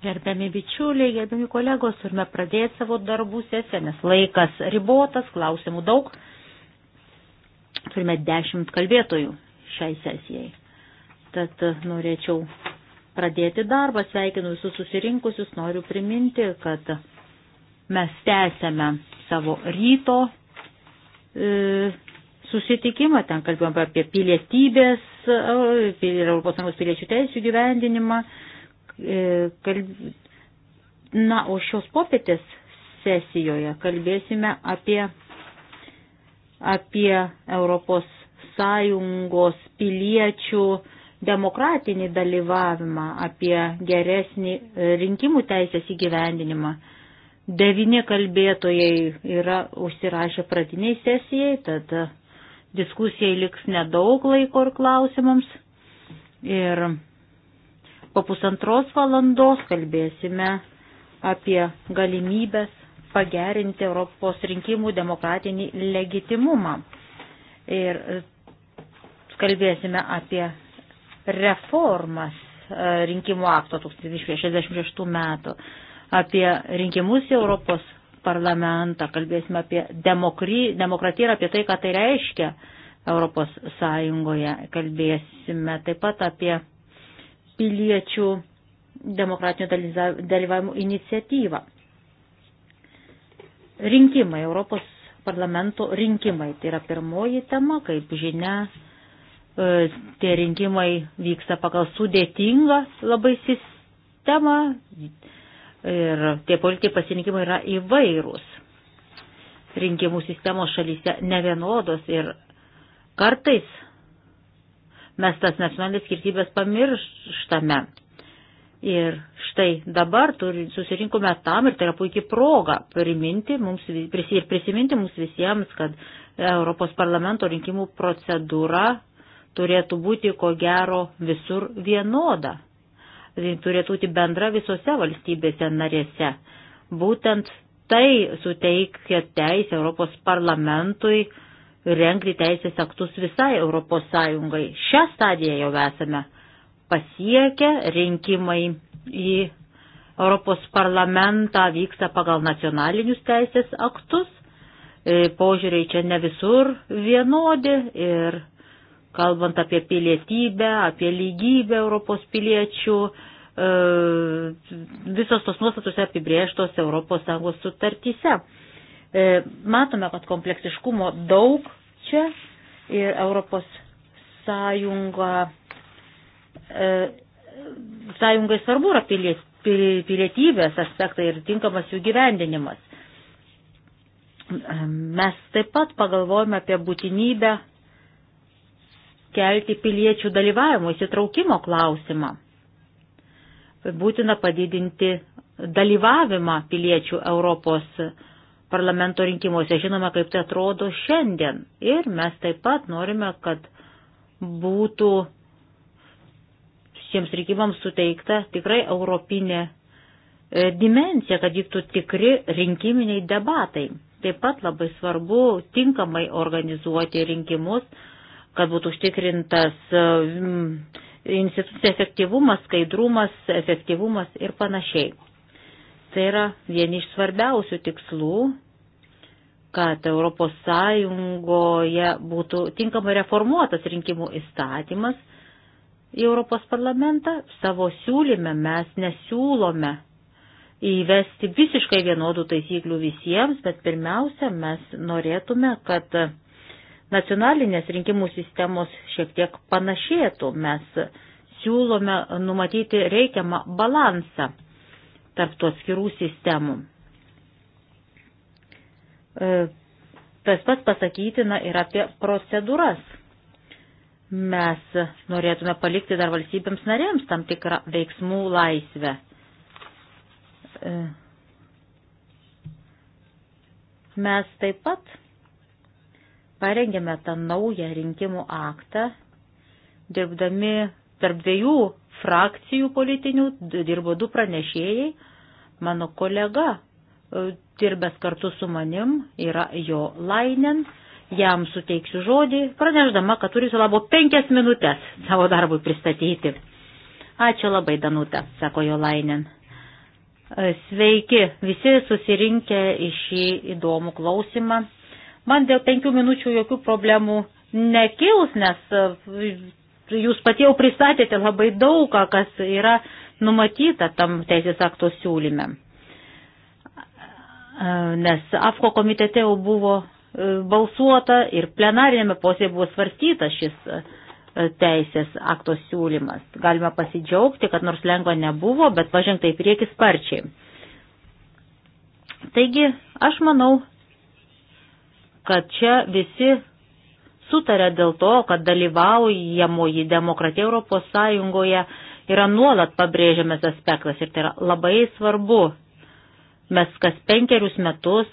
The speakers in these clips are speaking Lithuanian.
Gerbiami bičiuliai, gerbiami kolegos, turime pradėti savo darbų sesiją, nes laikas ribotas, klausimų daug. Turime dešimt kalbėtojų šiai sesijai. Tad e, norėčiau pradėti darbą, sveikinu visus susirinkusius, noriu priminti, kad mes tęsėme savo ryto e, susitikimą, ten kalbėjome apie pilietybės ir ES piliečių teisų gyvendinimą. E, Na, o šios popietės sesijoje kalbėsime apie, apie Europos Sąjungos piliečių demokratinį dalyvavimą, apie geresnį e, rinkimų teisės įgyvendinimą. Devini kalbėtojai yra užsirašę pradiniai sesijai, tad diskusijai liks nedaug laiko ir klausimams. Ir po pusantros valandos kalbėsime apie galimybės pagerinti Europos rinkimų demokratinį legitimumą. Ir kalbėsime apie reformas e, rinkimų akto 1966 metų, apie rinkimus į Europos parlamentą, kalbėsime apie demokry, demokratiją ir apie tai, ką tai reiškia Europos Sąjungoje. Kalbėsime taip pat apie piliečių demokratinio dalyvavimo iniciatyvą. Rinkimai, Europos parlamento rinkimai. Tai yra pirmoji tema, kaip žinia, e, tie rinkimai vyksta pagal sudėtingą labai sistemą, Ir tie politikai pasirinkimai yra įvairūs. Rinkimų sistemos šalyse nevienodos ir kartais mes tas nacionalinės skirtybės pamirštame. Ir štai dabar turi, susirinkome tam ir tai yra puikia proga priminti mums, pris, ir prisiminti mums visiems, kad Europos parlamento rinkimų procedūra turėtų būti ko gero visur vienoda turėtų būti bendra visose valstybėse narėse. Būtent tai suteikia teisę Europos parlamentui renkti teisės aktus visai Europos Sąjungai. Šią stadiją jau esame pasiekę, rinkimai į Europos parlamentą vyksta pagal nacionalinius teisės aktus, e, požiūriai čia ne visur vienodi ir kalbant apie pilietybę, apie lygybę Europos piliečių, e, visos tos nuostatos apibrėžtos ES sutartyse. E, matome, kad kompleksiškumo daug čia ir Europos sąjunga, e, sąjungai svarbu yra pilietybės aspektai ir tinkamas jų gyvendinimas. Mes taip pat pagalvojame apie būtinybę kelti piliečių dalyvavimo įsitraukimo klausimą. Būtina padidinti dalyvavimą piliečių Europos parlamento rinkimuose. Žinome, kaip tai atrodo šiandien. Ir mes taip pat norime, kad būtų šiems rinkimams suteikta tikrai europinė e, dimencija, kad vyktų tikri rinkiminiai debatai. Taip pat labai svarbu tinkamai organizuoti rinkimus, kad būtų užtikrintas e, institucijų efektyvumas, skaidrumas, efektyvumas ir panašiai. Tai yra vieni iš svarbiausių tikslų, kad Europos Sąjungoje būtų tinkamai reformuotas rinkimų įstatymas į Europos parlamentą. Savo siūlyme mes nesiūlome įvesti visiškai vienodų taisyklių visiems, bet pirmiausia, mes norėtume, kad nacionalinės rinkimų sistemos šiek tiek panašėtų. Mes siūlome numatyti reikiamą balansą tarp tų atskirų sistemų. E, tas pats pasakytina ir apie procedūras. Mes norėtume palikti dar valstybėms narėms tam tikrą veiksmų laisvę. E, mes taip pat parengėme tą naują rinkimų aktą, dirbdami tarp dviejų frakcijų politinių, dirbo du pranešėjai, mano kolega, e, dirbęs kartu su manim, yra jo lainen, jam suteiksiu žodį, pranešdama, kad turi sulabo penkias minutės savo darbui pristatyti. Ačiū labai, Danutė, sako jo lainen. E, sveiki visi susirinkę į šį įdomų klausimą. Man dėl penkių minučių jokių problemų nekils, nes e, jūs pat jau pristatėte labai daug, kas yra numatyta tam teisės akto siūlyme. E, nes AFKO komitete jau buvo e, balsuota ir plenarinėme posėdėje buvo svarstytas šis teisės akto siūlymas. Galime pasidžiaugti, kad nors lengva nebuvo, bet pažengtai prieki sparčiai. Taigi, aš manau, kad čia visi sutarė dėl to, kad dalyvaujamoji demokratija Europos Sąjungoje yra nuolat pabrėžiamas aspektas ir tai yra labai svarbu. Mes kas penkerius metus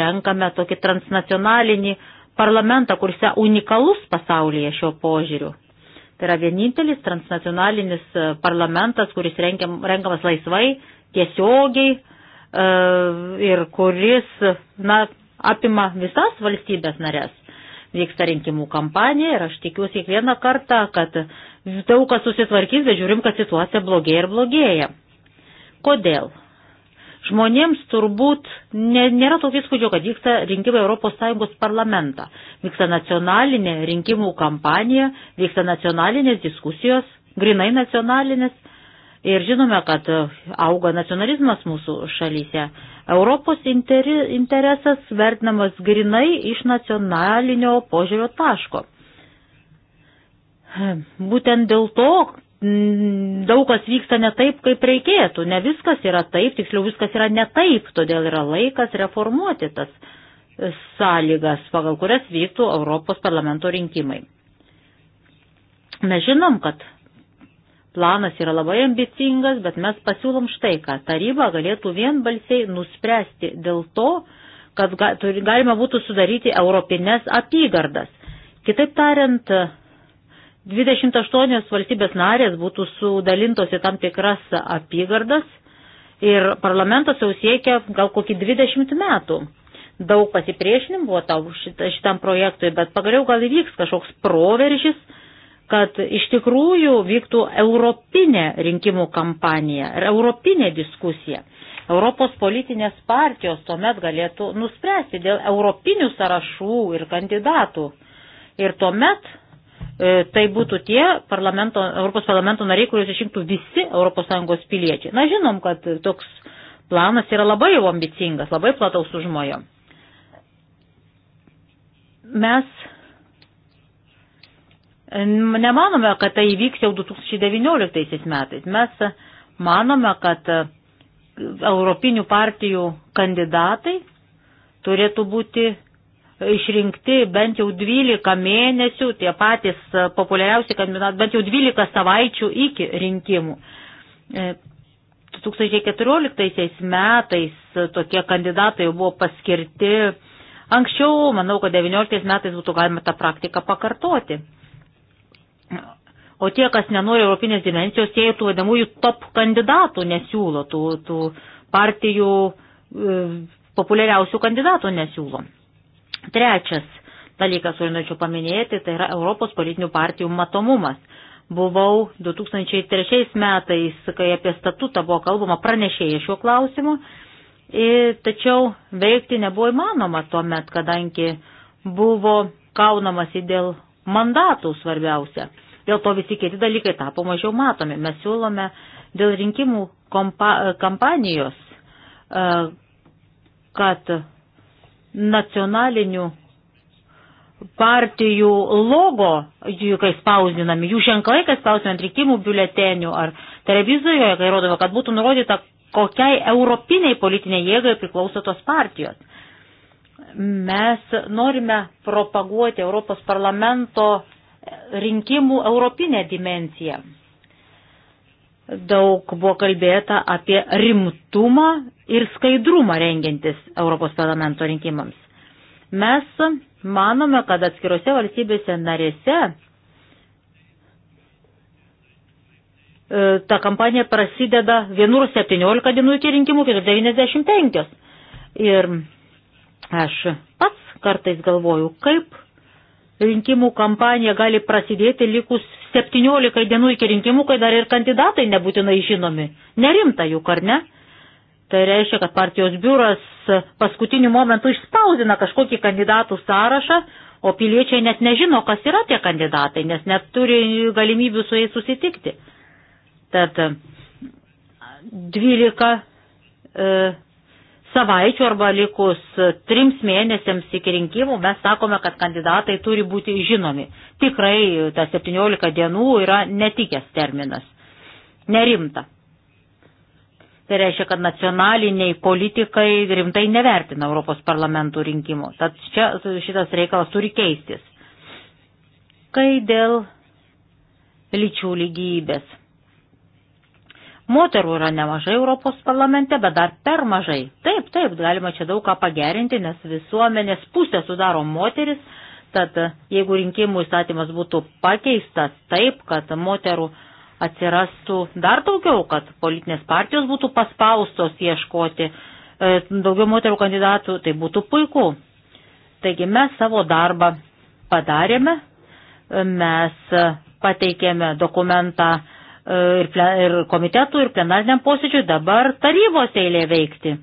renkame tokį transnacionalinį parlamentą, kuris yra unikalus pasaulyje šio požiūriu. Tai yra vienintelis transnacionalinis e, parlamentas, kuris renkiam, renkamas laisvai, tiesiogiai e, ir kuris, na, apima visas valstybės narės. Vyksta rinkimų kampanija ir aš tikiuosi kiekvieną kartą, kad daug kas susitvarkys, bet žiūrim, kad situacija blogėja ir blogėja. Kodėl? Žmonėms turbūt ne, nėra tokio įspūdžio, kad vyksta rinkimai ES parlamentą. Vyksta nacionalinė rinkimų kampanija, vyksta nacionalinės diskusijos, grinai nacionalinės, Ir žinome, kad auga nacionalizmas mūsų šalyse. Europos interi, interesas vertinamas grinai iš nacionalinio požiūrio taško. Būtent dėl to mm, daug kas vyksta ne taip, kaip reikėtų. Ne viskas yra taip, tiksliau viskas yra ne taip, todėl yra laikas reformuoti tas sąlygas, pagal kurias vyktų Europos parlamento rinkimai. Mes žinom, kad Planas yra labai ambicingas, bet mes pasiūlom štai ką. Taryba galėtų vienbalsiai nuspręsti dėl to, kad galima būtų sudaryti europinės apygardas. Kitaip tariant, 28 valstybės narės būtų sudalintos į tam tikras apygardas ir parlamentas jau siekia gal kokį 20 metų. Daug pasipriešinimų buvo tau šitam projektui, bet pagaliau gal įvyks kažkoks proveržis kad iš tikrųjų vyktų europinė rinkimų kampanija ir europinė diskusija. Europos politinės partijos tuomet galėtų nuspręsti dėl europinių sąrašų ir kandidatų. Ir tuomet e, tai būtų tie parlamento, Europos parlamento nariai, kuriuos išrinktų visi ES piliečiai. Na, žinom, kad toks planas yra labai ambicingas, labai plataus užmojo. Mes Nemanome, kad tai įvyks jau 2019 metais. Mes manome, kad Europinių partijų kandidatai turėtų būti išrinkti bent jau 12 mėnesių, tie patys populiariausi kandidatai, bent jau 12 savaičių iki rinkimų. 2014 e, metais tokie kandidatai jau buvo paskirti anksčiau, manau, kad 2019 metais būtų galima tą praktiką pakartoti. O tie, kas nenori europinės dimensijos, jie tų vadamųjų top kandidatų nesiūlo, tų, tų partijų e, populiariausių kandidatų nesiūlo. Trečias dalykas, kurį norėčiau paminėti, tai yra Europos politinių partijų matomumas. Buvau 2003 metais, kai apie statutą buvo kalbama pranešėjai šiuo klausimu, ir, tačiau veikti nebuvo įmanoma tuo met, kadangi buvo kaunamasi dėl mandatų svarbiausia. Dėl to visi kiti dalykai tapo mažiau matomi. Mes siūlome dėl rinkimų kompa, kampanijos, e, kad nacionalinių partijų logo, jų kai spausdinami, jų ženklai, kai spausdinami ant rinkimų biuletenių ar televizijoje, kai rodoma, kad būtų nurodyta, kokiai europiniai politiniai jėgai priklauso tos partijos. Mes norime propaguoti Europos parlamento rinkimų europinę dimenciją. Daug buvo kalbėta apie rimtumą ir skaidrumą rengiantis Europos parlamento rinkimams. Mes manome, kad atskirose valstybėse narėse e, ta kampanija prasideda vienur 17 dienų iki rinkimų, kitur 95. Ir aš pats kartais galvoju, kaip rinkimų kampanija gali prasidėti likus 17 dienų iki rinkimų, kai dar ir kandidatai nebūtinai žinomi. Nerimta juk, ar ne? Tai reiškia, kad partijos biuras paskutiniu momentu išspausina kažkokį kandidatų sąrašą, o piliečiai net nežino, kas yra tie kandidatai, nes neturi galimybių su jais susitikti. Tad 12 e, e savaičių arba likus trims mėnesiams iki rinkimų mes sakome, kad kandidatai turi būti žinomi. Tikrai ta 17 dienų yra netikęs terminas. Nerimta. Tai reiškia, kad nacionaliniai politikai rimtai nevertina Europos parlamentų rinkimų. Tad čia šitas reikalas turi keistis. Kai dėl lyčių lygybės. Moterų yra nemažai Europos parlamente, bet dar per mažai. Taip, taip, galima čia daug ką pagerinti, nes visuomenės pusė sudaro moteris, tad e, jeigu rinkimų įstatymas būtų pakeistas taip, kad moterų atsirastų dar daugiau, kad politinės partijos būtų paspaustos ieškoti e, daugiau moterų kandidatų, tai būtų puiku. Taigi mes savo darbą padarėme, mes e, pateikėme dokumentą ir, plen, ir komitetų, ir plenariniam posėdžiui, dabar tarybos eilė veikti.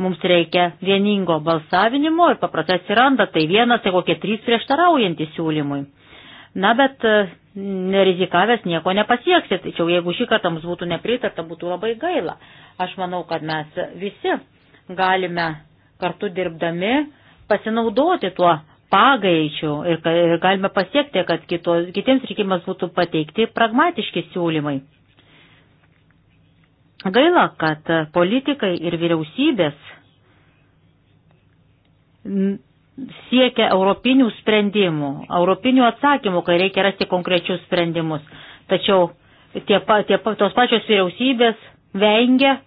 Mums reikia vieningo balsavinimo ir paprastai atsiranda tai vienas, tai kokie trys prieštaraujantys siūlymui. Na, bet e, nerizikavęs nieko nepasieksi, tačiau jeigu šį kartą mums būtų nepritarta, būtų labai gaila. Aš manau, kad mes visi galime kartu dirbdami pasinaudoti tuo pagaičių ir, ir galime pasiekti, kad kito, kitiems rinkimams būtų pateikti pragmatiški siūlymai. Gaila, kad politikai ir vyriausybės siekia europinių sprendimų, europinių atsakymų, kai reikia rasti konkrečius sprendimus. Tačiau tie, tie, tos pačios vyriausybės vengia e,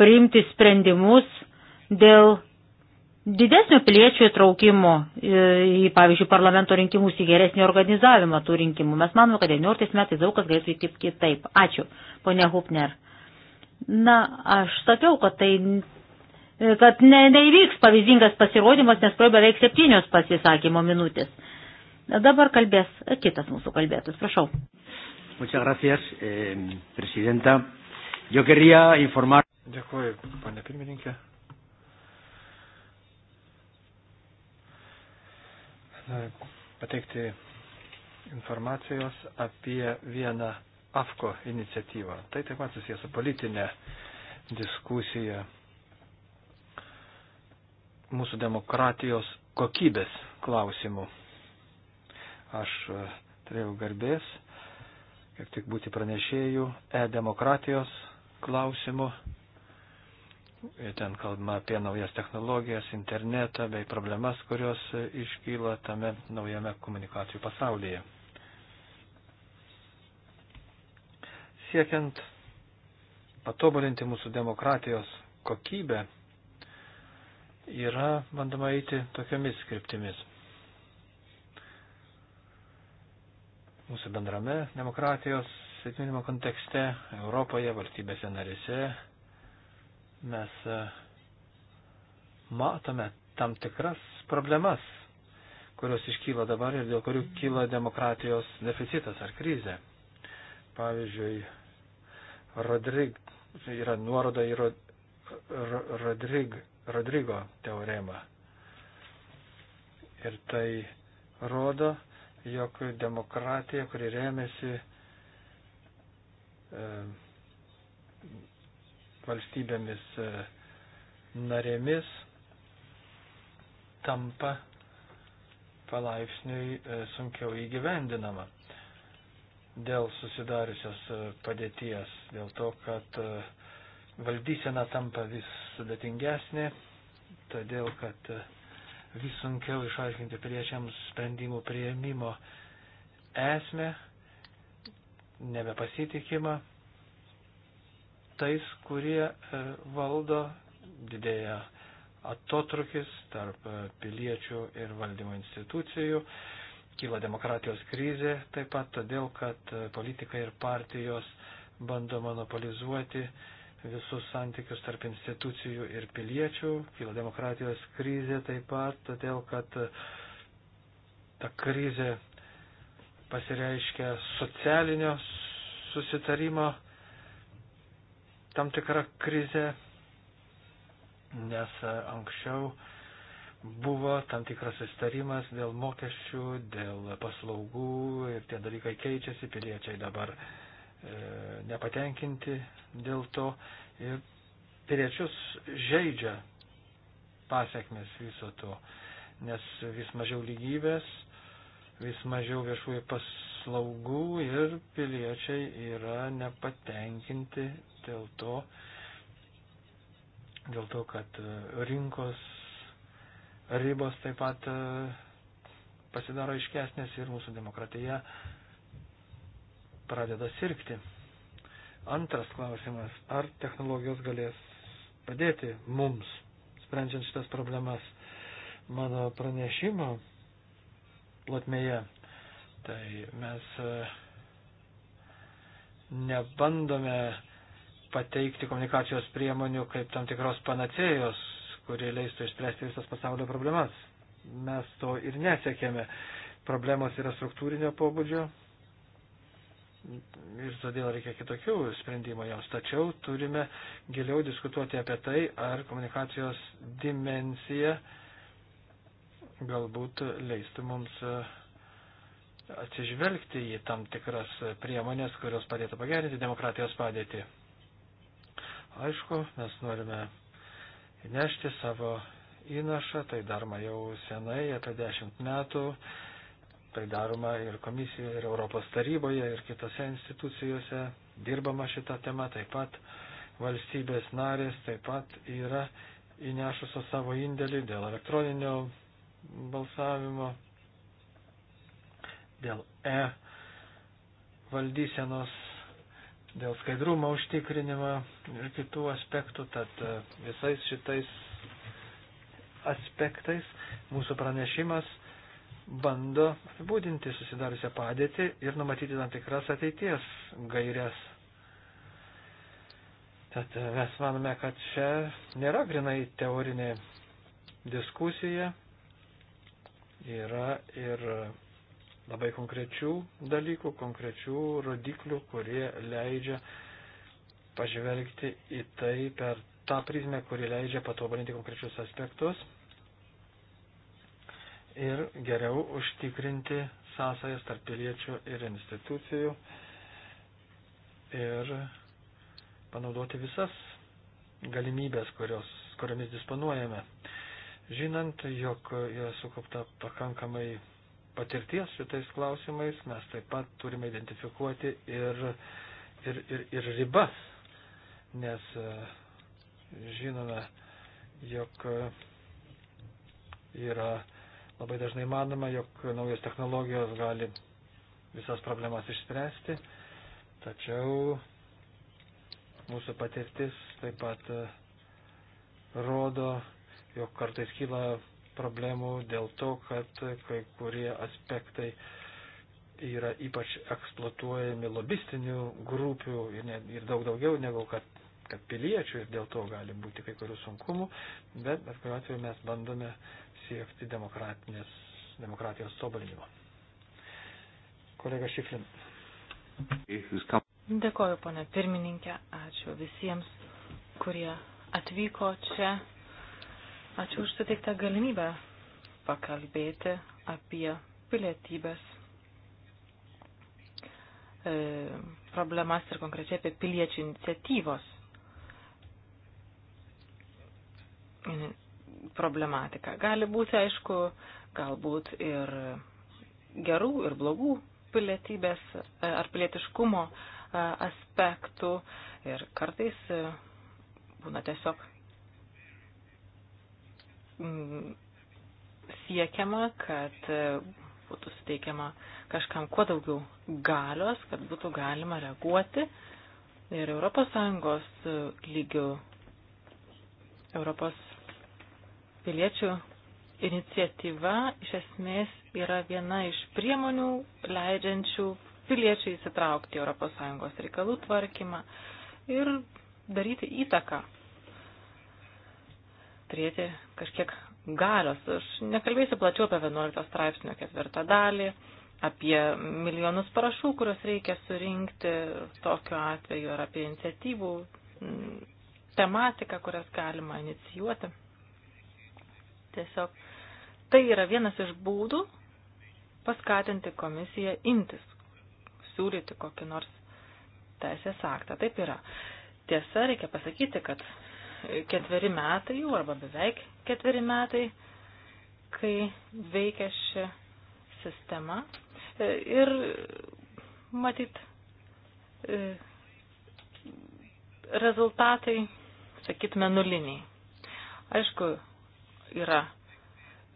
priimti sprendimus dėl didesnio piliečių įtraukimo į, pavyzdžiui, parlamento rinkimus, į geresnį organizavimą tų rinkimų. Mes manome, kad 19 metais daug kas galėtų įtikti kitaip. Ačiū, ponia Hupner. Na, aš sakiau, kad tai kad ne, neįvyks pavyzdingas pasirodymas, nes praėjo beveik septynios pasisakymo minutės. Dabar kalbės kitas mūsų kalbėtas. Prašau. Muchas gracias, eh, presidenta. Yo quería informar. Dėkuoju, ponė pirmininkė. pateikti informacijos apie vieną AFKO iniciatyvą. Tai taip pat susijęs su politinė diskusija mūsų demokratijos kokybės klausimų. Aš e, turėjau garbės kaip tik būti pranešėjų e-demokratijos klausimu Ten kalbama apie naujas technologijas, internetą bei problemas, kurios iškyla tame naujame komunikacijų pasaulyje. Siekiant patobulinti mūsų demokratijos kokybę, yra bandoma eiti tokiamis skriptimis. Mūsų bendrame demokratijos sėkminimo kontekste Europoje, valstybėse narėse mes e, matome tam tikras problemas, kurios iškyla dabar ir dėl kurių kyla demokratijos deficitas ar krizė. Pavyzdžiui, Rodrig, tai yra nuoroda į Rodrig, Rodrigo teoremą. Ir tai rodo, jog demokratija, kuri remiasi e, valstybėmis e, narėmis tampa palaipsniui e, sunkiau įgyvendinama dėl susidariusios e, padėties, dėl to, kad valdysena tampa vis sudėtingesnė, todėl, kad vis sunkiau išaiškinti priešiams sprendimų prieimimo esmę, nebepasitikimą tais, kurie e, valdo, didėja atotrukis tarp e, piliečių ir valdymo institucijų, kyla demokratijos krizė taip pat todėl, kad e, politikai ir partijos bando monopolizuoti visus santykius tarp institucijų ir piliečių, kyla demokratijos krizė taip pat todėl, kad ta krizė pasireiškia socialinio susitarimo tam tikra krize, nes e, anksčiau buvo tam tikras sustarimas dėl mokesčių, dėl paslaugų ir tie dalykai keičiasi, piliečiai dabar e, nepatenkinti dėl to ir piliečius žaidžia pasiekmes viso to, nes vis mažiau lygybės, vis mažiau viešųjų paslaugų ir piliečiai yra nepatenkinti dėl to, dėl to kad e, rinkos ribos taip pat e, pasidaro iškesnės ir mūsų demokratija pradeda sirgti. Antras klausimas, ar technologijos galės padėti mums, sprendžiant šitas problemas mano pranešimo platmėje, tai mes e, nebandome pateikti komunikacijos priemonių kaip tam tikros panacėjos, kuri leistų išspręsti visas pasaulio problemas. Mes to ir nesiekėme. Problemos yra struktūrinio pobūdžio ir todėl reikia kitokių sprendimų joms. Tačiau turime giliau diskutuoti apie tai, ar komunikacijos dimensija galbūt leistų mums e, atsižvelgti į tam tikras priemonės, kurios padėtų pagerinti demokratijos padėtį. Aišku, mes norime nešti savo įnašą, tai daroma jau senai, apie dešimt metų, tai daroma ir komisijoje, ir Europos taryboje, ir kitose institucijose, dirbama šitą temą, taip pat valstybės narės taip pat yra įnešusio savo indėlį dėl elektroninio balsavimo, dėl e valdysenos dėl skaidrumo užtikrinimo ir kitų aspektų, tad e, visais šitais aspektais mūsų pranešimas bando apibūdinti susidariusią padėtį ir numatyti tam tikras ateities gairias. Tad e, mes manome, kad čia nėra grinai teorinė diskusija, yra ir labai konkrečių dalykų, konkrečių rodiklių, kurie leidžia pažvelgti į tai per tą prizmę, kuri leidžia patobulinti konkrečius aspektus ir geriau užtikrinti sąsajas tarp piliečių ir institucijų ir panaudoti visas galimybės, kurios, kuriomis disponuojame. Žinant, jog yra sukaupta pakankamai patirties šitais klausimais, mes taip pat turime identifikuoti ir, ir, ir, ir ribas, nes e, žinome, jog yra labai dažnai manoma, jog naujos technologijos gali visas problemas išspręsti, tačiau mūsų patirtis taip pat e, rodo, jog kartais kyla problemų dėl to, kad kai kurie aspektai yra ypač eksploatuojami lobistinių grupių ir, ne, ir daug daugiau negu kad, kad piliečių ir dėl to gali būti kai kurių sunkumų, bet bet kuriuo atveju mes bandome siekti demokratijos tobulinimo. Kolega Šiflin. Dėkoju, ponė pirmininkė, ačiū visiems, kurie atvyko čia Ačiū už suteiktą galimybę pakalbėti apie pilietybės e, problemas ir konkrečiai apie piliečių iniciatyvos problematiką. Gali būti, aišku, galbūt ir gerų ir blogų pilietybės e, ar pilietiškumo e, aspektų ir kartais būna tiesiog Mm, siekiama, kad e, būtų suteikiama kažkam kuo daugiau galios, kad būtų galima reaguoti ir ES e, lygių Europos piliečių iniciatyva iš esmės yra viena iš priemonių leidžiančių piliečiai įsitraukti į ES reikalų tvarkymą ir daryti įtaką turėti kažkiek galios. Aš nekalbėsiu plačiau apie 11 straipsnio ketvirtą dalį, apie milijonus parašų, kuriuos reikia surinkti tokiu atveju ir apie iniciatyvų tematiką, kurias galima inicijuoti. Tiesiog tai yra vienas iš būdų paskatinti komisiją imtis, siūlyti kokį nors teisės aktą. Taip yra. Tiesa, reikia pasakyti, kad ketveri metai jau, arba beveik ketveri metai, kai veikia ši sistema. E, ir matyt, e, rezultatai, sakytume, nuliniai. Aišku, yra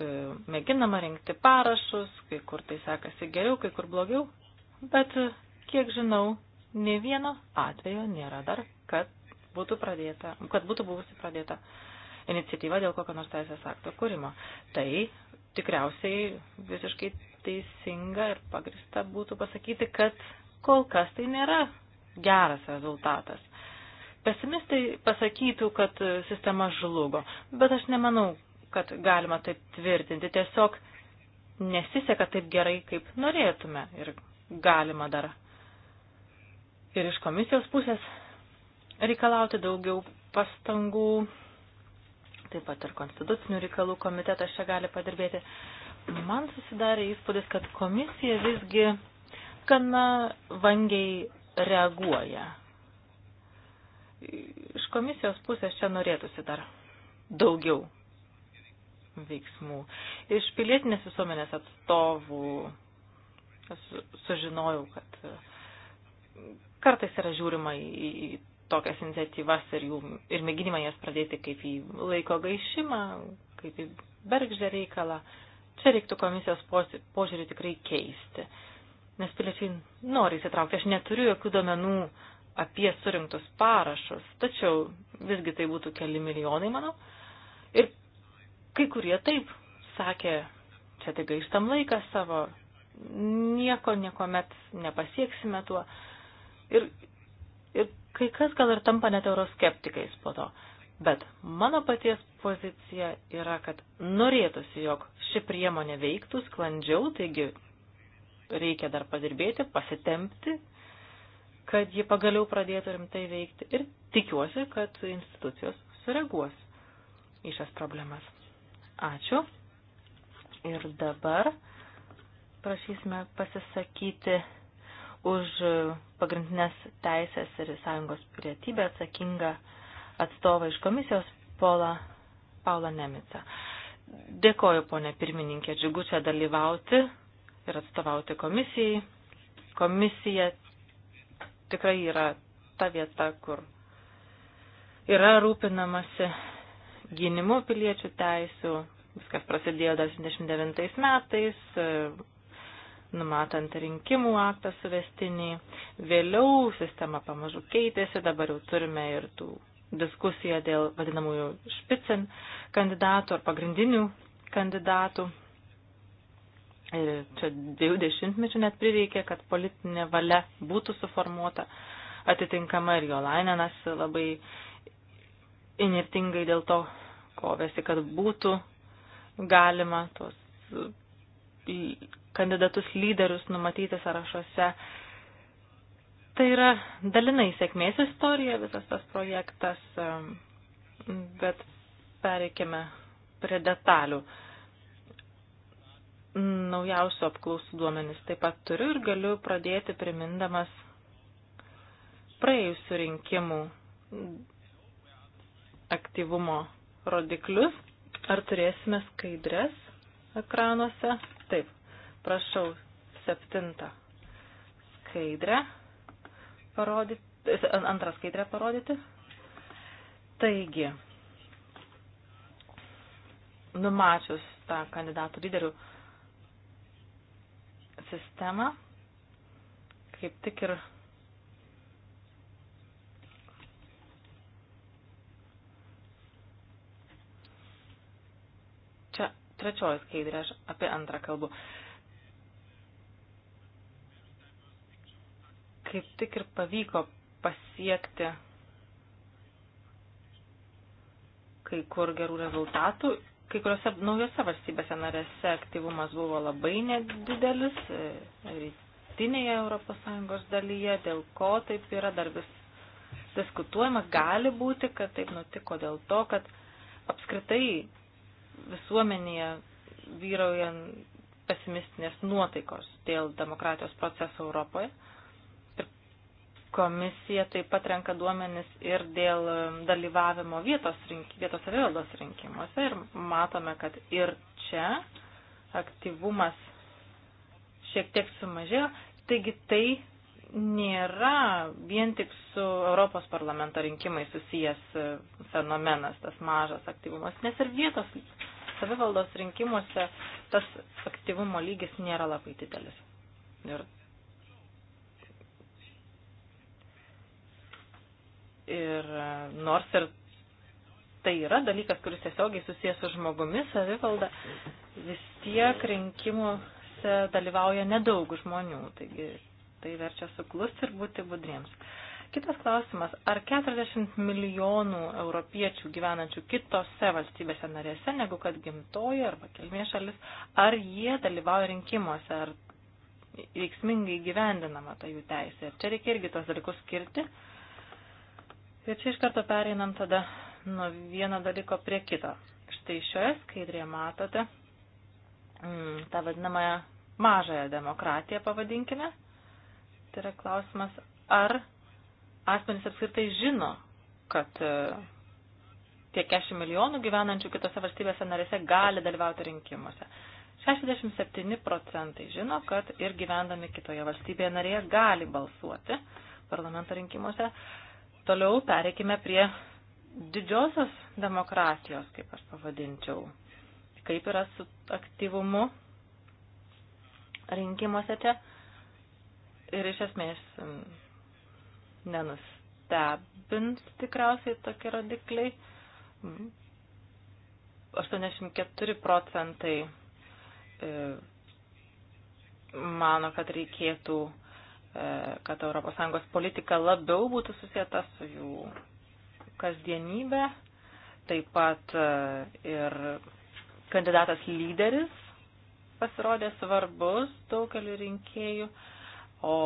e, mėginama rinkti parašus, kai kur tai sekasi geriau, kai kur blogiau, bet, kiek žinau, ne vieno atvejo nėra dar, kad būtų pradėta, kad būtų buvusi pradėta iniciatyva dėl kokio nors teisės akto kūrimo. Tai tikriausiai visiškai teisinga ir pagrista būtų pasakyti, kad kol kas tai nėra geras rezultatas. Pesimistai pasakytų, kad sistema žlugo, bet aš nemanau, kad galima taip tvirtinti. Tiesiog nesiseka taip gerai, kaip norėtume ir galima dar ir iš komisijos pusės reikalauti daugiau pastangų, taip pat ir konstitucinių reikalų komitetas čia gali padirbėti. Man susidarė įspūdis, kad komisija visgi gana vangiai reaguoja. Iš komisijos pusės čia norėtųsi dar daugiau veiksmų. Iš pilietinės visuomenės atstovų sužinojau, kad kartais yra žiūrima į tokias iniciatyvas ir, jų, ir mėginimą jas pradėti kaip į laiko gaišimą, kaip į bergždžią reikalą. Čia reiktų komisijos požiūrį tikrai keisti, nes piliečiai nori įsitraukti. Aš neturiu jokių duomenų apie surinktus parašus, tačiau visgi tai būtų keli milijonai, manau. Ir kai kurie taip sakė, čia tai gaištam laiką savo, nieko niekuomet nepasieksime tuo. Ir, ir Kai kas gal ir tampa net euroskeptikais po to. Bet mano paties pozicija yra, kad norėtųsi, jog ši priemonė veiktų sklandžiau, taigi reikia dar padirbėti, pasitempti, kad ji pagaliau pradėtų rimtai veikti ir tikiuosi, kad institucijos sureaguos į šias problemas. Ačiū. Ir dabar prašysime pasisakyti už pagrindinės teisės ir sąjungos pilietybę atsakinga atstovą iš komisijos Paula, Paula Nemica. Dėkoju, ponė pirmininkė, džiugu čia dalyvauti ir atstovauti komisijai. Komisija tikrai yra ta vieta, kur yra rūpinamasi gynimu piliečių teisų. Viskas prasidėjo 1999 metais, numatant rinkimų aktą suvestinį. Vėliau sistema pamažu keitėsi, dabar jau turime ir tų diskusiją dėl vadinamųjų špicen kandidatų ar pagrindinių kandidatų. Ir čia dviejų dešimtmečių net prireikė, kad politinė valia būtų suformuota atitinkama ir jo lainenas labai inirtingai dėl to kovėsi, kad būtų galima tuos kandidatus lyderius numatyti sąrašuose. Tai yra dalinai sėkmės istorija, visas tas projektas, um, bet pereikime prie detalių. Naujausio apklausų duomenis taip pat turiu ir galiu pradėti primindamas praėjusių rinkimų aktyvumo rodiklius. Ar turėsime skaidres ekranuose? Taip, prašau, septintą skaidrę parodyti, antrą skaidrę parodyti. Taigi, numačius tą kandidatų lyderių sistemą, kaip tik ir trečioji skaidrė, aš apie antrą kalbu. Kaip tik ir pavyko pasiekti kai kur gerų rezultatų. Kai kuriuose naujose valstybėse narėse aktyvumas buvo labai nedidelis, rytinėje Europos Sąjungos dalyje, dėl ko taip yra dar vis diskutuojama, gali būti, kad taip nutiko dėl to, kad apskritai visuomenėje vyrauja pesimistinės nuotaikos dėl demokratijos proceso Europoje. Ir komisija taip pat renka duomenis ir dėl dalyvavimo vietos, rink, vietos savivaldos rinkimuose. Ir matome, kad ir čia aktyvumas šiek tiek sumažėjo. Taigi tai nėra vien tik su Europos parlamento rinkimai susijęs fenomenas, tas mažas aktyvumas, nes ir vietos savivaldos rinkimuose tas aktyvumo lygis nėra labai didelis. Ir, ir nors ir tai yra dalykas, kuris tiesiogiai susijęs su žmogumi, savivalda, vis tiek rinkimuose dalyvauja nedaug žmonių, taigi tai verčia suklusti ir būti budriems. Kitas klausimas, ar 40 milijonų europiečių gyvenančių kitose valstybėse narėse, negu kad gimtoji arba kilmės šalis, ar jie dalyvauja rinkimuose, ar veiksmingai gyvendinama ta jų teisė. Ir čia reikia irgi tos dalykus skirti. Ir čia iš karto pereinam tada nuo vieno dalyko prie kito. Štai šioje skaidrėje matote mm, tą vadinamąją mažąją demokratiją, pavadinkime. Tai yra klausimas, ar asmenys apskritai žino, kad e, tie 40 milijonų gyvenančių kitose valstybėse narėse gali dalyvauti rinkimuose. 67 procentai žino, kad ir gyvendami kitoje valstybėje narėje gali balsuoti parlamento rinkimuose. Toliau pereikime prie didžiosios demokratijos, kaip aš pavadinčiau. Kaip yra su aktyvumu rinkimuose čia. Ir iš esmės nenustebins tikriausiai tokie rodikliai. 84 procentai e, mano, kad reikėtų, e, kad ES politika labiau būtų susijęta su jų kasdienybė. Taip pat e, ir kandidatas lyderis pasirodė svarbus daugeliu rinkėjų, o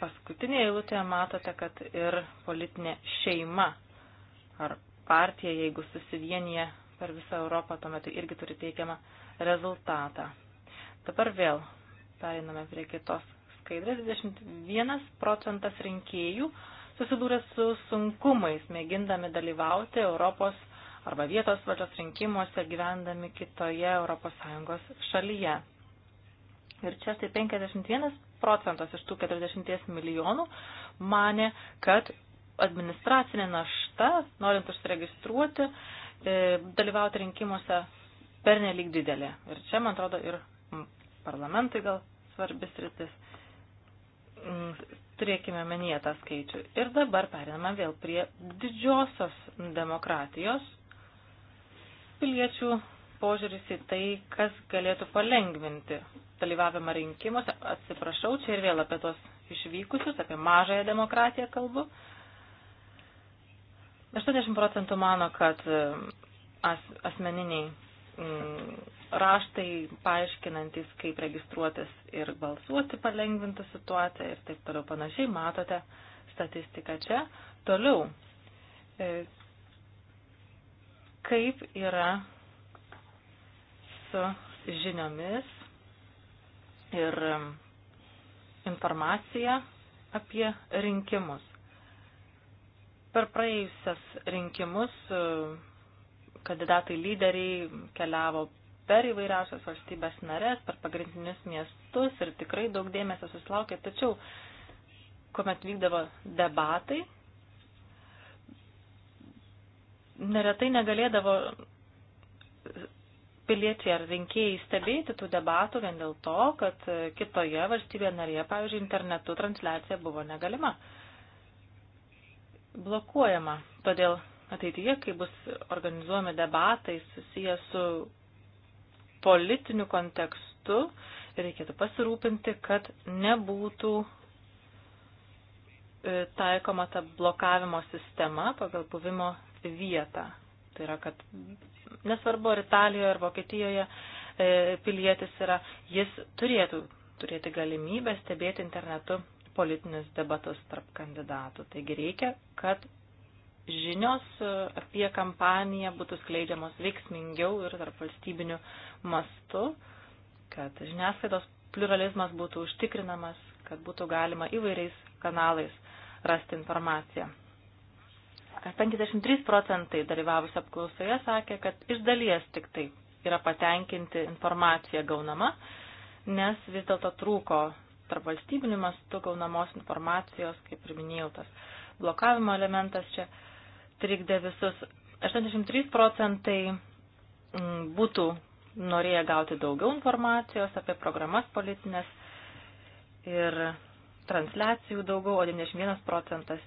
paskutinėje eilutėje matote, kad ir politinė šeima ar partija, jeigu susivienyje per visą Europą, tuomet tai irgi turi teikiamą rezultatą. Dabar vėl periname prie kitos skaidrės. 21 procentas rinkėjų susidūrė su sunkumais, mėgindami dalyvauti Europos arba vietos valdžios rinkimuose, gyvendami kitoje ES šalyje. Ir čia tai 51 procentas iš tų 40 milijonų mane, kad administracinė našta, norint užsiregistruoti, e, dalyvauti rinkimuose per nelik didelė. Ir čia, man atrodo, ir parlamentai gal svarbis rytis. Mm, turėkime menyje tą skaičių. Ir dabar periname vėl prie didžiosios demokratijos piliečių požiūris į tai, kas galėtų palengvinti dalyvavimą rinkimuose. Atsiprašau, čia ir vėl apie tos išvykusius, apie mažąją demokratiją kalbu. 80 procentų mano, kad mm, as, asmeniniai m, mm, raštai paaiškinantis, kaip registruotis ir balsuoti palengvintų situaciją ir taip toliau panašiai, matote statistiką čia. Toliau, e, kaip yra su žiniomis ir um, informaciją apie rinkimus. Per praėjusias rinkimus um, kandidatai lyderiai keliavo per įvairiausias valstybės narės, per pagrindinius miestus ir tikrai daug dėmesio susilaukė, tačiau kuomet vykdavo debatai, neretai negalėdavo piliečiai ar rinkėjai stebėti tų debatų vien dėl to, kad kitoje valstybėje narėje, pavyzdžiui, internetu transliacija buvo negalima. Blokuojama. Todėl ateityje, kai bus organizuojami debatai susiję su politiniu kontekstu, reikėtų pasirūpinti, kad nebūtų e, taikoma ta blokavimo sistema pagal buvimo vietą. Tai yra, kad Nesvarbu, ar Italijoje, ar Vokietijoje e, pilietis yra, jis turėtų turėti galimybę stebėti internetu politinius debatus tarp kandidatų. Taigi reikia, kad žinios e, apie kampaniją būtų skleidžiamos veiksmingiau ir tarp valstybinių mastų, kad žiniasklaidos pluralizmas būtų užtikrinamas, kad būtų galima įvairiais kanalais rasti informaciją. 53 procentai dalyvavus apklausoje sakė, kad iš dalies tik tai yra patenkinti informacija gaunama, nes vis dėlto trūko tarp valstybinių mastų gaunamos informacijos, kaip ir minėjau, tas blokavimo elementas čia trikdė visus. 83 procentai mm, būtų norėję gauti daugiau informacijos apie programas politinės ir transliacijų daugiau, o 91 procentas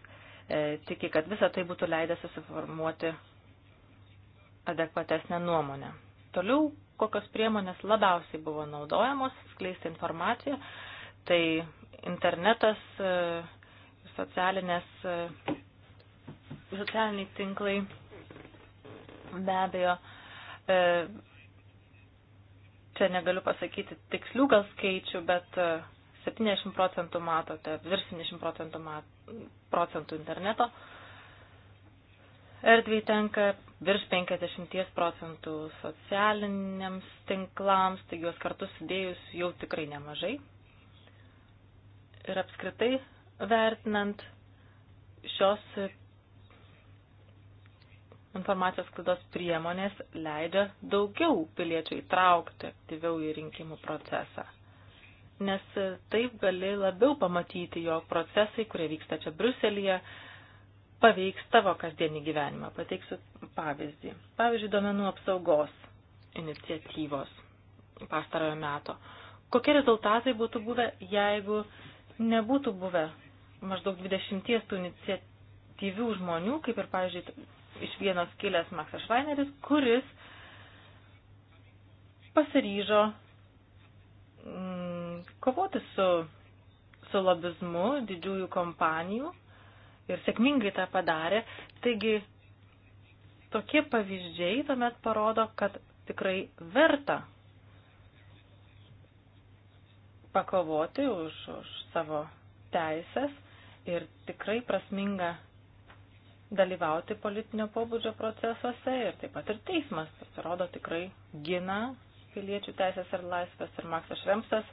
E, tiki, kad visa tai būtų leidę susiformuoti adekvatesnę nuomonę. Toliau, kokios priemonės labiausiai buvo naudojamos skleisti informaciją, tai internetas, e, socialinės, e, socialiniai tinklai, be abejo, čia negaliu pasakyti tikslių gal skaičių, bet 70 procentų matote, virš 70 procentų, mat, procentų interneto erdvėj tenka virš 50 procentų socialiniams tinklams, tai juos kartu sudėjus jau tikrai nemažai. Ir apskritai vertinant šios informacijos klaidos priemonės leidžia daugiau piliečių įtraukti aktyviau į rinkimų procesą nes taip gali labiau pamatyti, jog procesai, kurie vyksta čia Bruselėje, paveiks tavo kasdienį gyvenimą. Pateiksiu pavyzdį. Pavyzdžiui, domenų apsaugos iniciatyvos pastarojo meto. Kokie rezultatai būtų buvę, jeigu nebūtų buvę maždaug 20 tų iniciatyvių žmonių, kaip ir, pavyzdžiui, iš vienos kilęs Maksas Švaineris, kuris pasiryžo mm, kovoti su, su lobizmu didžiųjų kompanijų ir sėkmingai tą padarė. Taigi tokie pavyzdžiai tuomet parodo, kad tikrai verta pakovoti už, už savo teisės ir tikrai prasminga dalyvauti politinio pobūdžio procesuose ir taip pat ir teismas pasirodo tikrai gina piliečių teisės ir laisvės ir Maksas Šremsas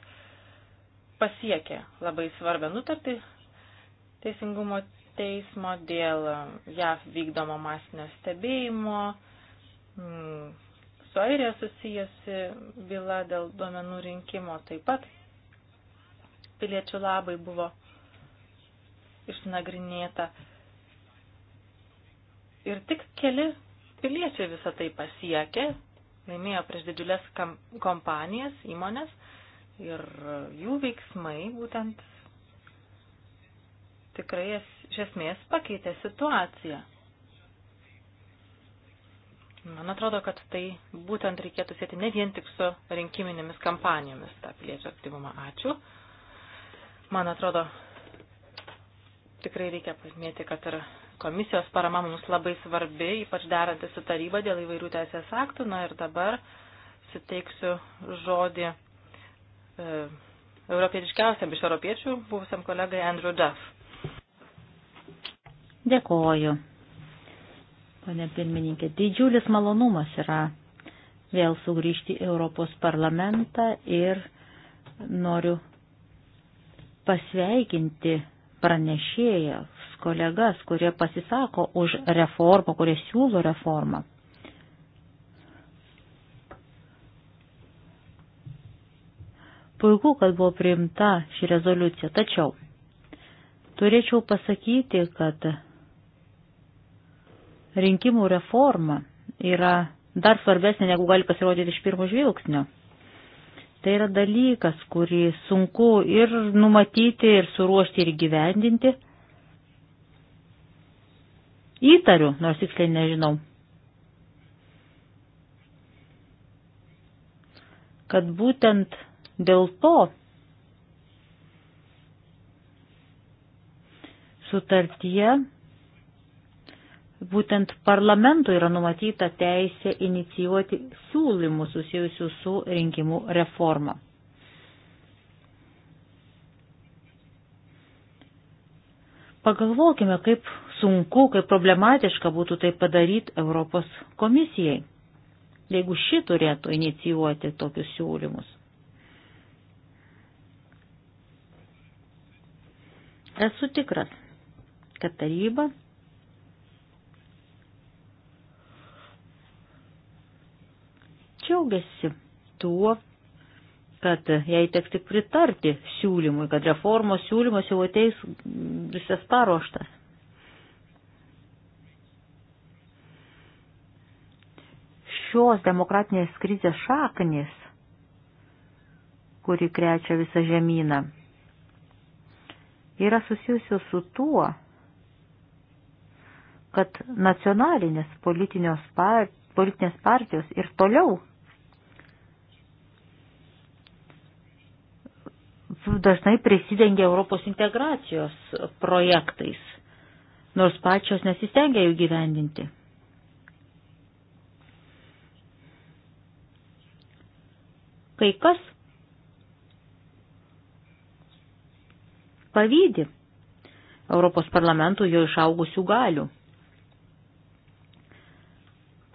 pasiekė labai svarbę nutartį Teisingumo teismo dėl JAV vykdomo masinio stebėjimo, mm, su Airija susijusi byla dėl duomenų rinkimo taip pat piliečių labai buvo išnagrinėta. Ir tik keli piliečiai visą tai pasiekė, laimėjo prieš didžiulės kompanijas, įmonės, Ir jų veiksmai būtent tikrai iš esmės pakeitė situaciją. Man atrodo, kad tai būtent reikėtų sėti ne vien tik su rinkiminėmis kampanijomis tą piliečių aktyvumą. Ačiū. Man atrodo, tikrai reikia pasimėti, kad ir komisijos parama mums labai svarbi, ypač derantis su taryba dėl įvairių teisės aktų. Na ir dabar suteiksiu žodį E, europietiškiausiam iš europiečių buvusiam kolegai Andrew Duff. Dėkoju. Pane pirmininkė, didžiulis malonumas yra vėl sugrįžti į Europos parlamentą ir noriu pasveikinti pranešėjas, kolegas, kurie pasisako už reformą, kurie siūlo reformą. Puiku, kad buvo priimta ši rezoliucija, tačiau turėčiau pasakyti, kad rinkimų reforma yra dar svarbesnė, negu gali pasirodyti iš pirmo žvilgsnio. Tai yra dalykas, kurį sunku ir numatyti, ir suruošti, ir gyvendinti. Įtariu, nors tiksliai nežinau, kad būtent Dėl to sutartyje būtent parlamento yra numatyta teisė inicijuoti siūlymus susijusių su rinkimų reforma. Pagalvokime, kaip sunku, kaip problematiška būtų tai padaryti Europos komisijai, jeigu ši turėtų inicijuoti tokius siūlymus. Esu tikras, kad taryba džiaugiasi tuo, kad jai teks tik pritarti siūlymui, kad reformos siūlymas jau ateis visas paruoštas. Šios demokratinės krizės šaknis, kuri krečia visą žemyną, yra susijusios su tuo, kad nacionalinės par, politinės partijos ir toliau dažnai prisidengia Europos integracijos projektais, nors pačios nesistengia jų gyvendinti. Kai kas pavydį Europos parlamentų jo išaugusių galių.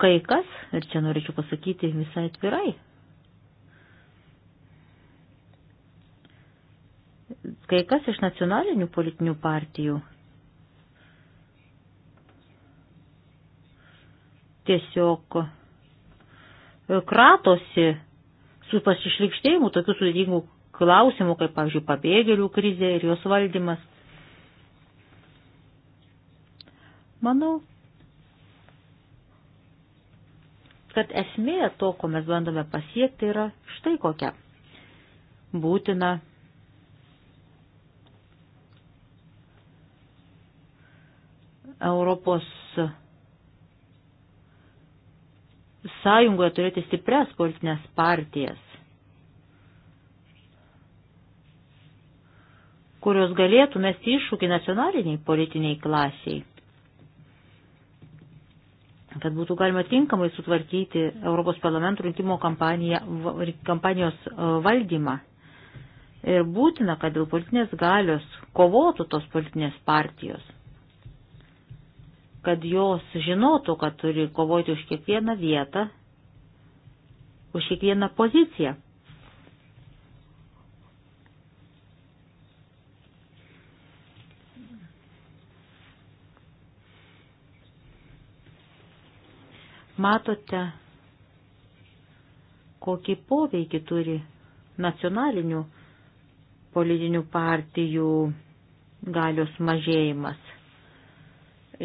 Kai kas, ir čia norėčiau pasakyti visai atvirai, kai kas iš nacionalinių politinių partijų tiesiog kratosi su pasišlikštėjimu tokių sudėtingų klausimų, kaip, pavyzdžiui, pabėgėlių krizė ir jos valdymas. Manau, kad esmė to, ko mes bandome pasiekti, yra štai kokia. Būtina Europos sąjungoje turėti stipres politinės partijas, kurios galėtų mesti iššūkį nacionaliniai politiniai klasiai, kad būtų galima tinkamai sutvarkyti Europos parlamento rinkimo kampanijos e, valdymą. Ir būtina, kad dėl politinės galios kovotų tos politinės partijos, kad jos žinotų, kad turi kovoti už kiekvieną vietą, už kiekvieną poziciją matote, kokį poveikį turi nacionalinių politinių partijų galios mažėjimas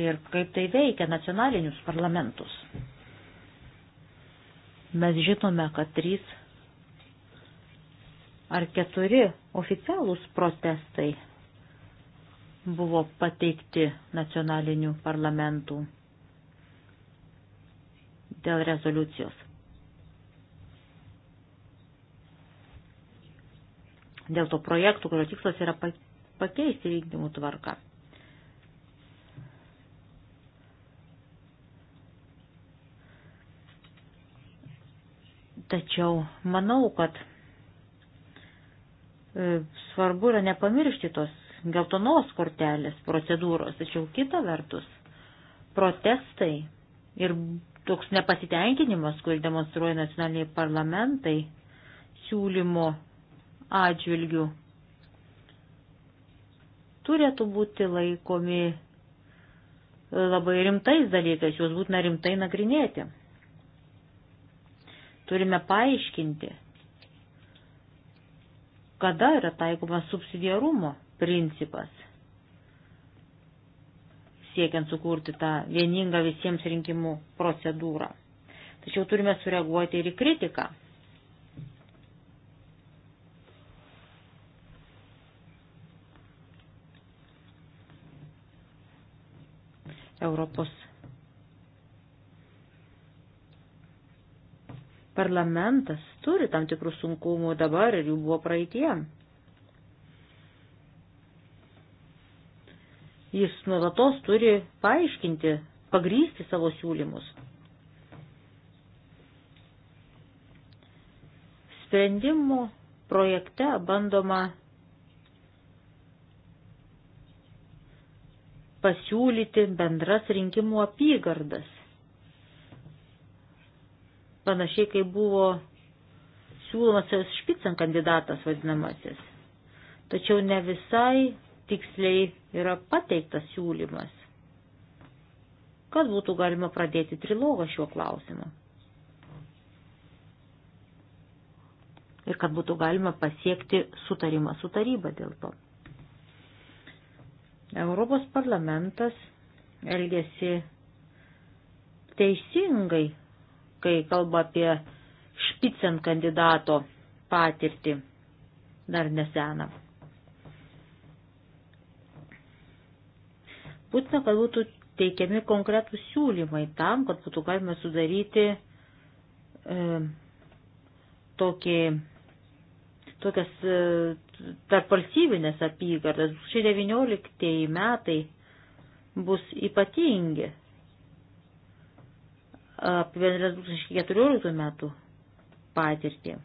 ir kaip tai veikia nacionalinius parlamentus. Mes žinome, kad trys ar keturi oficialūs protestai buvo pateikti nacionalinių parlamentų dėl rezoliucijos. Dėl to projektų, kurio tikslas yra pakeisti vykdymų tvarką. Tačiau manau, kad e, svarbu yra nepamiršti tos geltonos kortelės procedūros, tačiau kita vertus protestai ir toks nepasitenkinimas, kurį demonstruoja nacionaliniai parlamentai siūlymo atžvilgių, turėtų būti laikomi e, labai rimtais dalykais, juos būtina rimtai nagrinėti. Turime paaiškinti, kada yra taikomas subsidiarumo principas siekiant sukurti tą vieningą visiems rinkimų procedūrą. Tačiau turime sureaguoti ir į kritiką. Europos parlamentas turi tam tikrų sunkumų dabar ir jų buvo praeitie. Jis nuolatos turi paaiškinti, pagrysti savo siūlymus. Sprendimų projekte bandoma pasiūlyti bendras rinkimų apygardas. Panašiai kaip buvo siūlomas špicen kandidatas vadinamasis. Tačiau ne visai tiksliai yra pateiktas siūlymas, kad būtų galima pradėti trilogą šiuo klausimu. Ir kad būtų galima pasiekti sutarimą su taryba dėl to. Europos parlamentas elgesi teisingai, kai kalba apie špicen kandidato patirtį dar neseną. Būtina, kad būtų teikiami konkretūs siūlymai tam, kad būtų galima sudaryti e, tokį, tokias e, tarp valstybinės apygardas. Šie 19 metai bus ypatingi apie 2014 metų patirtį.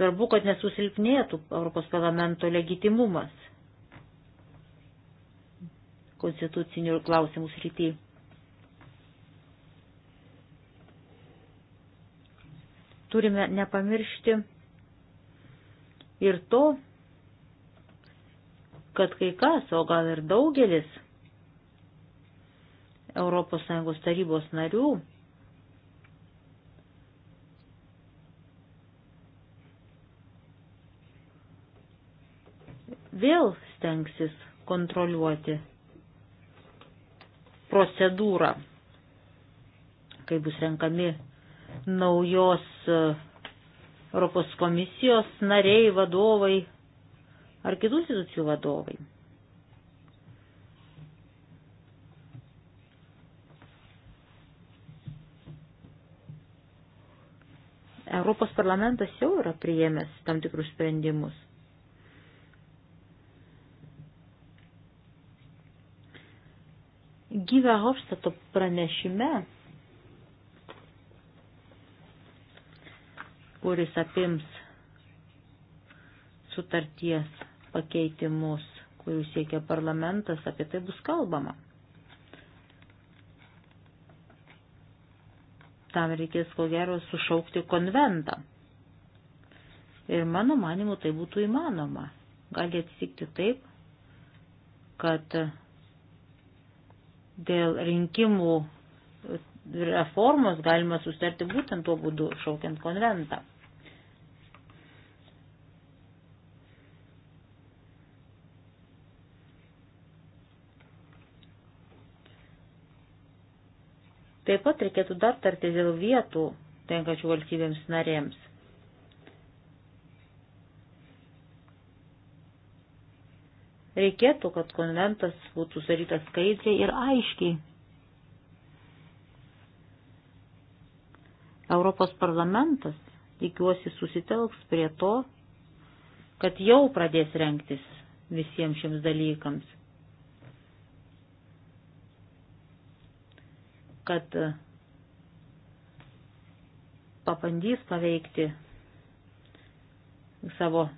Svarbu, kad nesusilpnėtų Europos parlamento legitimumas konstitucinių klausimų srity. Turime nepamiršti ir to, kad kai kas, o gal ir daugelis ES tarybos narių vėl stengsis kontroliuoti procedūrą, kai bus renkami naujos e, Europos komisijos nariai, vadovai ar kitų institucijų vadovai. Europos parlamentas jau yra priėmęs tam tikrus sprendimus. Gyve Hofstato pranešime, kuris apims sutarties pakeitimus, kurių siekia parlamentas, apie tai bus kalbama. Tam reikės ko gero sušaukti konventą. Ir mano manimu tai būtų įmanoma. Gali atsitikti taip, kad dėl rinkimų reformos galima sustarti būtent tuo būdu šaukiant konventą. Taip pat reikėtų dar tarti dėl vietų tenkačių valstybėms narėms. Reikėtų, kad konventas būtų sudarytas skaidriai ir aiškiai. Europos parlamentas, tikiuosi, susitelks prie to, kad jau pradės renktis visiems šiems dalykams. Kad e, papandys paveikti savo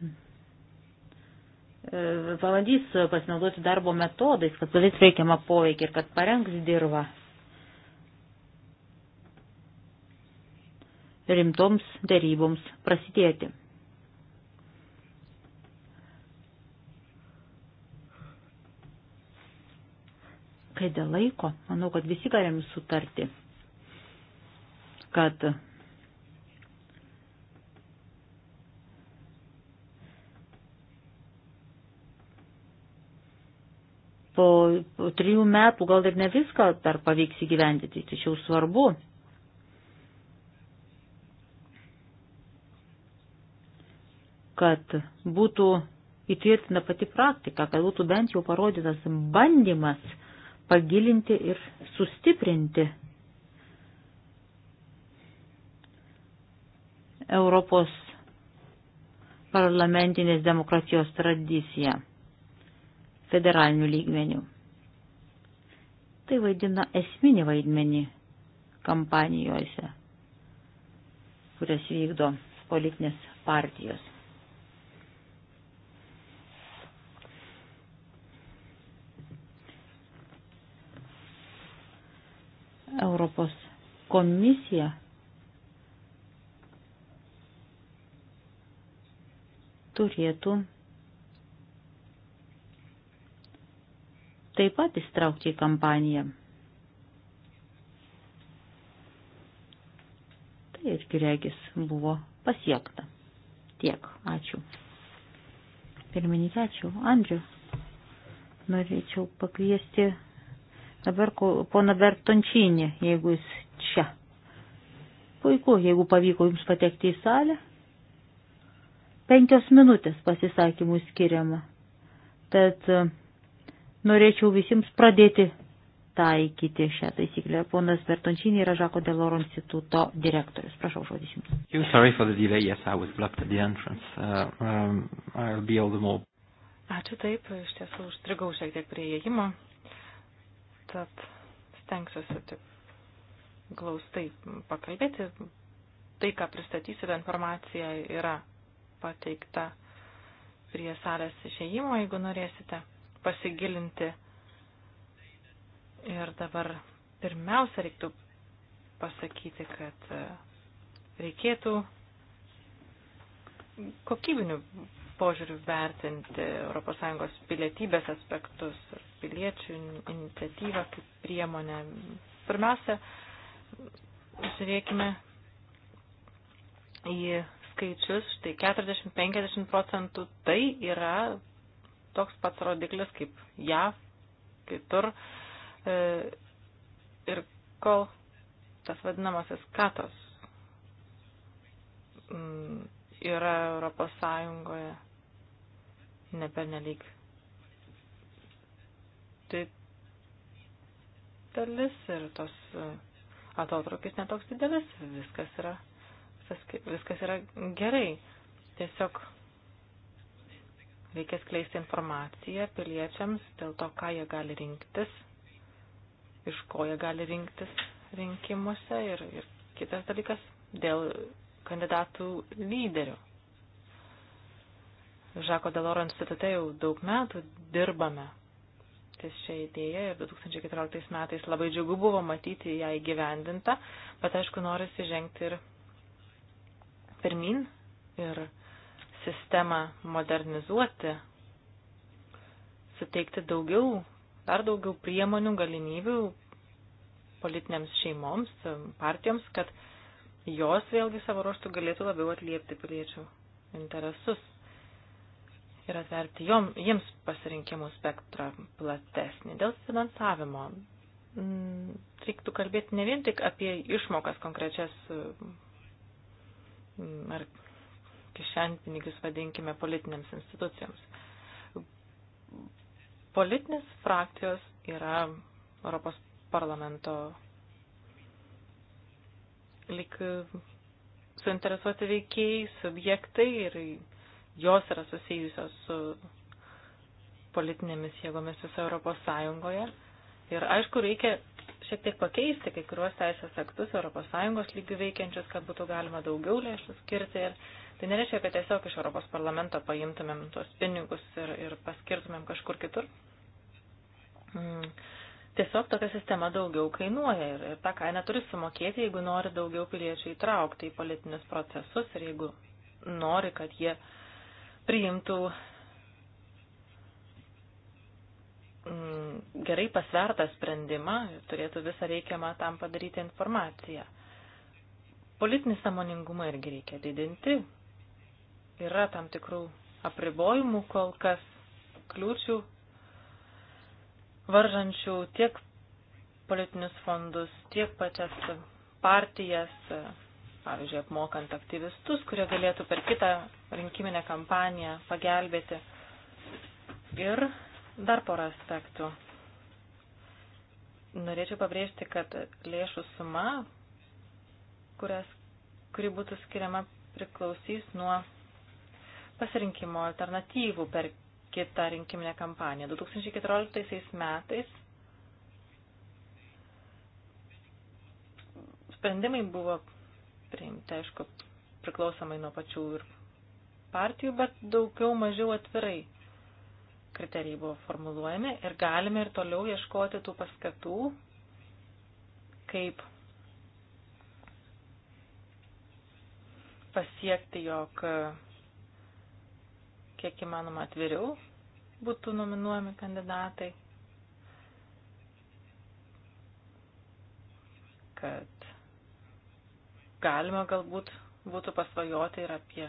E, valandys pasinaudoti darbo metodais, kad padaryt reikiamą poveikį ir kad parengs dirbą rimtoms daryboms prasidėti. Kai dėl laiko, manau, kad visi galim sutarti, kad po trijų metų gal ir ne viską dar pavyks įgyvendyti, tačiau svarbu. kad būtų įtvirtina pati praktika, kad būtų bent jau parodytas bandymas pagilinti ir sustiprinti Europos parlamentinės demokratijos tradiciją federaliniu lygmeniu. Tai vaidina esminį vaidmenį kampanijose, kurias vykdo politinės partijos. Europos komisija turėtų taip pat įstraukti į kampaniją. Tai irgi regis buvo pasiekta. Tiek. Ačiū. Pirmininkė, ačiū. Andriu, norėčiau pakviesti dabar poną Bertončinį, jeigu jis čia. Puiku, jeigu pavyko jums patekti į salę. Penkios minutės pasisakymų skiriama. Tad norėčiau visiems pradėti taikyti šią taisyklę. Ponas Bertončinė yra Žako Deloro instituto direktorius. Prašau, žodis jums. You sorry for the delay. Yes, I was blocked at the entrance. Uh, um, I'll be all the more. Ačiū taip, iš tiesų užstrigau šiek tiek prie įėjimo, tad stengsiuosi tik glaustai pakalbėti. Tai, ką pristatysiu, ta informacija yra pateikta prie salės išėjimo, jeigu norėsite pasigilinti. Ir dabar pirmiausia reiktų pasakyti, kad e, reikėtų kokybinių požiūrių vertinti ES pilietybės aspektus ir piliečių iniciatyvą kaip priemonę. Pirmiausia, žiūrėkime į skaičius, štai 40-50 procentų tai yra toks pats rodiklis kaip JAV, kitur. E, ir kol tas vadinamasis katos mm, yra Europos Sąjungoje nepernelyg didelis ir tos e, atotrukis netoks didelis, viskas yra, viskas yra gerai. Tiesiog Reikia skleisti informaciją piliečiams dėl to, ką jie gali rinktis, iš ko jie gali rinktis rinkimuose ir, ir kitas dalykas dėl kandidatų lyderių. Žako Deloro institute jau daug metų dirbame ties šią idėją ir 2014 metais labai džiugu buvo matyti ją įgyvendintą, bet aišku norisi žengti ir pirmin ir sistemą modernizuoti, suteikti daugiau, dar daugiau priemonių, galimybių politinėms šeimoms, partijoms, kad jos vėlgi savo ruoštų galėtų labiau atliepti piliečių interesus ir atverti jom, jiems pasirinkimų spektrą platesnį. Dėl finansavimo mm, reiktų kalbėti ne vien tik apie išmokas konkrečias mm, ar kišenpinigius, vadinkime, politinėms institucijoms. Politinės frakcijos yra Europos parlamento lik suinteresuoti veikiai, subjektai ir jos yra susijusios su politinėmis jėgomis viso Europos Sąjungoje. Ir aišku, reikia šiek tiek pakeisti kai kuriuos teisės aktus Europos Sąjungos lygių veikiančius, kad būtų galima daugiau lėšų skirti ir Tai nereiškia, kad tiesiog iš Europos parlamento paimtumėm tuos pinigus ir, ir paskirtumėm kažkur kitur. Mm. Tiesiog tokia sistema daugiau kainuoja ir, ir tą kainą turi sumokėti, jeigu nori daugiau piliečių įtraukti į politinius procesus ir jeigu nori, kad jie priimtų mm, gerai pasvertą sprendimą ir turėtų visą reikiamą tam padaryti informaciją. Politinį samoningumą irgi reikia didinti, Yra tam tikrų apribojimų kol kas kliūčių varžančių tiek politinius fondus, tiek pačias partijas, pavyzdžiui, apmokant aktyvistus, kurie galėtų per kitą rinkiminę kampaniją pagelbėti. Ir dar porą aspektų. Norėčiau pabrėžti, kad lėšų suma, kurias, kuri būtų skiriama, priklausys nuo pasirinkimo alternatyvų per kitą rinkiminę kampaniją. 2014 metais sprendimai buvo priimti, aišku, priklausomai nuo pačių ir partijų, bet daugiau mažiau atvirai kriterijai buvo formuluojami ir galime ir toliau ieškoti tų paskatų, kaip pasiekti, jog kiek įmanoma atviriau būtų nominuojami kandidatai, kad galima galbūt būtų pasvajoti ir apie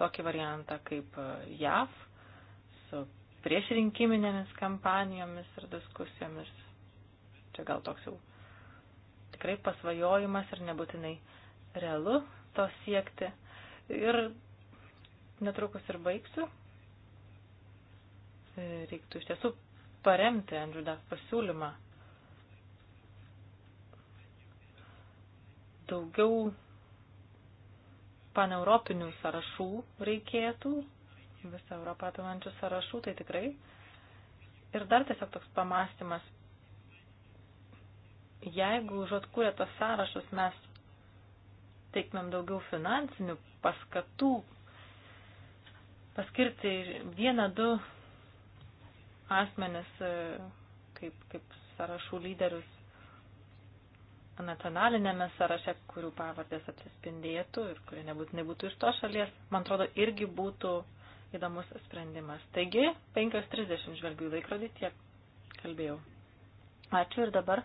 tokį variantą kaip e, JAV su priešrinkiminėmis kampanijomis ir diskusijomis. Čia gal toks jau tikrai pasvajojimas ir nebūtinai realu to siekti. Ir Netrukus ir baigsiu. E, reiktų iš tiesų paremti Andrew Duff pasiūlymą. Daugiau paneuropinių sąrašų reikėtų, visą Europą apimančių sąrašų, tai tikrai. Ir dar tiesiog toks pamastymas. Jeigu užuot kūrė tos sąrašus, mes teikmėm daugiau finansinių paskatų paskirti vieną, du asmenis e, kaip, kaip sąrašų lyderius nacionalinėme sąraše, kurių pavardės atsispindėtų ir kurie nebūtinai būtų iš to šalies, man atrodo, irgi būtų įdomus sprendimas. Taigi, 5.30 žvelgiu į laikrodį, tiek kalbėjau. Ačiū ir dabar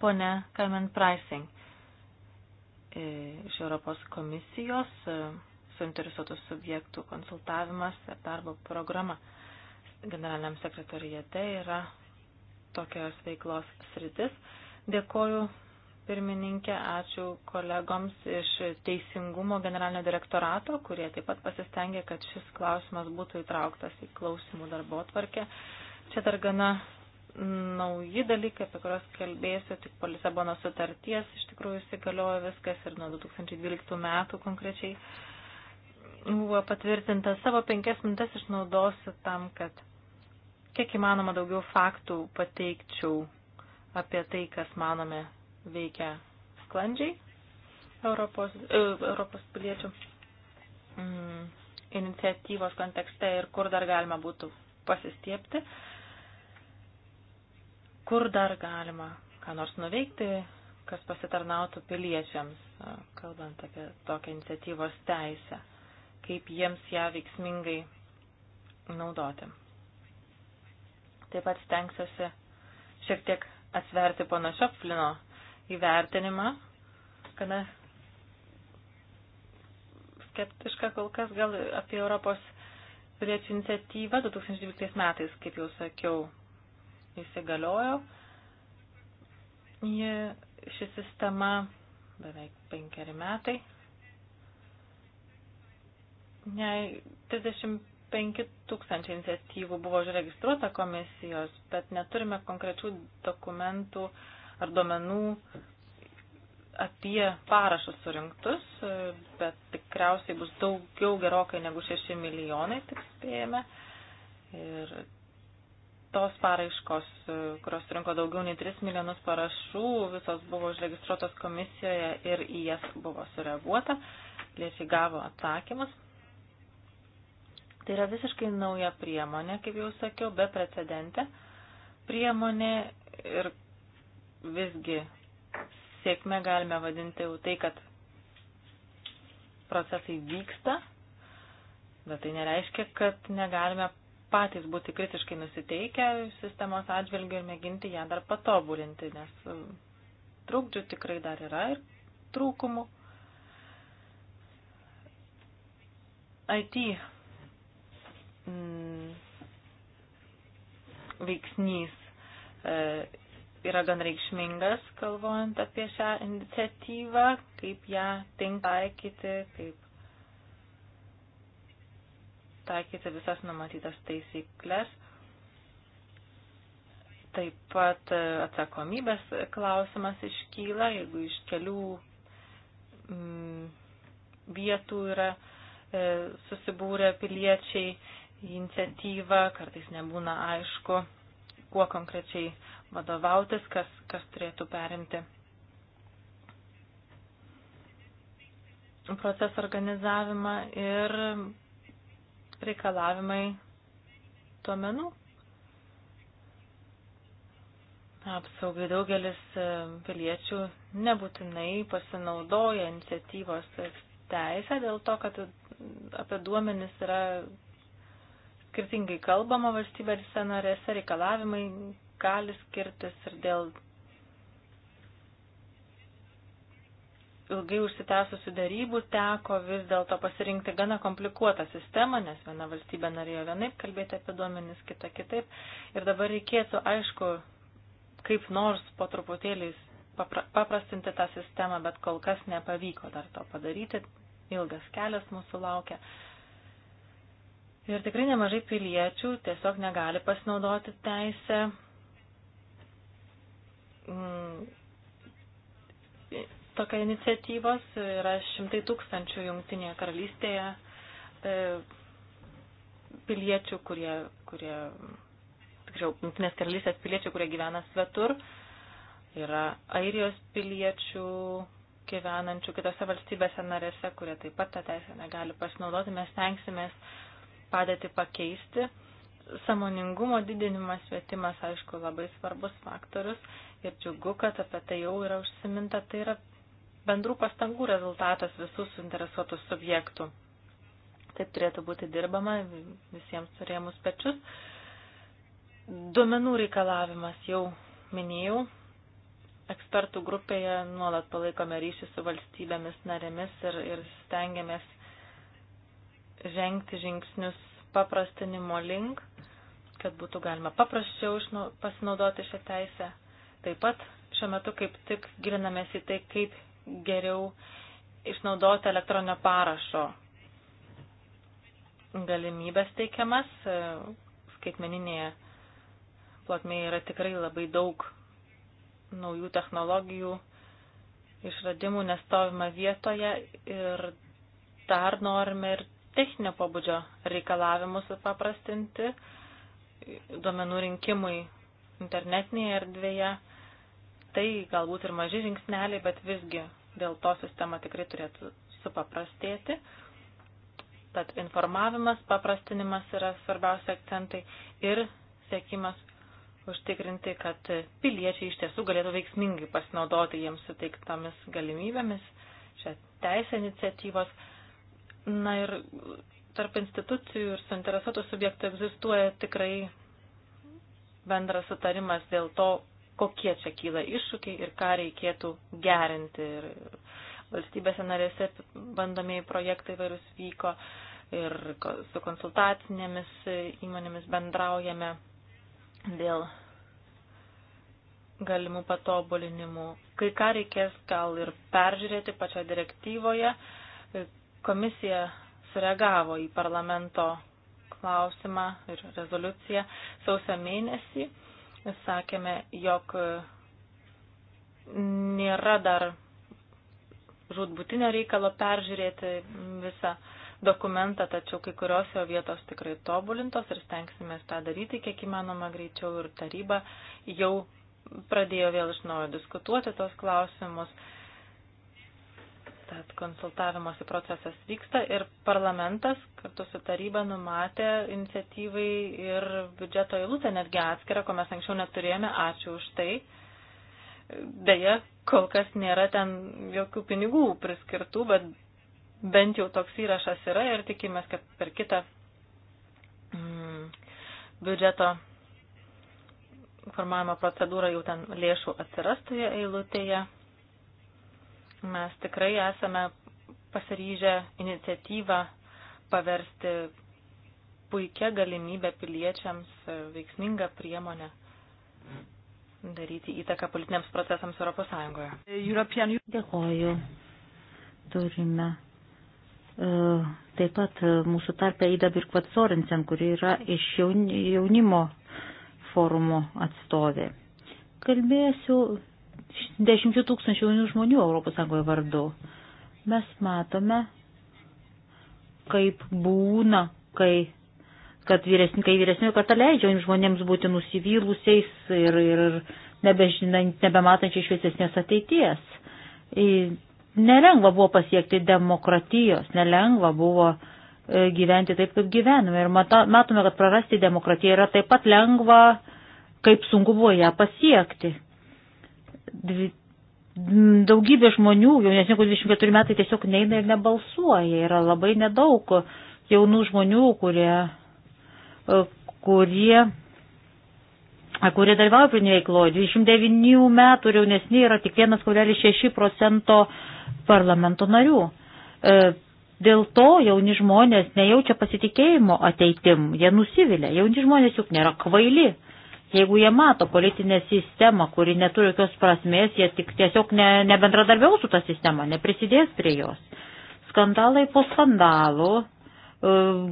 ponė Carmen Pricing e, iš Europos komisijos. E, suinteresuotų subjektų konsultavimas ir darbo programa. Generaliniam sekretorijate yra tokios veiklos sritis. Dėkoju pirmininkė, ačiū kolegoms iš Teisingumo generalinio direktorato, kurie taip pat pasistengė, kad šis klausimas būtų įtrauktas į klausimų darbo tvarkę. Čia dar gana nauji dalykai, apie kuriuos kalbėsiu, tik po Lisabono sutarties iš tikrųjų įsigaliojo viskas ir nuo 2012 metų konkrečiai buvo patvirtinta, savo penkias minutės išnaudosiu tam, kad kiek įmanoma daugiau faktų pateikčiau apie tai, kas manome veikia sklandžiai Europos, e, Europos piliečių mm, iniciatyvos kontekste ir kur dar galima būtų pasistiepti, kur dar galima ką nors nuveikti, kas pasitarnautų piliečiams, e, kalbant apie tokią iniciatyvos teisę kaip jiems ją veiksmingai naudoti. Taip pat stengsiuosi šiek tiek atsverti pono Šopflino įvertinimą, gana skeptiška kol kas gal apie Europos piliečių iniciatyvą 2012 metais, kaip jau sakiau, įsigaliojo. Ji, ši sistema beveik penkeri metai Ne, 35 tūkstančiai iniciatyvų buvo užregistruota komisijos, bet neturime konkrečių dokumentų ar duomenų apie parašus surinktus, bet tikriausiai bus daugiau gerokai negu 6 milijonai, tik spėjame. Ir tos paraiškos, kurios rinko daugiau nei 3 milijonus parašų, visos buvo užregistruotos komisijoje ir į jas buvo sureaguota. Liečiai gavo atsakymus. Tai yra visiškai nauja priemonė, kaip jau sakiau, be precedente priemonė ir visgi sėkme galime vadinti jau tai, kad procesai vyksta, bet tai nereiškia, kad negalime patys būti kritiškai nusiteikę sistemos atžvilgių ir mėginti ją dar patobulinti, nes e, trūkdžių tikrai dar yra ir trūkumų. IT mm, veiksnys e, yra gan reikšmingas, kalbant apie šią iniciatyvą, kaip ją tinka taikyti, kaip taikyti visas numatytas taisyklės. Taip pat e, atsakomybės klausimas iškyla, jeigu iš kelių mm, vietų yra e, susibūrę piliečiai iniciatyvą, kartais nebūna aišku, kuo konkrečiai vadovautis, kas, kas turėtų perimti proceso organizavimą ir reikalavimai duomenų apsaugai daugelis e, piliečių nebūtinai pasinaudoja iniciatyvos teisę dėl to, kad apie duomenis yra skirtingai kalbama valstybėse narėse, reikalavimai gali skirtis ir dėl ilgai užsitęsusių darybų teko vis dėlto pasirinkti gana komplikuotą sistemą, nes viena valstybė norėjo vienaip kalbėti apie duomenis, kita kitaip. Ir dabar reikėtų, aišku, kaip nors po truputėlį paprastinti tą sistemą, bet kol kas nepavyko dar to padaryti. Ilgas kelias mūsų laukia. Ir tikrai nemažai piliečių tiesiog negali pasinaudoti teisę mm, tokia iniciatyvos. Yra šimtai tūkstančių jungtinėje karalystėje e, piliečių, kurie, kurie tikriau, jungtinės karalystės piliečių, kurie gyvena svetur. Yra airijos piliečių gyvenančių kitose valstybėse narėse, kurie taip pat tą teisę negali pasinaudoti. Mes tenksimės padėti pakeisti. Samoningumo didinimas švietimas, aišku, labai svarbus faktorius ir džiugu, kad apie tai jau yra užsiminta, tai yra bendrų pastangų rezultatas visų suinteresuotų subjektų. Taip turėtų būti dirbama visiems turėjimus pečius. Duomenų reikalavimas jau minėjau, ekspertų grupėje nuolat palaikome ryšį su valstybėmis narėmis ir, ir stengiamės žengti žingsnius paprastinimo link, kad būtų galima paprasčiau pasinaudoti šią teisę. Taip pat šiuo metu kaip tik gilinamės į tai, kaip geriau išnaudoti elektroninio parašo galimybės teikiamas. Skaitmeninėje plotmėje yra tikrai labai daug naujų technologijų, išradimų, nestovima vietoje ir dar norime ir techninio pobūdžio reikalavimus paprastinti duomenų rinkimui internetinėje erdvėje. Tai galbūt ir maži žingsneliai, bet visgi dėl to sistema tikrai turėtų supaprastėti. Tad informavimas, paprastinimas yra svarbiausi akcentai ir sėkimas užtikrinti, kad piliečiai iš tiesų galėtų veiksmingai pasinaudoti jiems suteiktomis galimybėmis šią teisę iniciatyvos Na ir tarp institucijų ir suinteresuotų subjektų egzistuoja tikrai bendras sutarimas dėl to, kokie čia kyla iššūkiai ir ką reikėtų gerinti. Ir valstybėse narėse bandomieji projektai vairūs vyko ir su konsultacinėmis įmonėmis bendraujame dėl galimų patobulinimų. Kai ką reikės gal ir peržiūrėti pačioje direktyvoje, Komisija sureagavo į parlamento klausimą ir rezoliuciją sausio mėnesį. Sakėme, jog nėra dar žudbutinio reikalo peržiūrėti visą dokumentą, tačiau kai kurios jo vietos tikrai tobulintos ir stengsime tą daryti kiek įmanoma greičiau ir taryba jau pradėjo vėl iš naujo diskutuoti tos klausimus Tad konsultavimosi procesas vyksta ir parlamentas kartu su taryba numatė iniciatyvai ir biudžeto eilutę netgi atskirą, ko mes anksčiau neturėjome. Ačiū už tai. Deja, kol kas nėra ten jokių pinigų priskirtų, bet bent jau toks įrašas yra ir tikimės, kad per kitą mm, biudžeto formavimo procedūrą jau ten lėšų atsirastų eilutėje. Mes tikrai esame pasiryžę iniciatyvą paversti puikia galimybė piliečiams, veiksminga priemonė daryti įtaką politiniams procesams Europos Sąjungoje. European... Dėkoju. Turime. E, taip pat e, mūsų tarpe Ida Birkvat Sorensen, kuri yra iš jaunimo forumo atstovė. Kalbėsiu dešimčių tūkstančių jaunų žmonių ES vardu. Mes matome, kaip būna, kai, kad vyresni, kai vyresnioji karta leidžia žmonėms būti nusivylusiais ir, ir nebežinant, nebematančiai šviesesnės ateities. Nelengva buvo pasiekti demokratijos, nelengva buvo e, gyventi taip, kaip gyvename. Ir mata, matome, kad prarasti demokratiją yra taip pat lengva, kaip sunku buvo ją pasiekti dvi, daugybė žmonių, jaunesnių negu 24 metai, tiesiog neina ir nebalsuoja. Yra labai nedaug jaunų žmonių, kurie, e, kurie, e, kurie dalyvauja prinėje veikloje. 29 metų ir jaunesni yra tik 1,6 procento parlamento narių. E, dėl to jauni žmonės nejaučia pasitikėjimo ateitim, jie nusivilia. Jauni žmonės juk nėra kvaili Jeigu jie mato politinę sistemą, kuri neturi jokios prasmės, jie tik tiesiog ne, nebendradarbiaus su tą sistemą, neprisidės prie jos. Skandalai po skandalų e,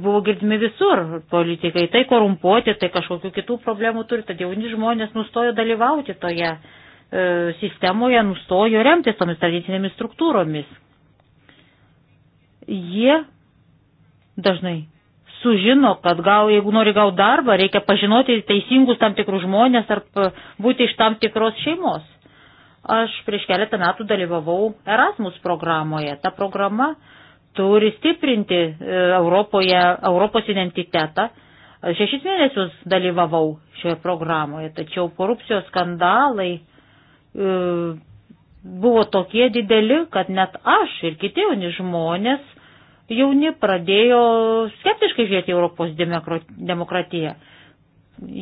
buvo girdimi visur politikai, tai korumpuoti, tai kažkokių kitų problemų turi, tad jauni žmonės nustojo dalyvauti toje e, sistemoje, nustojo remtis tomis tradicinėmis struktūromis. Jie dažnai sužino, kad gal jeigu nori gauti darbą, reikia pažinoti teisingus tam tikrus žmonės ar būti iš tam tikros šeimos. Aš prieš keletą metų dalyvavau Erasmus programoje. Ta programa turi stiprinti e, Europoje, Europos identitetą. Šešis mėnesius dalyvavau šioje programoje, tačiau korupcijos skandalai e, buvo tokie dideli, kad net aš ir kiti jauni žmonės jauni pradėjo skeptiškai žiūrėti Europos demokratiją.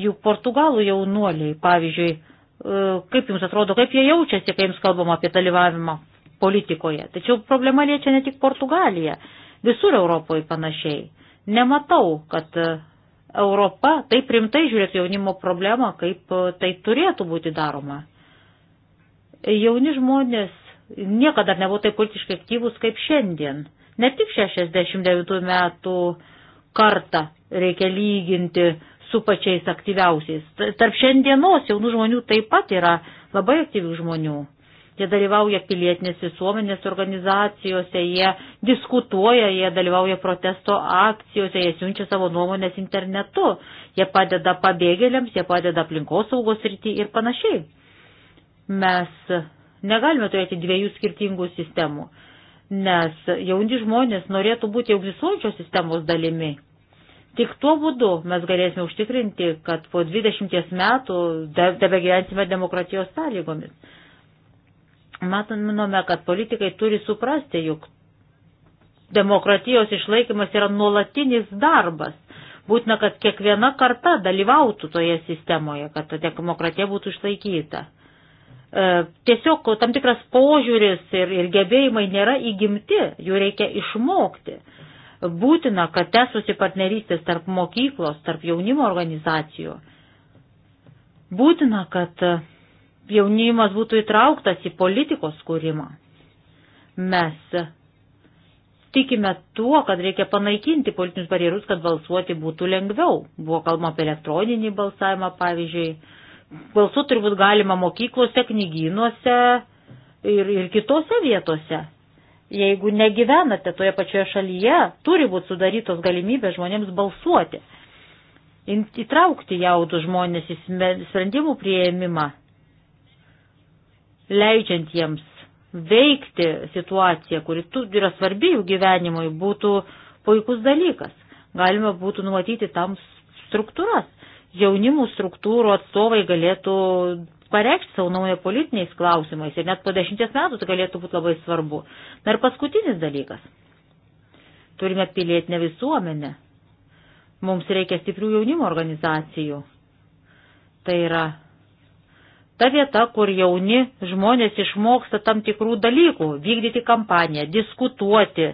Juk portugalų jaunuoliai, pavyzdžiui, e, kaip jums atrodo, kaip jie jaučiasi, kai jums kalbama apie dalyvavimą politikoje. Tačiau problema liečia ne tik Portugaliją, visur Europoje panašiai. Nematau, kad e, Europa taip rimtai žiūrėtų jaunimo problemą, kaip e, tai turėtų būti daroma. Jauni žmonės niekada nebuvo taip politiškai aktyvus kaip šiandien. Ne tik 69 metų kartą reikia lyginti su pačiais aktyviausiais. Tarp šiandienos jaunų žmonių taip pat yra labai aktyvių žmonių. Jie dalyvauja pilietinės visuomenės organizacijose, jie diskutuoja, jie dalyvauja protesto akcijose, jie siunčia savo nuomonės internetu, jie padeda pabėgėliams, jie padeda aplinkosaugos rytį ir panašiai. Mes negalime turėti dviejų skirtingų sistemų nes jauni žmonės norėtų būti jau egzistuojančios sistemos dalimi. Tik tuo būdu mes galėsime užtikrinti, kad po 20 metų tebe gyvensime demokratijos sąlygomis. Matome, kad politikai turi suprasti, juk demokratijos išlaikymas yra nuolatinis darbas. Būtina, kad kiekviena karta dalyvautų toje sistemoje, kad ta demokratija būtų išlaikyta. E, tiesiog tam tikras požiūris ir, ir gebėjimai nėra įgimti, jų reikia išmokti. Būtina, kad tęstusi partnerystės tarp mokyklos, tarp jaunimo organizacijų. Būtina, kad jaunimas būtų įtrauktas į politikos kūrimą. Mes tikime tuo, kad reikia panaikinti politinius barjerus, kad balsuoti būtų lengviau. Buvo kalbama apie elektroninį balsavimą, pavyzdžiui. Balsuoti turbūt galima mokyklose, knygynuose ir, ir kitose vietose. Jeigu negyvenate toje pačioje šalyje, turi būti sudarytos galimybės žmonėms balsuoti. Įtraukti jaudų žmonės į sprendimų prieimimą, leidžiant jiems veikti situaciją, kuri yra svarbi jų gyvenimui, būtų puikus dalykas. Galima būtų numatyti tam struktūras jaunimų struktūrų atstovai galėtų pareikšti savo naują politiniais klausimais ir net po dešimties metų tai galėtų būti labai svarbu. Na ir paskutinis dalykas. Turime pilietinę visuomenę. Mums reikia stiprių jaunimo organizacijų. Tai yra ta vieta, kur jauni žmonės išmoksta tam tikrų dalykų - vykdyti kampaniją, diskutuoti,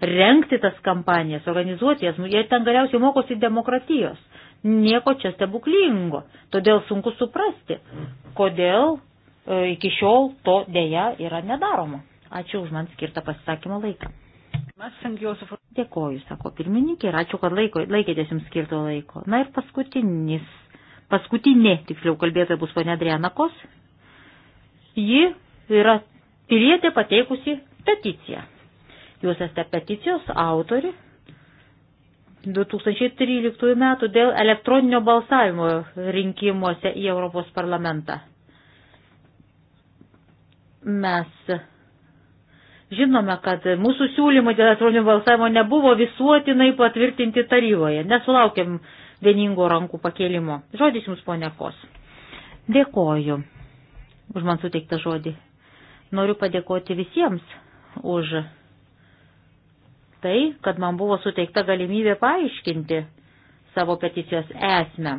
renkti tas kampanijas, organizuoti jas. Jie ten galiausiai mokosi demokratijos nieko čia stebuklingo. Todėl sunku suprasti, kodėl e, iki šiol to dėja yra nedaroma. Ačiū už man skirtą pasisakymo laiką. Dėkoju, sako pirmininkė, ir ačiū, kad laiko, laikėtės jums skirto laiko. Na ir paskutinis, paskutinė, tiksliau kalbėtoja bus ponia Drianakos. Ji yra pilietė pateikusi peticiją. Jūs esate peticijos autori 2013 metų dėl elektroninio balsavimo rinkimuose į Europos parlamentą. Mes žinome, kad mūsų siūlymai dėl elektroninio balsavimo nebuvo visuotinai patvirtinti taryboje. Nesulaukėm vieningo rankų pakėlimo. Žodis jums, ponė Kos. Dėkoju už man suteiktą žodį. Noriu padėkoti visiems už tai, kad man buvo suteikta galimybė paaiškinti savo peticijos esmę.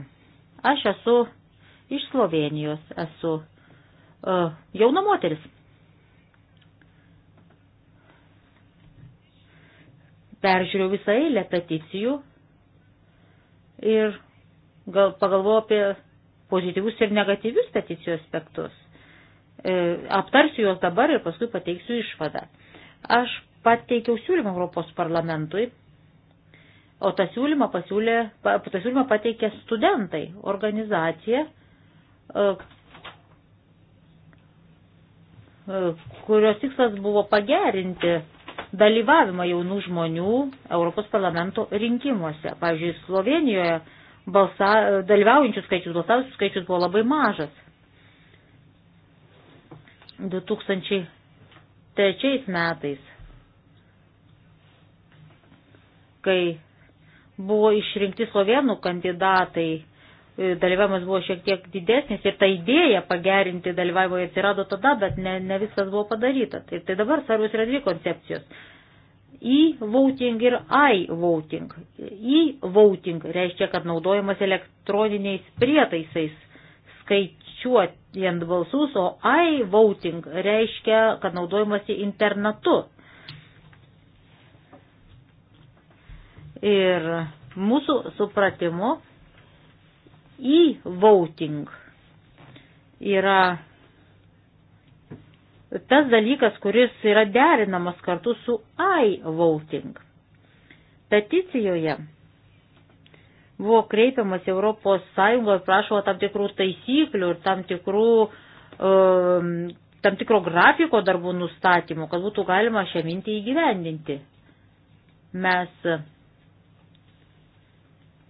Aš esu iš Slovenijos, esu uh, jauna moteris. Peržiūrėjau visą eilę peticijų ir gal, pagalvojau apie pozityvius ir negatyvius peticijų aspektus. E, aptarsiu juos dabar ir paskui pateiksiu išvadą. Aš pateikiau siūlymą Europos parlamentui, o tą siūlymą, pasiūlė, pa, tą siūlymą pateikė studentai, organizacija, e, e, kurios tikslas buvo pagerinti dalyvavimą jaunų žmonių Europos parlamento rinkimuose. Pavyzdžiui, Slovenijoje balsa, dalyvaujančių skaičius, balsavusių skaičius buvo labai mažas. 2003 metais kai buvo išrinkti slovenų kandidatai, e, dalyvavimas buvo šiek tiek didesnis ir ta idėja pagerinti dalyvavimą atsirado tada, bet ne, ne viskas buvo padaryta. Tai, tai dabar svarbios yra dvi koncepcijos. E-voting ir I-voting. E-voting reiškia, kad naudojamas elektroniniais prietaisais skaičiuojant balsus, o I-voting reiškia, kad naudojamas internetu Ir mūsų supratimu e-voting yra tas dalykas, kuris yra derinamas kartu su i-voting. Peticijoje buvo kreipiamas Europos Sąjungos, prašo tam tikrų taisyklių ir tam tikrų um, tam tikro grafiko darbų nustatymo, kad būtų galima šią mintį įgyvendinti. Mes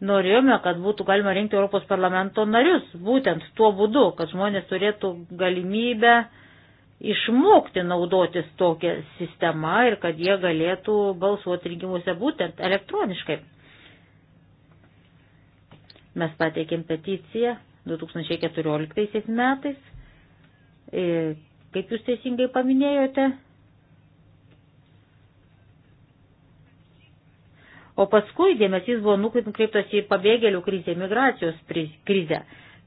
norėjome, kad būtų galima rinkti Europos parlamento narius, būtent tuo būdu, kad žmonės turėtų galimybę išmokti naudotis tokią sistemą ir kad jie galėtų balsuoti rinkimuose būtent elektroniškai. Mes pateikėm peticiją 2014 metais, e, kaip jūs teisingai paminėjote, O paskui dėmesys buvo nukreiptas į pabėgėlių krizę, migracijos krizę.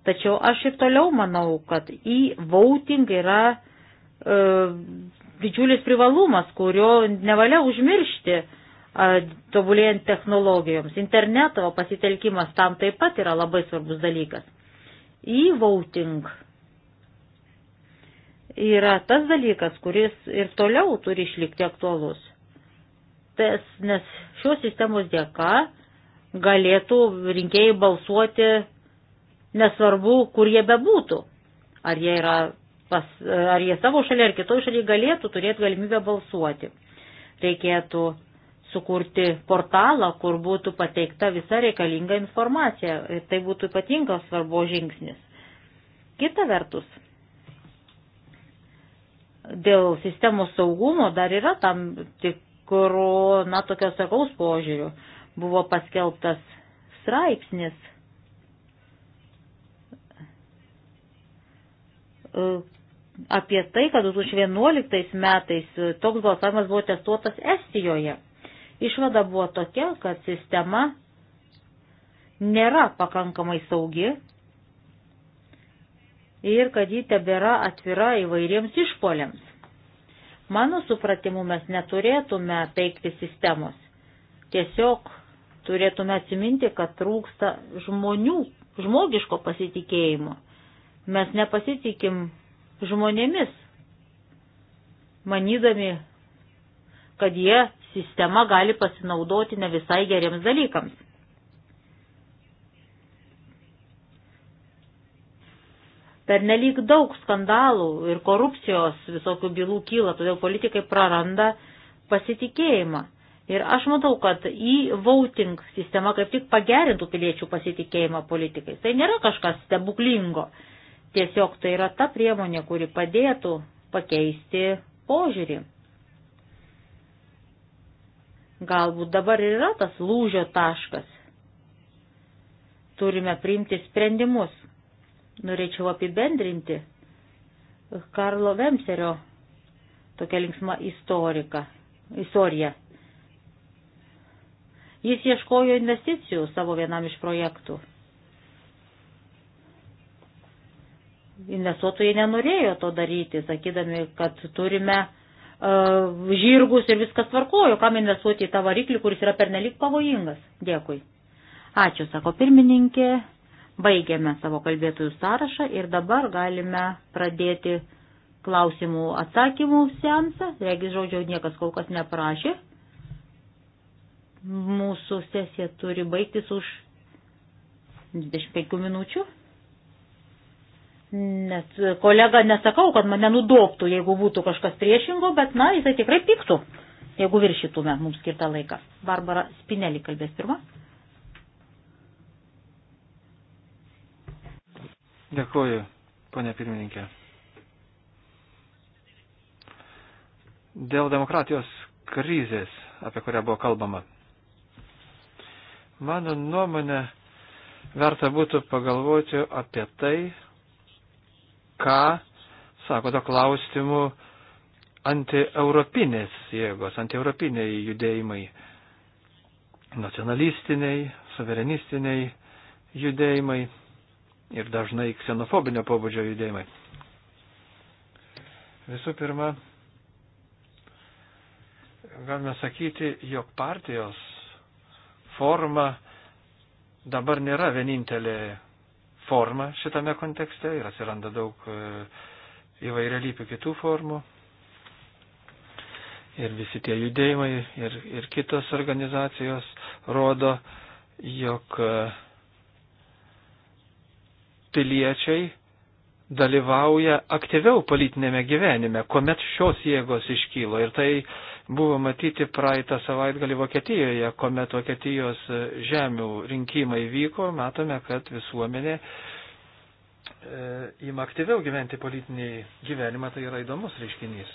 Tačiau aš ir toliau manau, kad į voting yra e, didžiulis privalumas, kurio nevalia užmiršti e, tobulėjant technologijoms. Interneto pasitelkimas tam taip pat yra labai svarbus dalykas. Į voting yra tas dalykas, kuris ir toliau turi išlikti aktualus nes, nes šios sistemos dėka galėtų rinkėjai balsuoti nesvarbu, kur jie bebūtų. Ar jie, yra pas, ar jie savo šalyje ar kitoje šalyje galėtų turėti galimybę balsuoti. Reikėtų sukurti portalą, kur būtų pateikta visa reikalinga informacija. Ir tai būtų ypatingas svarbo žingsnis. Kita vertus, dėl sistemos saugumo dar yra tam tik tikrų, na, tokios sakaus požiūrių. Buvo paskelbtas straipsnis, e, apie tai, kad 2011 metais e, toks balsavimas buvo testuotas Estijoje. Išvada buvo tokia, kad sistema nėra pakankamai saugi ir kad ji tebėra atvira įvairiems išpoliams. Mano supratimu mes neturėtume teikti sistemos. Tiesiog turėtume atsiminti, kad trūksta žmonių, žmogiško pasitikėjimo. Mes nepasitikim žmonėmis, manydami, kad jie sistema gali pasinaudoti ne visai geriems dalykams. Per nelik daug skandalų ir korupcijos visokių bylų kyla, todėl politikai praranda pasitikėjimą. Ir aš matau, kad e-voting sistema kaip tik pagerintų piliečių pasitikėjimą politikais. Tai nėra kažkas stebuklingo. Tiesiog tai yra ta priemonė, kuri padėtų pakeisti požiūrį. Galbūt dabar yra tas lūžio taškas. Turime priimti sprendimus norėčiau apibendrinti Karlo Vemserio tokia linksma istorika, istorija. Jis ieškojo investicijų savo vienam iš projektų. Investuotojai nenorėjo to daryti, sakydami, kad turime uh, žirgus ir viskas tvarkojo, kam investuoti į tą variklį, kuris yra pernelik pavojingas. Dėkui. Ačiū, sako pirmininkė. Baigėme savo kalbėtojų sąrašą ir dabar galime pradėti klausimų atsakymų seansą. Regis žodžio niekas kol kas neprašė. Mūsų sesija turi baigtis už 25 minučių. Nes kolega nesakau, kad mane nudoptų, jeigu būtų kažkas priešingo, bet, na, jisai tikrai piktų, jeigu viršytume mums skirtą laiką. Barbara Spinelį kalbės pirmą. Dėkuoju, ponė pirmininkė. Dėl demokratijos krizės, apie kurią buvo kalbama. Mano nuomonė, verta būtų pagalvoti apie tai, ką sako to klausimu antieuropinės jėgos, antieuropiniai judėjimai, nacionalistiniai, suverenistiniai judėjimai ir dažnai ksenofobinio pobūdžio judėjimai. Visų pirma, galime sakyti, jog partijos forma dabar nėra vienintelė forma šitame kontekste ir atsiranda daug e, įvairialypių kitų formų. Ir visi tie judėjimai ir, ir kitos organizacijos rodo, jog uh, piliečiai dalyvauja aktyviau politinėme gyvenime, kuomet šios jėgos iškylo. Ir tai buvo matyti praeitą savaitgalį Vokietijoje, kuomet Vokietijos žemių rinkimai vyko, matome, kad visuomenė e, ima aktyviau gyventi politinį gyvenimą, tai yra įdomus reiškinys.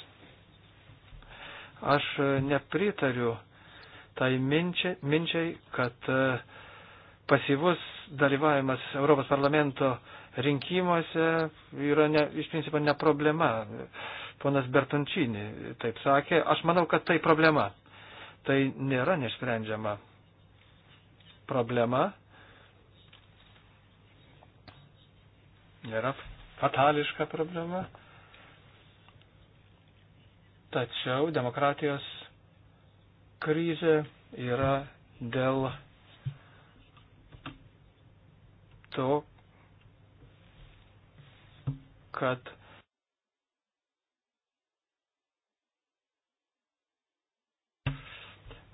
Aš e, nepritariu tai minčiai, minčiai kad e, pasyvus dalyvavimas Europos parlamento rinkimuose yra ne, iš principo ne problema. Ponas Bertončinį taip sakė. Aš manau, kad tai problema. Tai nėra nesprendžiama problema. Nėra fatališka problema. Tačiau demokratijos krizė yra dėl to, kad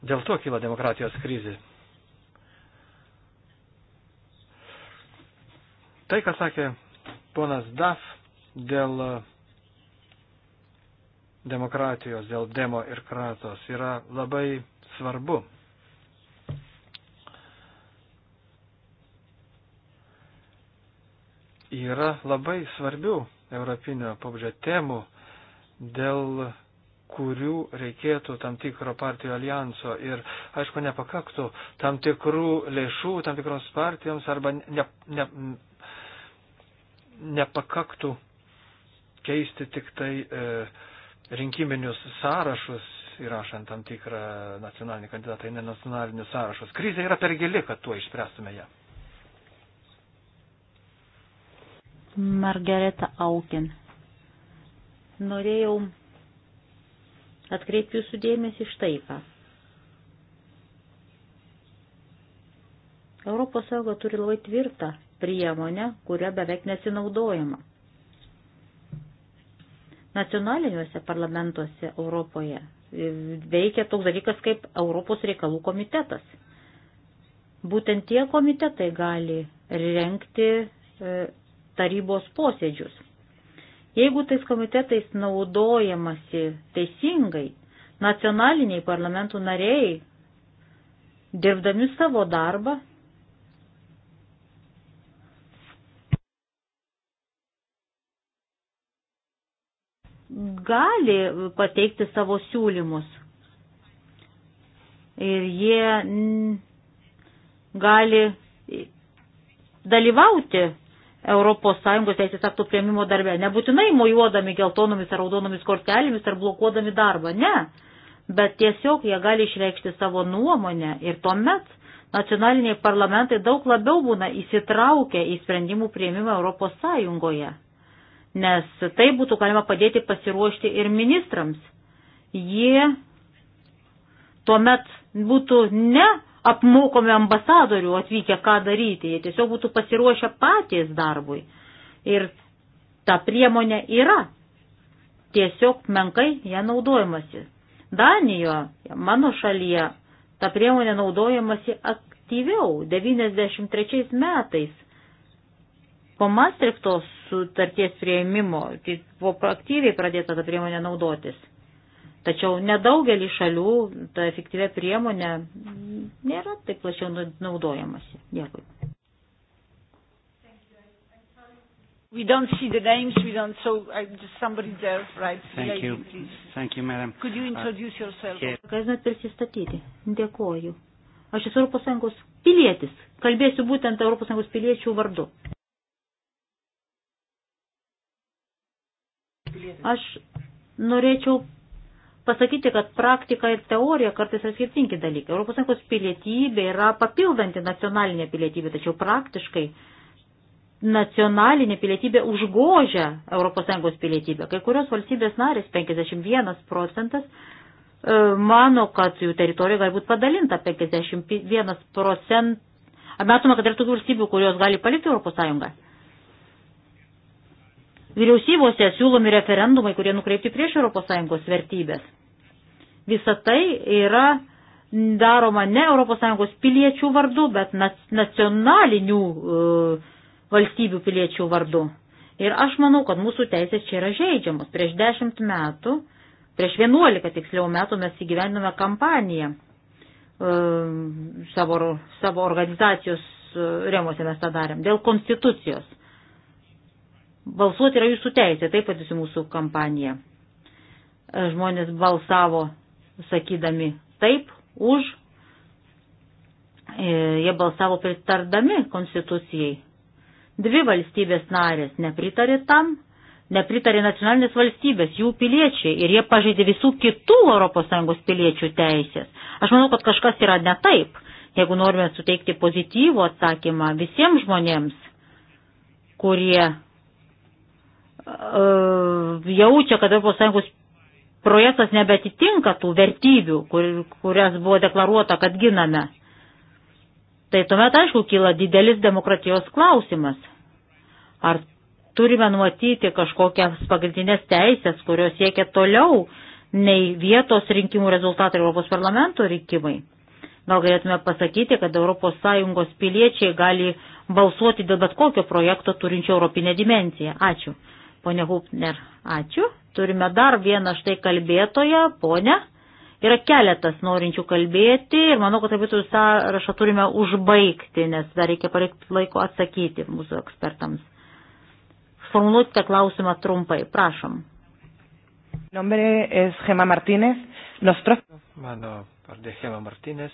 dėl to kyla demokratijos krizė. Tai, ką sakė ponas Daf dėl demokratijos, dėl demo ir kratos, yra labai svarbu. yra labai svarbių europinio pabudžio temų, dėl kurių reikėtų tam tikro partijų alijanso ir, aišku, nepakaktų tam tikrų lėšų tam tikroms partijoms arba ne, ne, nepakaktų keisti tik tai e, rinkiminius sąrašus, įrašant tam tikrą nacionalinį kandidatą į nenacionalinius sąrašus. Krizė yra per gili, kad tuo išspręstume ją. Margareta Aukin. Norėjau atkreipti jūsų dėmesį štai ką. Europos Sąjunga turi labai tvirtą priemonę, kuria beveik nesinaudojama. Nacionaliniuose parlamentuose Europoje veikia toks dalykas kaip Europos reikalų komitetas. Būtent tie komitetai gali renkti e, tarybos posėdžius. Jeigu tais komitetais naudojamasi teisingai, nacionaliniai parlamentų nariai, dirbdami savo darbą, gali pateikti savo siūlymus. Ir jie gali dalyvauti ES teisės aktų prieimimo darbe. Nebūtinai mojuodami geltonomis ar raudonomis kortelėmis ar blokuodami darbą. Ne. Bet tiesiog jie gali išreikšti savo nuomonę ir tuomet nacionaliniai parlamentai daug labiau būna įsitraukę į sprendimų prieimimą ES. Nes tai būtų galima padėti pasiruošti ir ministrams. Jie tuomet būtų ne apmokome ambasadorių atvykę, ką daryti, jie tiesiog būtų pasiruošę patys darbui. Ir ta priemonė yra, tiesiog menkai ją naudojamasi. Danijoje, mano šalyje, ta priemonė naudojamasi aktyviau. 93 metais po Mastrikto sutarties prieimimo tai buvo aktyviai pradėta ta priemonė naudotis. Tačiau nedaugelį šalių ta efektyvė priemonė nėra taip plačiau nu, naudojamasi. Dėkui. We don't see the names, we don't, so I, uh, somebody there, right? Thank Lady, you. Please. Thank you, madam. Could you uh, introduce uh, yourself? Yeah. Galėtumėt prisistatyti. Dėkoju. Aš esu Europos Sąjungos pilietis. Kalbėsiu būtent Europos Sąjungos piliečių vardu. Aš norėčiau pasakyti, kad praktika ir teorija kartais yra skirtingi dalykai. ES pilietybė yra papildanti nacionalinė pilietybė, tačiau praktiškai nacionalinė pilietybė užgožia ES pilietybę. Kai kurios valstybės narės, 51 procentas, e, mano, kad jų teritorija gali būti padalinta 51 procentų. Ar matome, kad yra tokių valstybių, kurios gali palikti ES? vyriausybose siūlomi referendumai, kurie nukreipti prieš ES vertybės. Visa tai yra daroma ne ES piliečių vardu, bet nacionalinių e, valstybių piliečių vardu. Ir aš manau, kad mūsų teisės čia yra žaidžiamos. Prieš dešimt metų, prieš vienuolika tiksliau metų mes įgyvendome kampaniją e, savo, savo organizacijos e, remuose mes tą darėm, dėl konstitucijos. Balsuoti yra jūsų teisė, taip pat visi mūsų kampanija. E, žmonės balsavo sakydami taip, už, e, jie balsavo pritardami konstitucijai. Dvi valstybės narės nepritarė tam, nepritarė nacionalinės valstybės, jų piliečiai ir jie pažeidė visų kitų ES piliečių teisės. Aš manau, kad kažkas yra ne taip, jeigu norime suteikti pozityvų atsakymą visiems žmonėms, kurie E, jaučia, kad Europos Sąjungos projektas nebetitinka tų vertybių, kur, kurias buvo deklaruota, kad giname. Tai tuomet, aišku, kyla didelis demokratijos klausimas. Ar turime numatyti kažkokias pagrindinės teisės, kurios siekia toliau nei vietos rinkimų rezultatai Europos parlamento rinkimai? Gal galėtume pasakyti, kad ES piliečiai gali balsuoti dėl bet kokio projekto turinčio europinę dimenciją. Ačiū. Pone Hupner, ačiū. Turime dar vieną štai kalbėtoją, ponę. Yra keletas norinčių kalbėti ir manau, kad apie visų sąrašą turime užbaigti, nes dar reikia palikti laiko atsakyti mūsų ekspertams. Formuluokite klausimą trumpai, prašom. Nombre es Gema Martínez. Nostro... Mano pardė Gema Martínez.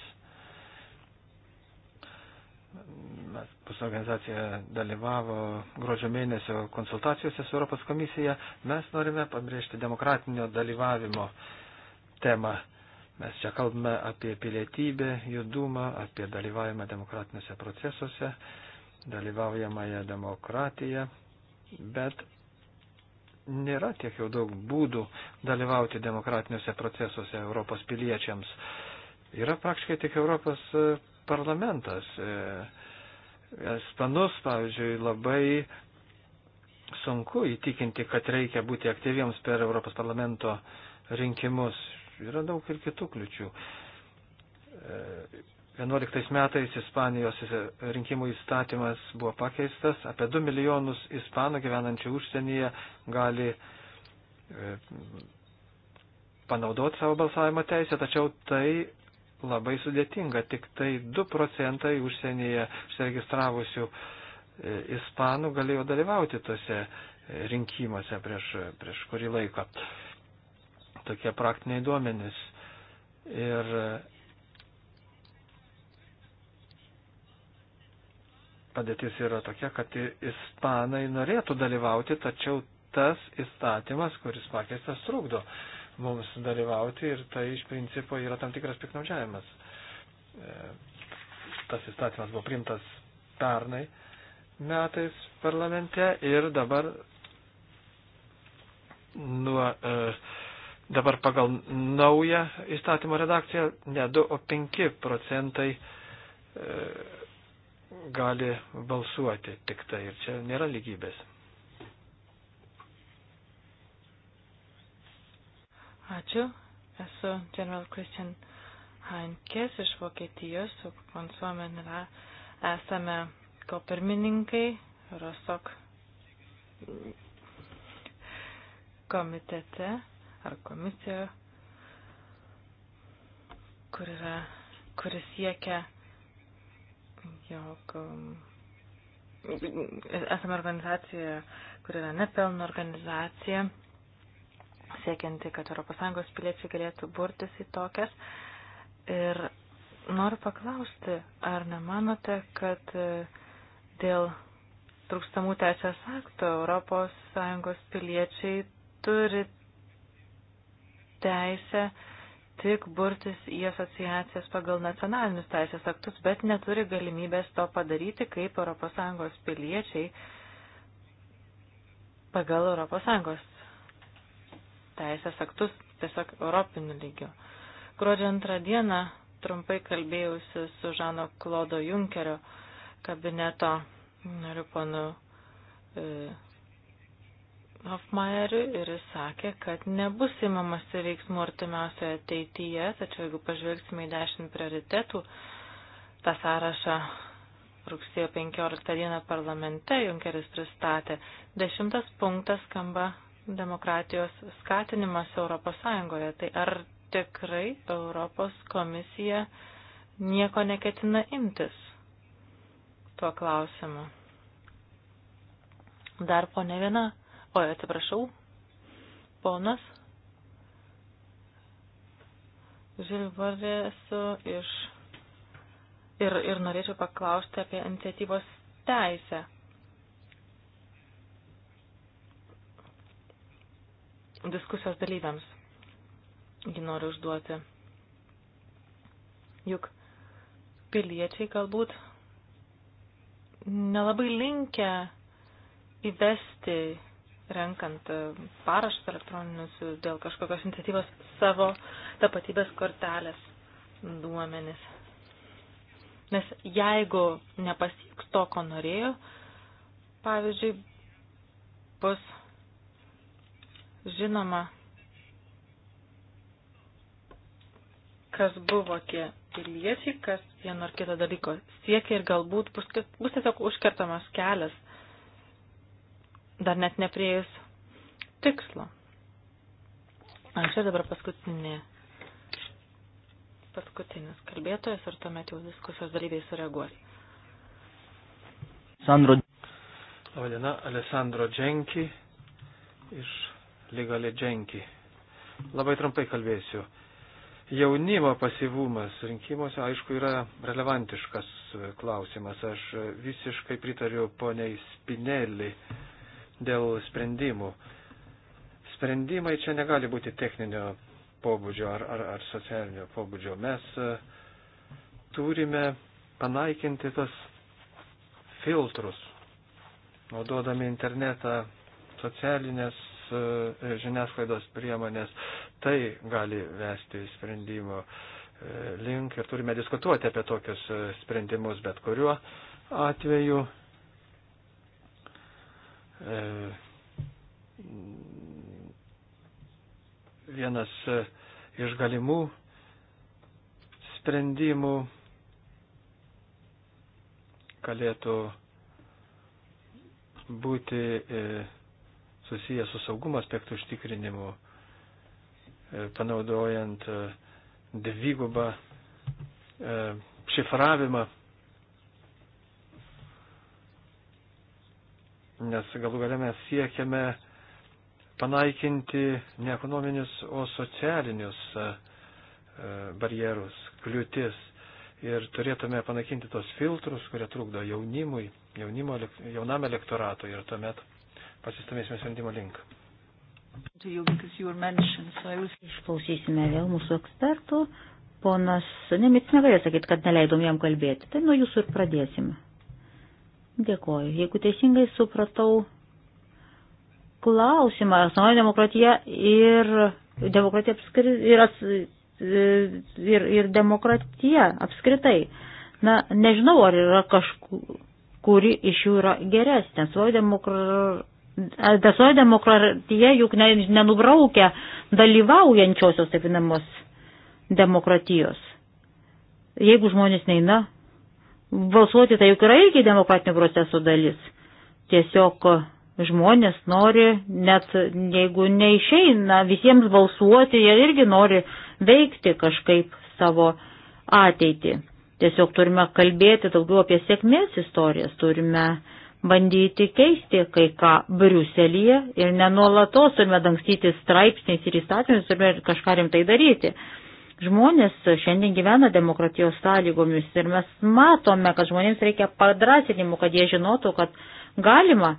Europos organizacija dalyvavo gruodžio mėnesio konsultacijose su Europos komisija, mes norime pabrėžti demokratinio dalyvavimo temą. Mes čia kalbame apie pilietybę, judumą, apie dalyvavimą demokratiniuose procesuose, dalyvaujamąją demokratiją, bet nėra tiek jau daug būdų dalyvauti demokratiniuose procesuose Europos piliečiams. Yra praktiškai tik Europos e, parlamentas. E, spanus, pavyzdžiui, labai sunku įtikinti, kad reikia būti aktyviems per Europos parlamento rinkimus. Yra daug ir kitų kliučių. 11 e, metais Ispanijos rinkimų įstatymas buvo pakeistas. Apie 2 milijonus ispanų gyvenančių užsienyje gali e, panaudoti savo balsavimo teisę, tačiau tai labai sudėtinga. Tik tai 2 procentai užsienyje užsiregistravusių e, ispanų galėjo dalyvauti tose e, rinkimuose prieš, prieš kurį laiką. Tokie praktiniai duomenys. Ir padėtis yra tokia, kad ispanai norėtų dalyvauti, tačiau tas įstatymas, kuris pakeistas, trukdo mums dalyvauti ir tai iš principo yra tam tikras piknaudžiavimas. E, tas įstatymas buvo priimtas pernai metais parlamente ir dabar nuo e, dabar pagal naują įstatymo redakciją ne 2, o 5 procentai e, gali balsuoti tik tai ir čia nėra lygybės. Ačiū. Esu General Christian Hankės iš Vokietijos, su konsuomen yra esame kopirmininkai Rosok komitete ar komisijoje, kur yra, kuris siekia, jog um, esame organizacija, kur yra nepelno organizacija siekianti, kad ES piliečiai galėtų burtis į tokias. Ir noriu paklausti, ar nemanote, kad e, dėl trūkstamų teisės akto ES piliečiai turi teisę tik burtis į asociacijas pagal nacionalinius teisės aktus, bet neturi galimybės to padaryti kaip ES piliečiai pagal ES teisės aktus tiesiog europiniu lygiu. Gruodžio antrą dieną trumpai kalbėjusi su Žano Klodo Junkerio kabineto nariu ponu e, Hofmajeriu ir jis sakė, kad nebus įmamasi veiksmų artimiausioje ateityje, tačiau jeigu pažvelgsime į dešimt prioritetų, tą sąrašą rugsėjo 15 dieną parlamente Junkeris pristatė. Dešimtas punktas skamba demokratijos skatinimas Europos Sąjungoje. Tai ar tikrai Europos komisija nieko neketina imtis tuo klausimu? Dar ponė viena, oi atsiprašau, ponas Žilvardė esu iš ir, ir norėčiau paklausti apie iniciatyvos teisę. diskusijos dalyviams. Jį noriu užduoti. Juk piliečiai galbūt nelabai linkę įvesti, renkant parašus elektroninius dėl kažkokios iniciatyvos savo tapatybės kortelės duomenis. Nes jeigu nepasieks to, ko norėjo, pavyzdžiui, bus žinoma, kas buvo tie piliečiai, kas vieno ar kito dalyko siekia ir galbūt bus, bus tiesiog užkertamas kelias, dar net nepriejus tikslo. Anksčiau dabar paskutinė, paskutinis kalbėtojas ir tuomet jau diskusijos dalyviai sureaguos. Sandro. Labadiena, Alessandro Dženki iš Ligalė Dženki. Labai trumpai kalbėsiu. Jaunimo pasivumas rinkimuose, aišku, yra relevantiškas klausimas. Aš visiškai pritariu poniai Spinelli dėl sprendimų. Sprendimai čia negali būti techninio pobūdžio ar, ar, ar socialinio pobūdžio. Mes e, turime panaikinti tas filtrus, naudodami internetą, socialinės E, e, žiniasklaidos priemonės, tai gali vesti sprendimo e, link ir turime diskutuoti apie tokius sprendimus, bet kuriuo atveju vienas iš galimų sprendimų galėtų būti e, susijęs su saugumo aspektų užtikrinimu, e, panaudojant e, dvigubą e, šifravimą, nes galų galę mes siekiame panaikinti ne ekonominius, o socialinius barjerus, kliūtis ir turėtume panaikinti tos filtrus, kurie trukdo jaunimui, jaunimo, jaunam elektoratui ir tuomet pasistumėsime sprendimo link. Išklausysime vėl mūsų ekspertų. Ponas Nemits negalėjo sakyti, kad neleidom jam kalbėti. Tai nuo jūsų ir pradėsime. Dėkoju. Jeigu teisingai supratau klausimą, asnoji demokratija ir demokratija apskritai. Ir, as, ir, ir demokratija apskritai. Na, nežinau, ar yra kažkuri iš jų yra geresnė. Svoji demokratija Desoja demokratija juk ne, nenubraukia dalyvaujančiosios taip vadinamos demokratijos. Jeigu žmonės neina balsuoti, tai juk yra irgi demokratinio proceso dalis. Tiesiog žmonės nori, net jeigu neišeina visiems balsuoti, jie irgi nori veikti kažkaip savo ateitį. Tiesiog turime kalbėti daugiau apie sėkmės istorijas, turime uh, bandyti keisti kai ką Briuselyje ir nenuolatos turime dangstyti straipsniais ir įstatymais, turime kažką rimtai daryti. Žmonės šiandien gyvena demokratijos sąlygomis ir mes matome, kad žmonėms reikia padrasinimų, kad jie žinotų, kad galima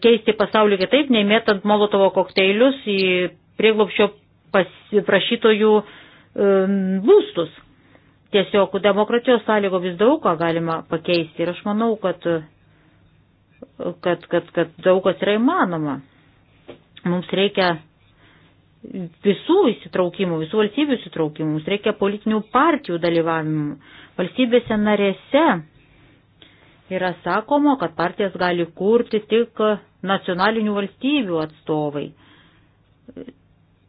keisti pasaulį kitaip, neimėtant molotovo kokteilius į prieglopščio prašytojų būstus. Tiesiog demokratijos sąlygomis daug ką galima pakeisti ir aš manau, kad, kad, kad, kad daug kas yra įmanoma. Mums reikia visų įsitraukimų, visų valstybių įsitraukimų, mums reikia politinių partijų dalyvavimų. Valstybėse narėse yra sakoma, kad partijas gali kurti tik nacionalinių valstybių atstovai.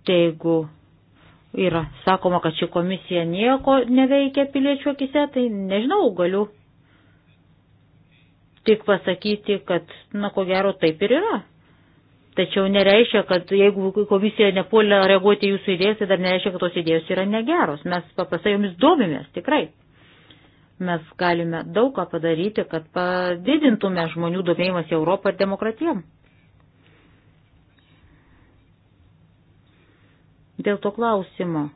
Teigu yra sakoma, kad ši komisija nieko neveikia piliečių akise, tai nežinau, galiu tik pasakyti, kad, na, ko gero, taip ir yra. Tačiau nereiškia, kad jeigu komisija nepuolė reaguoti jūsų idėjas, tai dar nereiškia, kad tos idėjos yra negeros. Mes paprastai jomis domimės, tikrai. Mes galime daug ką padaryti, kad padidintume žmonių domėjimas Europą ir demokratijom. dėl to klausimo,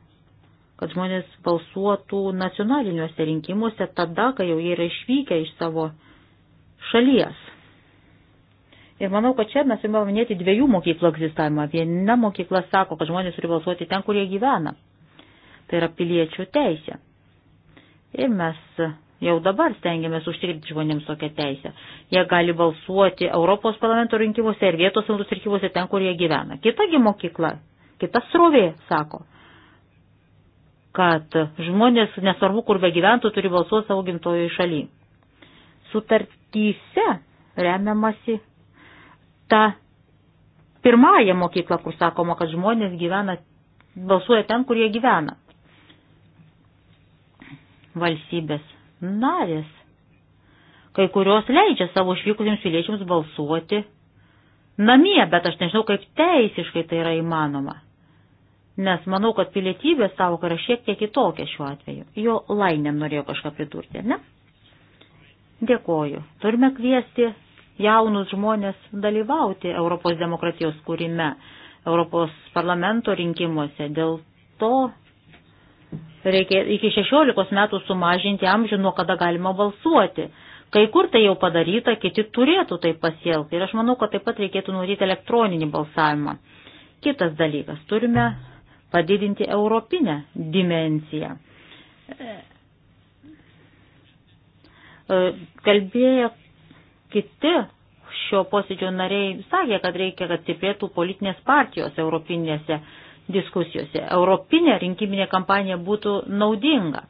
kad žmonės balsuotų nacionaliniuose rinkimuose tada, kai jau jie yra išvykę iš savo šalies. Ir manau, kad čia mes turime paminėti dviejų mokyklų egzistavimą. Viena mokykla sako, kad žmonės turi balsuoti ten, kur jie gyvena. Tai yra piliečių teisė. Ir mes jau dabar stengiamės užtikrinti žmonėms tokią teisę. Jie gali balsuoti Europos parlamento rinkimuose ir vietos savintus rinkimuose ten, kur jie gyvena. Kitagi mokykla Kita srovė sako, kad žmonės, nesvarbu kur be gyventų, turi balsuoti savo gimtojoje šalyje. Sutartyse remiamasi ta pirmąją mokyklą, kur sakoma, kad žmonės gyvena, balsuoja ten, kur jie gyvena. Valstybės narės. Kai kurios leidžia savo išvykusiems piliečiams balsuoti namie, bet aš nežinau, kaip teisiškai tai yra įmanoma. Nes manau, kad pilietybės savoka yra šiek tiek kitokia šiuo atveju. Jo lainėm norėjo kažką pridurti, ne? Dėkoju. Turime kviesti jaunus žmonės dalyvauti Europos demokratijos kūrime, Europos parlamento rinkimuose. Dėl to reikia iki 16 metų sumažinti amžių, nuo kada galima balsuoti. Kai kur tai jau padaryta, kiti turėtų tai pasielgti. Ir aš manau, kad taip pat reikėtų nurodyti elektroninį balsavimą. Kitas dalykas. Turime padidinti europinę dimenciją. E, kalbėjo kiti šio posėdžio nariai sakė, kad reikia, kad stiprėtų politinės partijos europinėse diskusijose. Europinė rinkiminė kampanija būtų naudinga.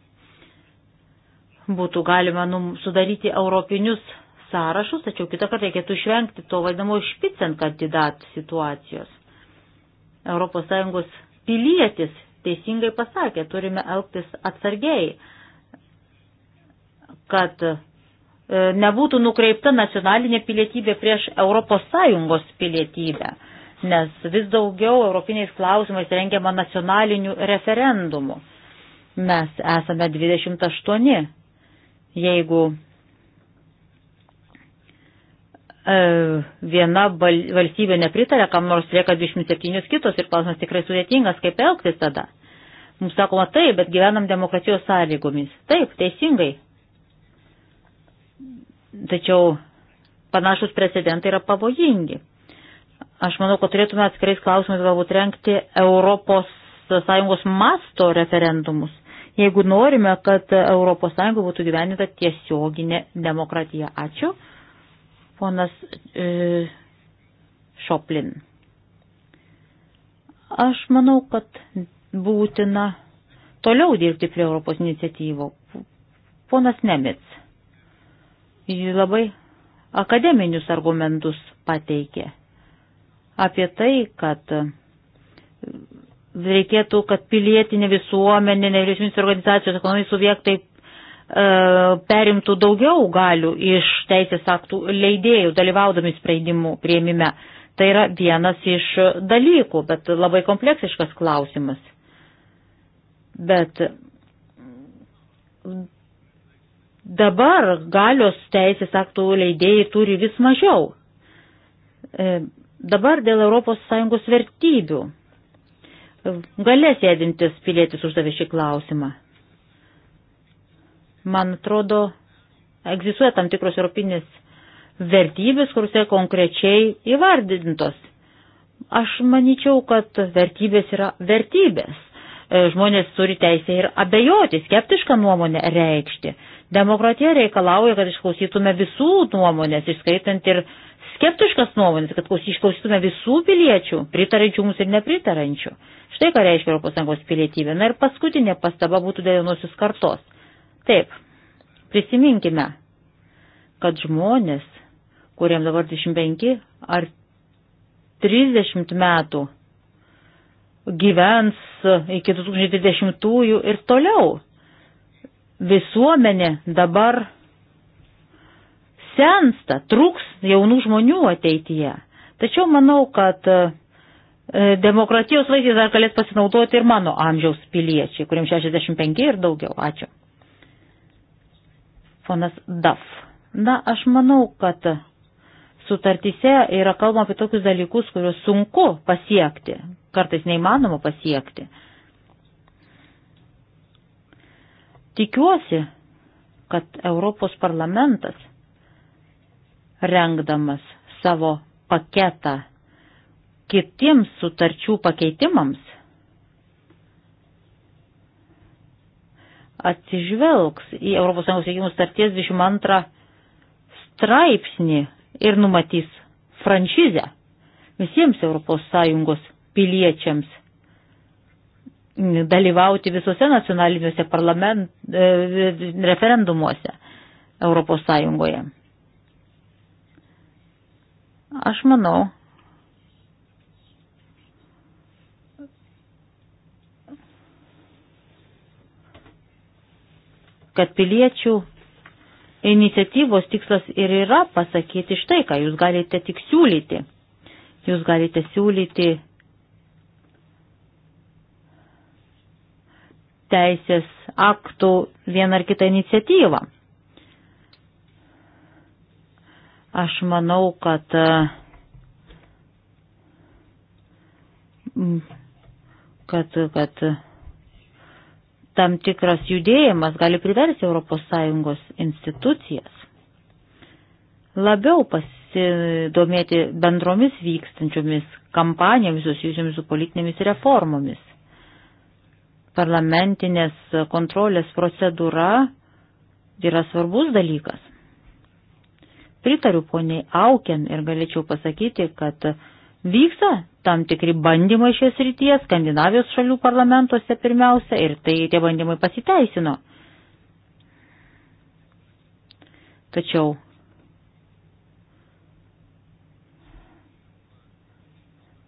Būtų galima num, sudaryti europinius sąrašus, tačiau kitą kartą reikėtų išvengti to vadinamo išpicent kandidat situacijos. ES pilietis teisingai pasakė, turime elgtis atsargiai, kad e, nebūtų nukreipta nacionalinė pilietybė prieš ES pilietybę, nes vis daugiau europiniais klausimais rengiama nacionalinių referendumų. Mes esame 28. Jeigu E, viena valstybė nepritarė, kam nors lieka 27 kitos ir klausimas tikrai sudėtingas, kaip elgtis tada. Mums sakoma taip, bet gyvenam demokratijos sąlygomis. Taip, teisingai. Tačiau panašus precedentai yra pavojingi. Aš manau, kad turėtume atskirais klausimais galbūt renkti Europos Sąjungos masto referendumus, jeigu norime, kad Europos Sąjunga būtų gyveninta tiesioginė demokratija. Ačiū. Ponas e, Šoplin. Aš manau, kad būtina toliau dirbti prie Europos iniciatyvų. Ponas Nemets labai akademinius argumentus pateikė apie tai, kad reikėtų, kad pilietinė visuomenė, nevyriausybinės organizacijos, ekonominiai subjektai E, perimtų daugiau galių iš teisės aktų leidėjų dalyvaudami sprendimų prieimime. Tai yra vienas iš dalykų, bet labai kompleksiškas klausimas. Bet dabar galios teisės aktų leidėjai turi vis mažiau. E, dabar dėl ES vertybių. Galės sėdintis pilietis uždavė šį klausimą. Man atrodo, egzistuoja tam tikros europinės vertybės, kuriuose konkrečiai įvardintos. Aš manyčiau, kad vertybės yra vertybės. E, žmonės turi teisę ir abejoti, skeptišką nuomonę reikšti. Demokratija reikalauja, kad išklausytume visų nuomonės, išskaitant ir skeptiškas nuomonės, kad išklausytume visų piliečių, pritarančių mums ir nepritarančių. Štai ką reiškia ES pilietybė. Na ir paskutinė pastaba būtų dėl jaunosios kartos. Taip, prisiminkime, kad žmonės, kuriems dabar 25 ar 30 metų, gyvens iki 2020-ųjų ir toliau. Visuomenė dabar sensta, trūks jaunų žmonių ateityje. Tačiau manau, kad e, demokratijos vaisiais dar galės pasinaudoti ir mano amžiaus piliečiai, kuriems 65 ir daugiau. Ačiū. Ponas Daf. Na, aš manau, kad sutartyse yra kalbama apie tokius dalykus, kuriuos sunku pasiekti, kartais neįmanoma pasiekti. Tikiuosi, kad Europos parlamentas, rengdamas savo paketą kitiems sutarčių pakeitimams, atsižvelgs į ES veikimų starties 22 straipsnį ir numatys franšizę visiems ES piliečiams dalyvauti visuose nacionaliniuose parlament, e, referendumuose ES. Aš manau, kad piliečių iniciatyvos tikslas ir yra pasakyti štai, ką jūs galite tik siūlyti. Jūs galite siūlyti teisės aktų vieną ar kitą iniciatyvą. Aš manau, kad mm, kad, kad tam tikras judėjimas gali priversti ES institucijas labiau pasidomėti bendromis vykstančiomis kampanijomis susijusiamis su politinėmis reformomis. Parlamentinės kontrolės procedūra yra svarbus dalykas. Pritariu poniai Auken ir galėčiau pasakyti, kad Vyksta tam tikri bandymai šios ryties, Skandinavijos šalių parlamentuose pirmiausia, ir tai tie bandymai pasiteisino. Tačiau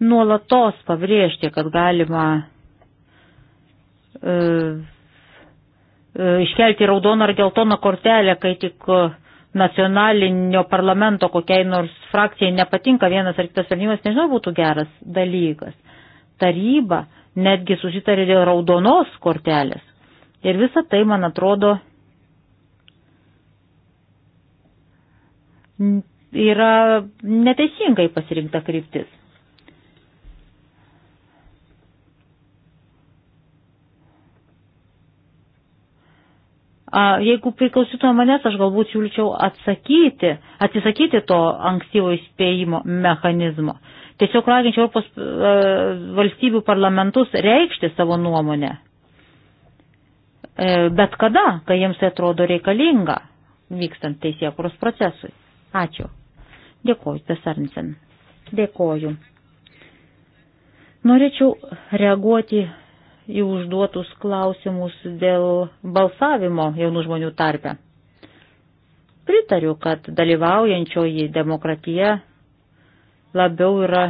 nuolatos pabrėžti, kad galima e, e, iškelti raudoną ar geltoną kortelę, kai tik e, nacionalinio parlamento kokiai nors frakcijai nepatinka vienas ar kitas sprendimas, nežinau, būtų geras dalykas. Taryba netgi susitarė dėl raudonos kortelės. Ir visa tai, man atrodo, yra neteisingai pasirinkta kryptis. Jeigu priklausytų manęs, aš galbūt siūlyčiau atsakyti, atsisakyti to ankstyvo įspėjimo mechanizmo. Tiesiog raginčiau Europos e, valstybių parlamentus reikšti savo nuomonę. E, bet kada, kai jiems tai atrodo reikalinga, vykstant teisėkuros procesui. Ačiū. Dėkoju, Tesarnsen. Dėkoju. Norėčiau reaguoti į užduotus klausimus dėl balsavimo jaunų žmonių tarpe. Pritariu, kad dalyvaujančioji demokratija labiau yra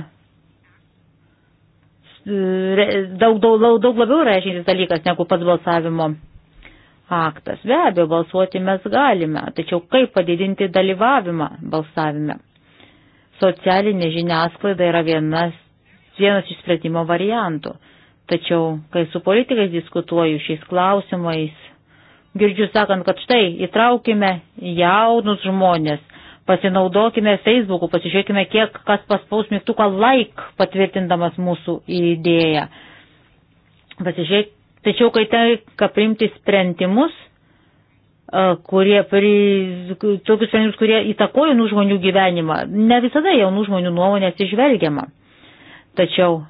daug, daug, daug labiau reiškintis dalykas negu pats balsavimo aktas. Be abejo, balsuoti mes galime, tačiau kaip padidinti dalyvavimą balsavime? Socialinė žiniasklaida yra vienas, vienas iš sprendimo variantų Tačiau, kai su politikais diskutuoju šiais klausimais, girdžiu sakant, kad štai įtraukime jaunus žmonės, pasinaudokime Facebook'u, pasižiūrėkime, kiek kas paspaus mygtuką like patvirtindamas mūsų idėją. Pasižiūrėk, tačiau kai tenka priimti sprendimus, e, kurie, pri, tokius sprendimus, kurie įtakoja jaunų žmonių gyvenimą, ne visada jaunų žmonių nuomonės išvelgiama. Tačiau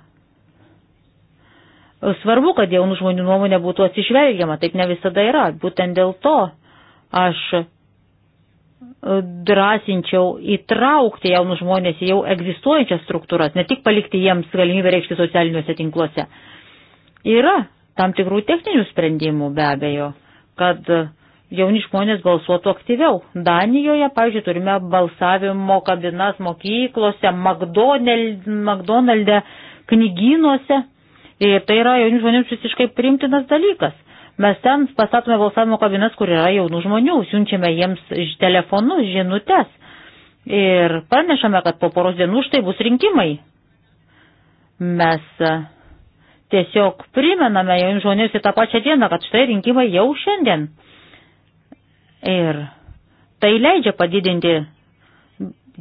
svarbu, kad jaunų žmonių nuomonė būtų atsižvelgiama, taip ne visada yra. Būtent dėl to aš e, drąsinčiau įtraukti jaunų žmonės į jau egzistuojančias struktūras, ne tik palikti jiems galimybę reikšti socialiniuose tinkluose. Yra tam tikrų techninių sprendimų be abejo, kad e, jauni žmonės balsuotų aktyviau. Danijoje, pavyzdžiui, turime balsavimo kabinas mokyklose, McDonald'e, knyginuose Ir tai yra jaunų žmonių visiškai primtinas dalykas. Mes ten pastatome balsavimo kabinas, kur yra jaunų žmonių, siunčiame jiems telefonus, žinutes ir pranešame, kad po poros dienų štai bus rinkimai. Mes e, tiesiog primename jaunų žmonėms į tą pačią dieną, kad štai rinkimai jau šiandien. Ir tai leidžia padidinti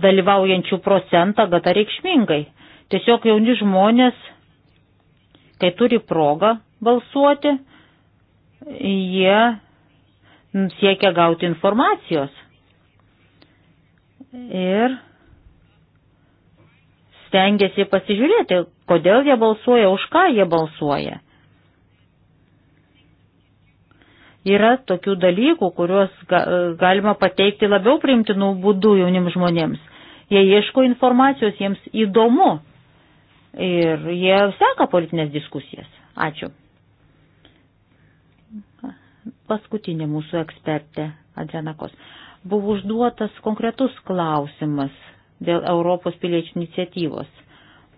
dalyvaujančių procentą gata reikšmingai. Tiesiog jauni žmonės kai turi progą balsuoti, jie siekia gauti informacijos. Ir stengiasi pasižiūrėti, kodėl jie balsuoja, už ką jie balsuoja. Yra tokių dalykų, kuriuos ga, galima pateikti labiau priimtinų būdų jaunim žmonėms. Jie ieško informacijos, jiems įdomu ir jie seka politinės diskusijas. Ačiū. Paskutinė mūsų ekspertė Adrenakos. Buvo užduotas konkretus klausimas dėl Europos piliečių iniciatyvos.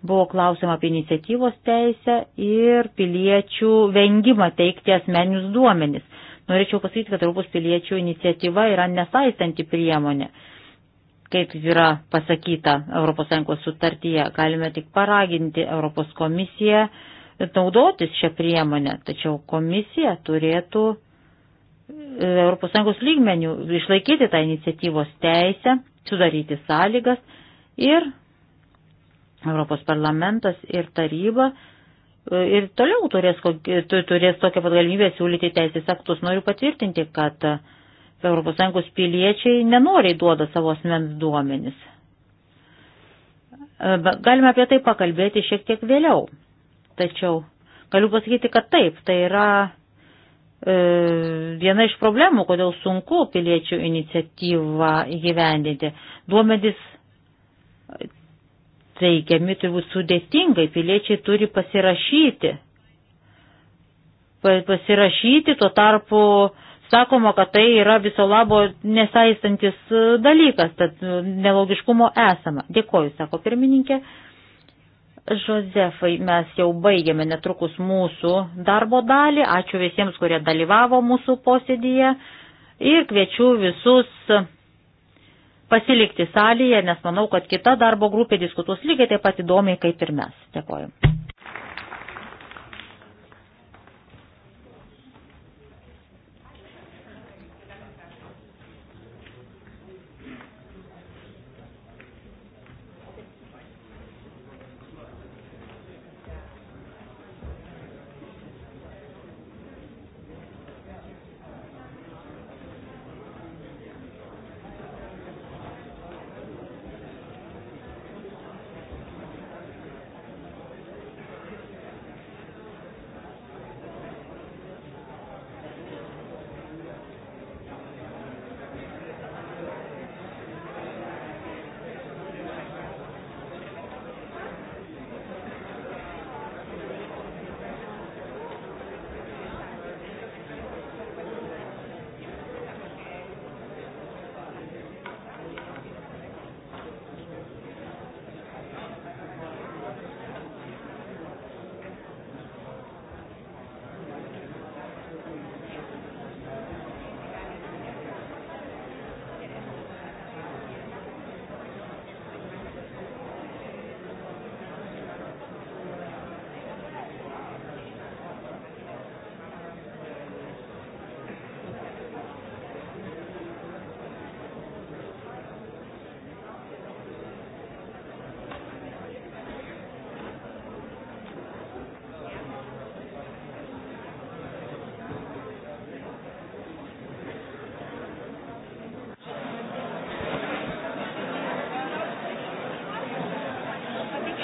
Buvo klausima apie iniciatyvos teisę ir piliečių vengimą teikti asmeninius duomenis. Norėčiau pasakyti, kad Europos piliečių iniciatyva yra nesaistanti priemonė kaip yra pasakyta ES sutartyje, galime tik paraginti ES komisiją naudotis šią priemonę, tačiau komisija turėtų e, ES lygmenių išlaikyti tą iniciatyvos teisę, sudaryti sąlygas ir Europos parlamentas ir taryba e, ir toliau turės, turės tokią pat galimybę siūlyti teisės aktus. Noriu patvirtinti, kad uh, ES piliečiai nenoriai duoda savo asmens duomenis. E, galime apie tai pakalbėti šiek tiek vėliau. Tačiau galiu pasakyti, kad taip, tai yra e, viena iš problemų, kodėl sunku piliečių iniciatyvą įgyvendinti. Duomenys teikiami turi būti sudėtingai, piliečiai turi pasirašyti. Pasirašyti tuo tarpu sakoma, kad tai yra viso labo nesaistantis e, dalykas, tad e, nelogiškumo esama. Dėkoju, sako pirmininkė. Žozefai, mes jau baigėme netrukus mūsų darbo dalį. Ačiū visiems, kurie dalyvavo mūsų posėdyje ir kviečiu visus pasilikti salėje, nes manau, kad kita darbo grupė diskutuos lygiai taip pat įdomiai kaip ir mes. Dėkoju.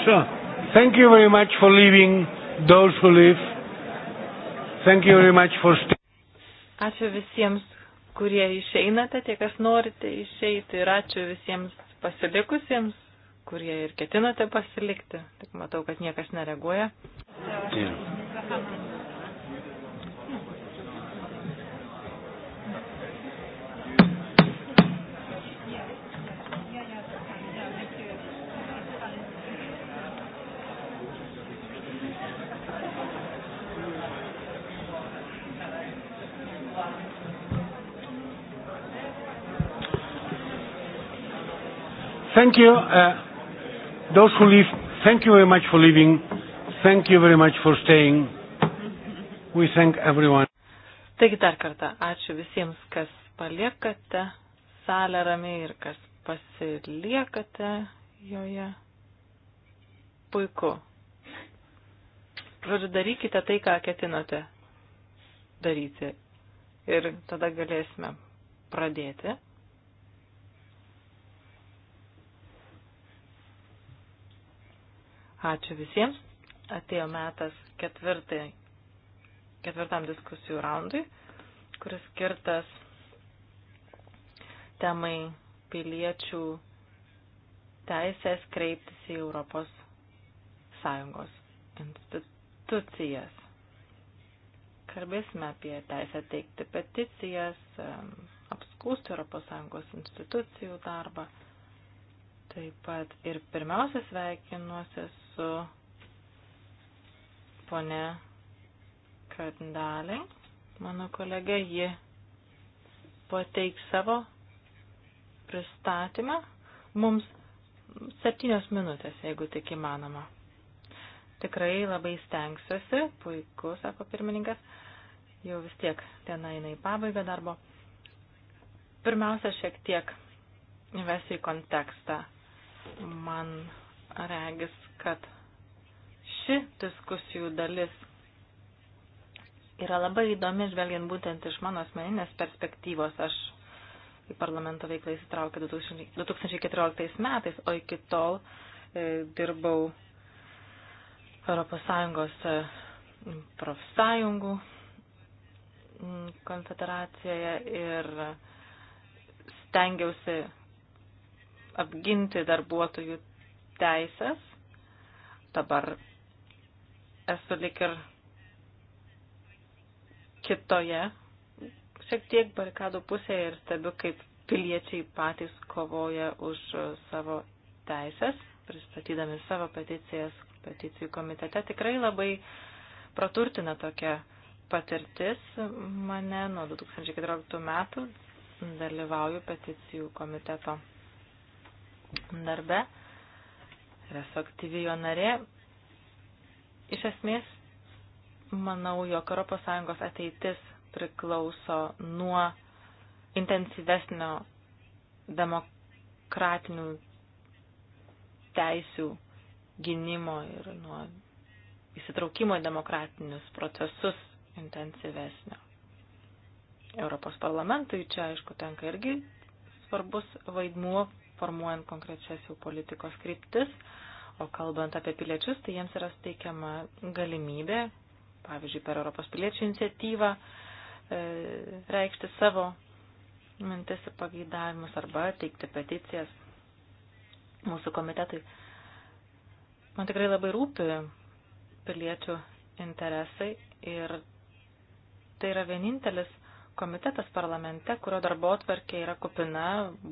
So, thank you very much for leaving those who leave. Thank you very much for staying. Ačiū visiems, kurie išeinate, tie, kas norite išeiti ir ačiū visiems pasilikusiems, kurie ir ketinate pasilikti. Tik matau, kad niekas nereaguoja. Yeah. Thank you. Uh, those who leave, thank you very much for leaving. Thank you very much for staying. We thank everyone. Taigi dar kartą ačiū visiems, kas paliekate salę ramiai ir kas pasiliekate joje. Puiku. Žodžiu, darykite tai, ką ketinote daryti. Ir tada galėsime pradėti. Ačiū visiems. Atėjo metas ketvirtai, ketvirtam diskusijų raundui, kuris skirtas temai piliečių teisės kreiptis į Europos Sąjungos institucijas. Kalbėsime apie teisę teikti peticijas, apskūsti Europos Sąjungos institucijų darbą. Taip pat ir pirmiausia sveikinuosi su pone Kandalė, mano kolega, ji pateiks savo pristatymą. Mums septynios minutės, jeigu tik įmanoma. Tikrai labai stengsiuosi, puiku, sako pirmininkas, jau vis tiek diena eina į pabaigą darbo. Pirmiausia, šiek tiek įvesiu į kontekstą. Man regis, kad ši diskusijų dalis yra labai įdomi, žvelgiant būtent iš mano asmeninės perspektyvos. Aš į parlamento veiklą įsitraukiau 2014 metais, o iki tol e, dirbau ES e, profsąjungų konfederacijoje ir stengiausi apginti darbuotojų teisės. Dabar esu lik ir kitoje šiek tiek barikadų pusėje ir stebiu, kaip piliečiai patys kovoja už savo teisės, pristatydami savo peticijas peticijų komitete. Tikrai labai praturtina tokia patirtis mane nuo 2014 metų dalyvauju peticijų komiteto darbe ir esu aktyvi jo narė. Iš esmės, manau, jog ES ateitis priklauso nuo intensyvesnio demokratinių teisių gynimo ir nuo įsitraukimo į demokratinius procesus intensyvesnio. Europos parlamentui čia, aišku, tenka irgi svarbus vaidmuo formuojant konkrečias jų politikos kryptis, o kalbant apie piliečius, tai jiems yra steikiama galimybė, pavyzdžiui, per Europos piliečių iniciatyvą, e, reikšti savo mintis ir pageidavimus arba teikti peticijas mūsų komitetui. Man tikrai labai rūpi piliečių interesai ir tai yra vienintelis komitetas parlamente, kurio darbo atvarkė yra kupina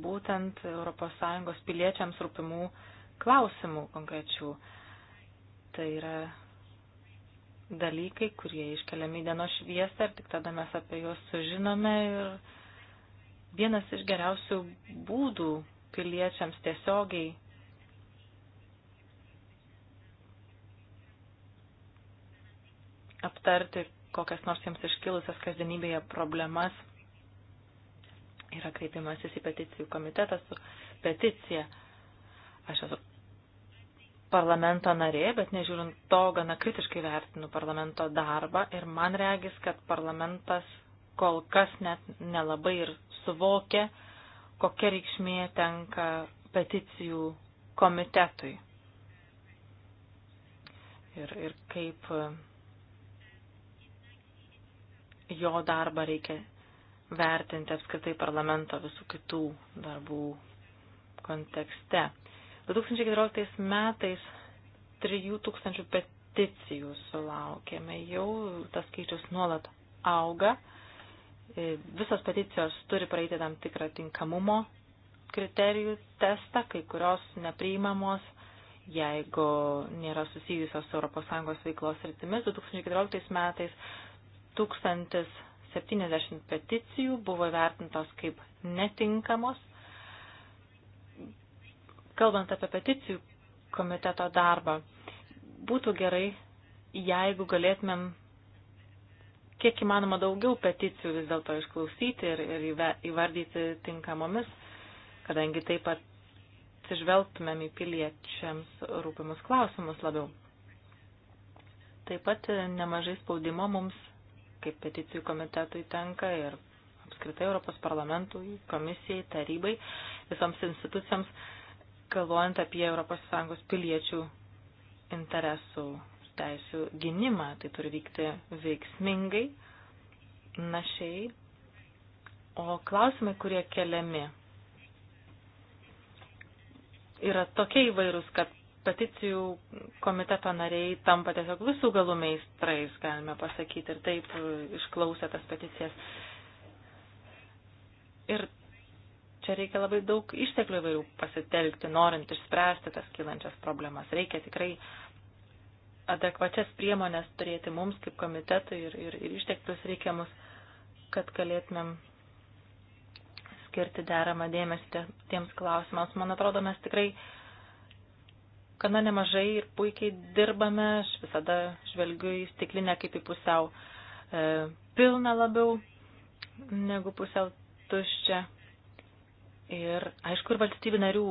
būtent ES piliečiams rūpimų klausimų konkrečių. Tai yra dalykai, kurie iškeliami dienos šviesą ir tik tada mes apie juos sužinome ir vienas iš geriausių būdų piliečiams tiesiogiai aptarti kokias nors jiems iškilusias kasdienybėje problemas. Yra kreipimasis į peticijų komitetą su peticija. Aš esu parlamento narė, bet nežiūrint to, gana kritiškai vertinu parlamento darbą ir man regis, kad parlamentas kol kas net nelabai ir suvokia, kokia reikšmė tenka peticijų komitetui. Ir, ir kaip jo darbą reikia vertinti apskritai parlamento visų kitų darbų kontekste. 2014 metais 3000 peticijų sulaukėme, jau tas skaičius nuolat auga. Visos peticijos turi praeiti tam tikrą tinkamumo kriterijų testą, kai kurios nepriimamos, jeigu nėra susijusios su ES veiklos rytimis. 2014 metais 1070 peticijų buvo vertintos kaip netinkamos. Kalbant apie peticijų komiteto darbą, būtų gerai, jeigu galėtumėm kiek įmanoma daugiau peticijų vis dėlto išklausyti ir, ir įvardyti tinkamomis, kadangi taip pat atsižvelgtumėm į piliečiams rūpimus klausimus labiau. Taip pat nemažai spaudimo mums kaip peticijų komitetui tenka ir apskritai Europos parlamentui, komisijai, tarybai, visoms institucijoms, galvojant apie ES piliečių interesų teisų gynimą. Tai turi vykti veiksmingai, našiai. O klausimai, kurie keliami, yra tokie įvairūs, kad peticijų komiteto nariai tampa tiesiog visų galų meistrais, galime pasakyti, ir taip išklausę tas peticijas. Ir čia reikia labai daug išteklių įvairių pasitelkti, norint išspręsti tas kylančias problemas. Reikia tikrai adekvačias priemonės turėti mums kaip komitetui ir, ir, ir išteklius reikiamus, kad galėtumėm skirti deramą dėmesį tiems klausimams. Man atrodo, mes tikrai uh, gana nemažai ir puikiai dirbame. Aš visada žvelgiu į stiklinę kaip į pusiau e, pilną labiau negu pusiau tuščią. Ir aišku, ir valstybių narių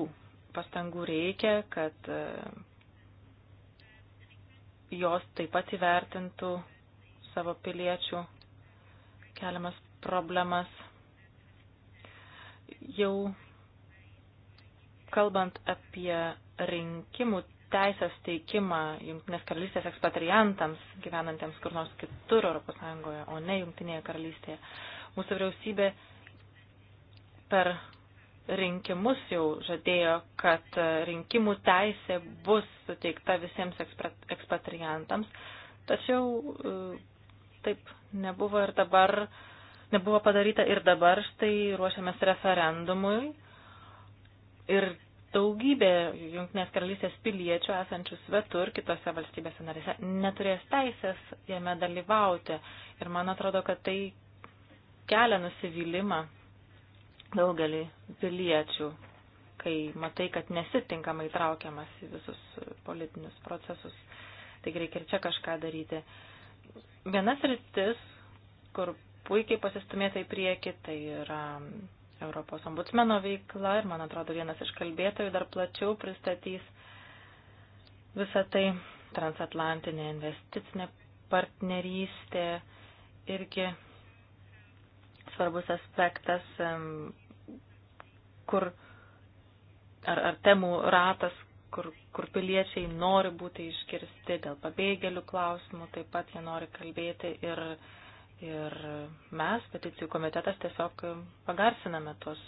pastangų reikia, kad e, jos taip pat įvertintų savo piliečių keliamas problemas. Jau kalbant apie rinkimų teisės teikimą Junktinės karalystės ekspatriantams gyvenantiems kur nors kitur Europos Sąjungoje, o ne Junktinėje karalystėje. Mūsų vyriausybė per rinkimus jau žadėjo, kad rinkimų teisė bus suteikta visiems ekspatriantams, tačiau e, taip nebuvo ir dabar, nebuvo padaryta ir dabar, štai ruošiamės referendumui ir daugybė Junktinės karalystės piliečių esančių svetur kitose valstybėse narėse neturės teisės jame dalyvauti. Ir man atrodo, kad tai kelia nusivylimą daugelį piliečių, kai matai, kad nesitinkamai traukiamas į visus politinius procesus. Taigi reikia ir čia kažką daryti. Vienas rytis, kur puikiai pasistumėta į priekį, tai yra Europos ombudsmeno veikla ir, man atrodo, vienas iš kalbėtojų dar plačiau pristatys visą tai transatlantinė investicinė partnerystė irgi svarbus aspektas, kur ar, ar temų ratas, kur, kur piliečiai nori būti iškirsti dėl pabėgėlių klausimų, taip pat jie nori kalbėti ir Ir mes, peticijų komitetas, tiesiog pagarsiname tuos,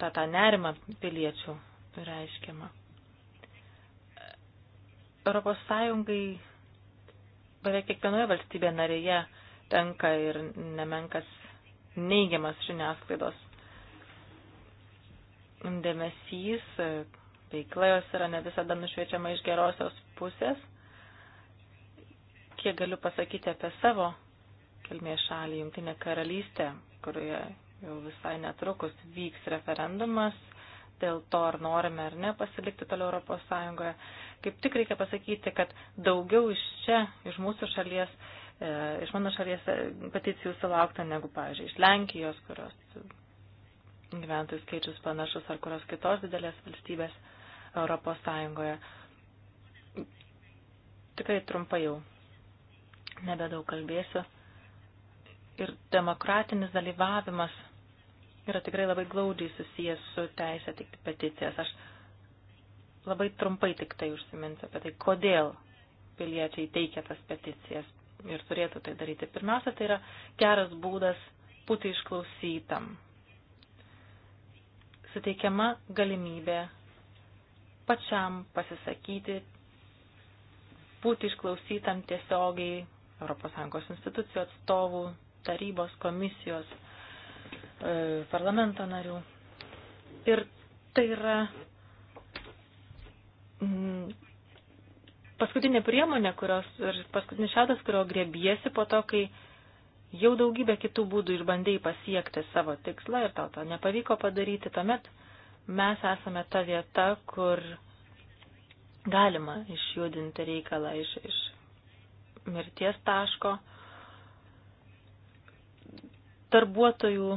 tą, tą nerimą piliečių reiškiamą. Europos Sąjungai beveik kiekvienoje valstybėje narėje tenka ir nemenkas neigiamas žiniasklaidos dėmesys, veikla jos yra ne visada nušviečiama iš gerosios pusės kiek galiu pasakyti apie savo kilmės šalį, Jungtinę karalystę, kurioje jau visai netrukus vyks referendumas dėl to, ar norime ar ne pasilikti toliau Europos Sąjungoje. Kaip tik reikia pasakyti, kad daugiau iš čia, iš mūsų šalies, e, iš mano šalies e, peticijų sulaukta negu, pavyzdžiui, iš Lenkijos, kurios gyventojų skaičius panašus ar kurios kitos didelės valstybės Europos Sąjungoje. Tikrai trumpai jau nebedaug kalbėsiu. Ir demokratinis dalyvavimas yra tikrai labai glaudžiai susijęs su teisė teikti peticijas. Aš labai trumpai tik tai užsiminsiu apie tai, kodėl piliečiai teikia tas peticijas ir turėtų tai daryti. Pirmiausia, tai yra geras būdas būti išklausytam. Suteikiama galimybė pačiam pasisakyti, būti išklausytam tiesiogiai ES institucijų atstovų, tarybos, komisijos, e, parlamento narių. Ir tai yra mm, paskutinė priemonė, kurios ir paskutinis šiadas, kurio grėbiesi po to, kai jau daugybę kitų būdų išbandėjai pasiekti savo tikslą ir tau to nepavyko padaryti, tuomet mes esame ta vieta, kur galima išjudinti reikalą iš, iš mirties taško. Darbuotojų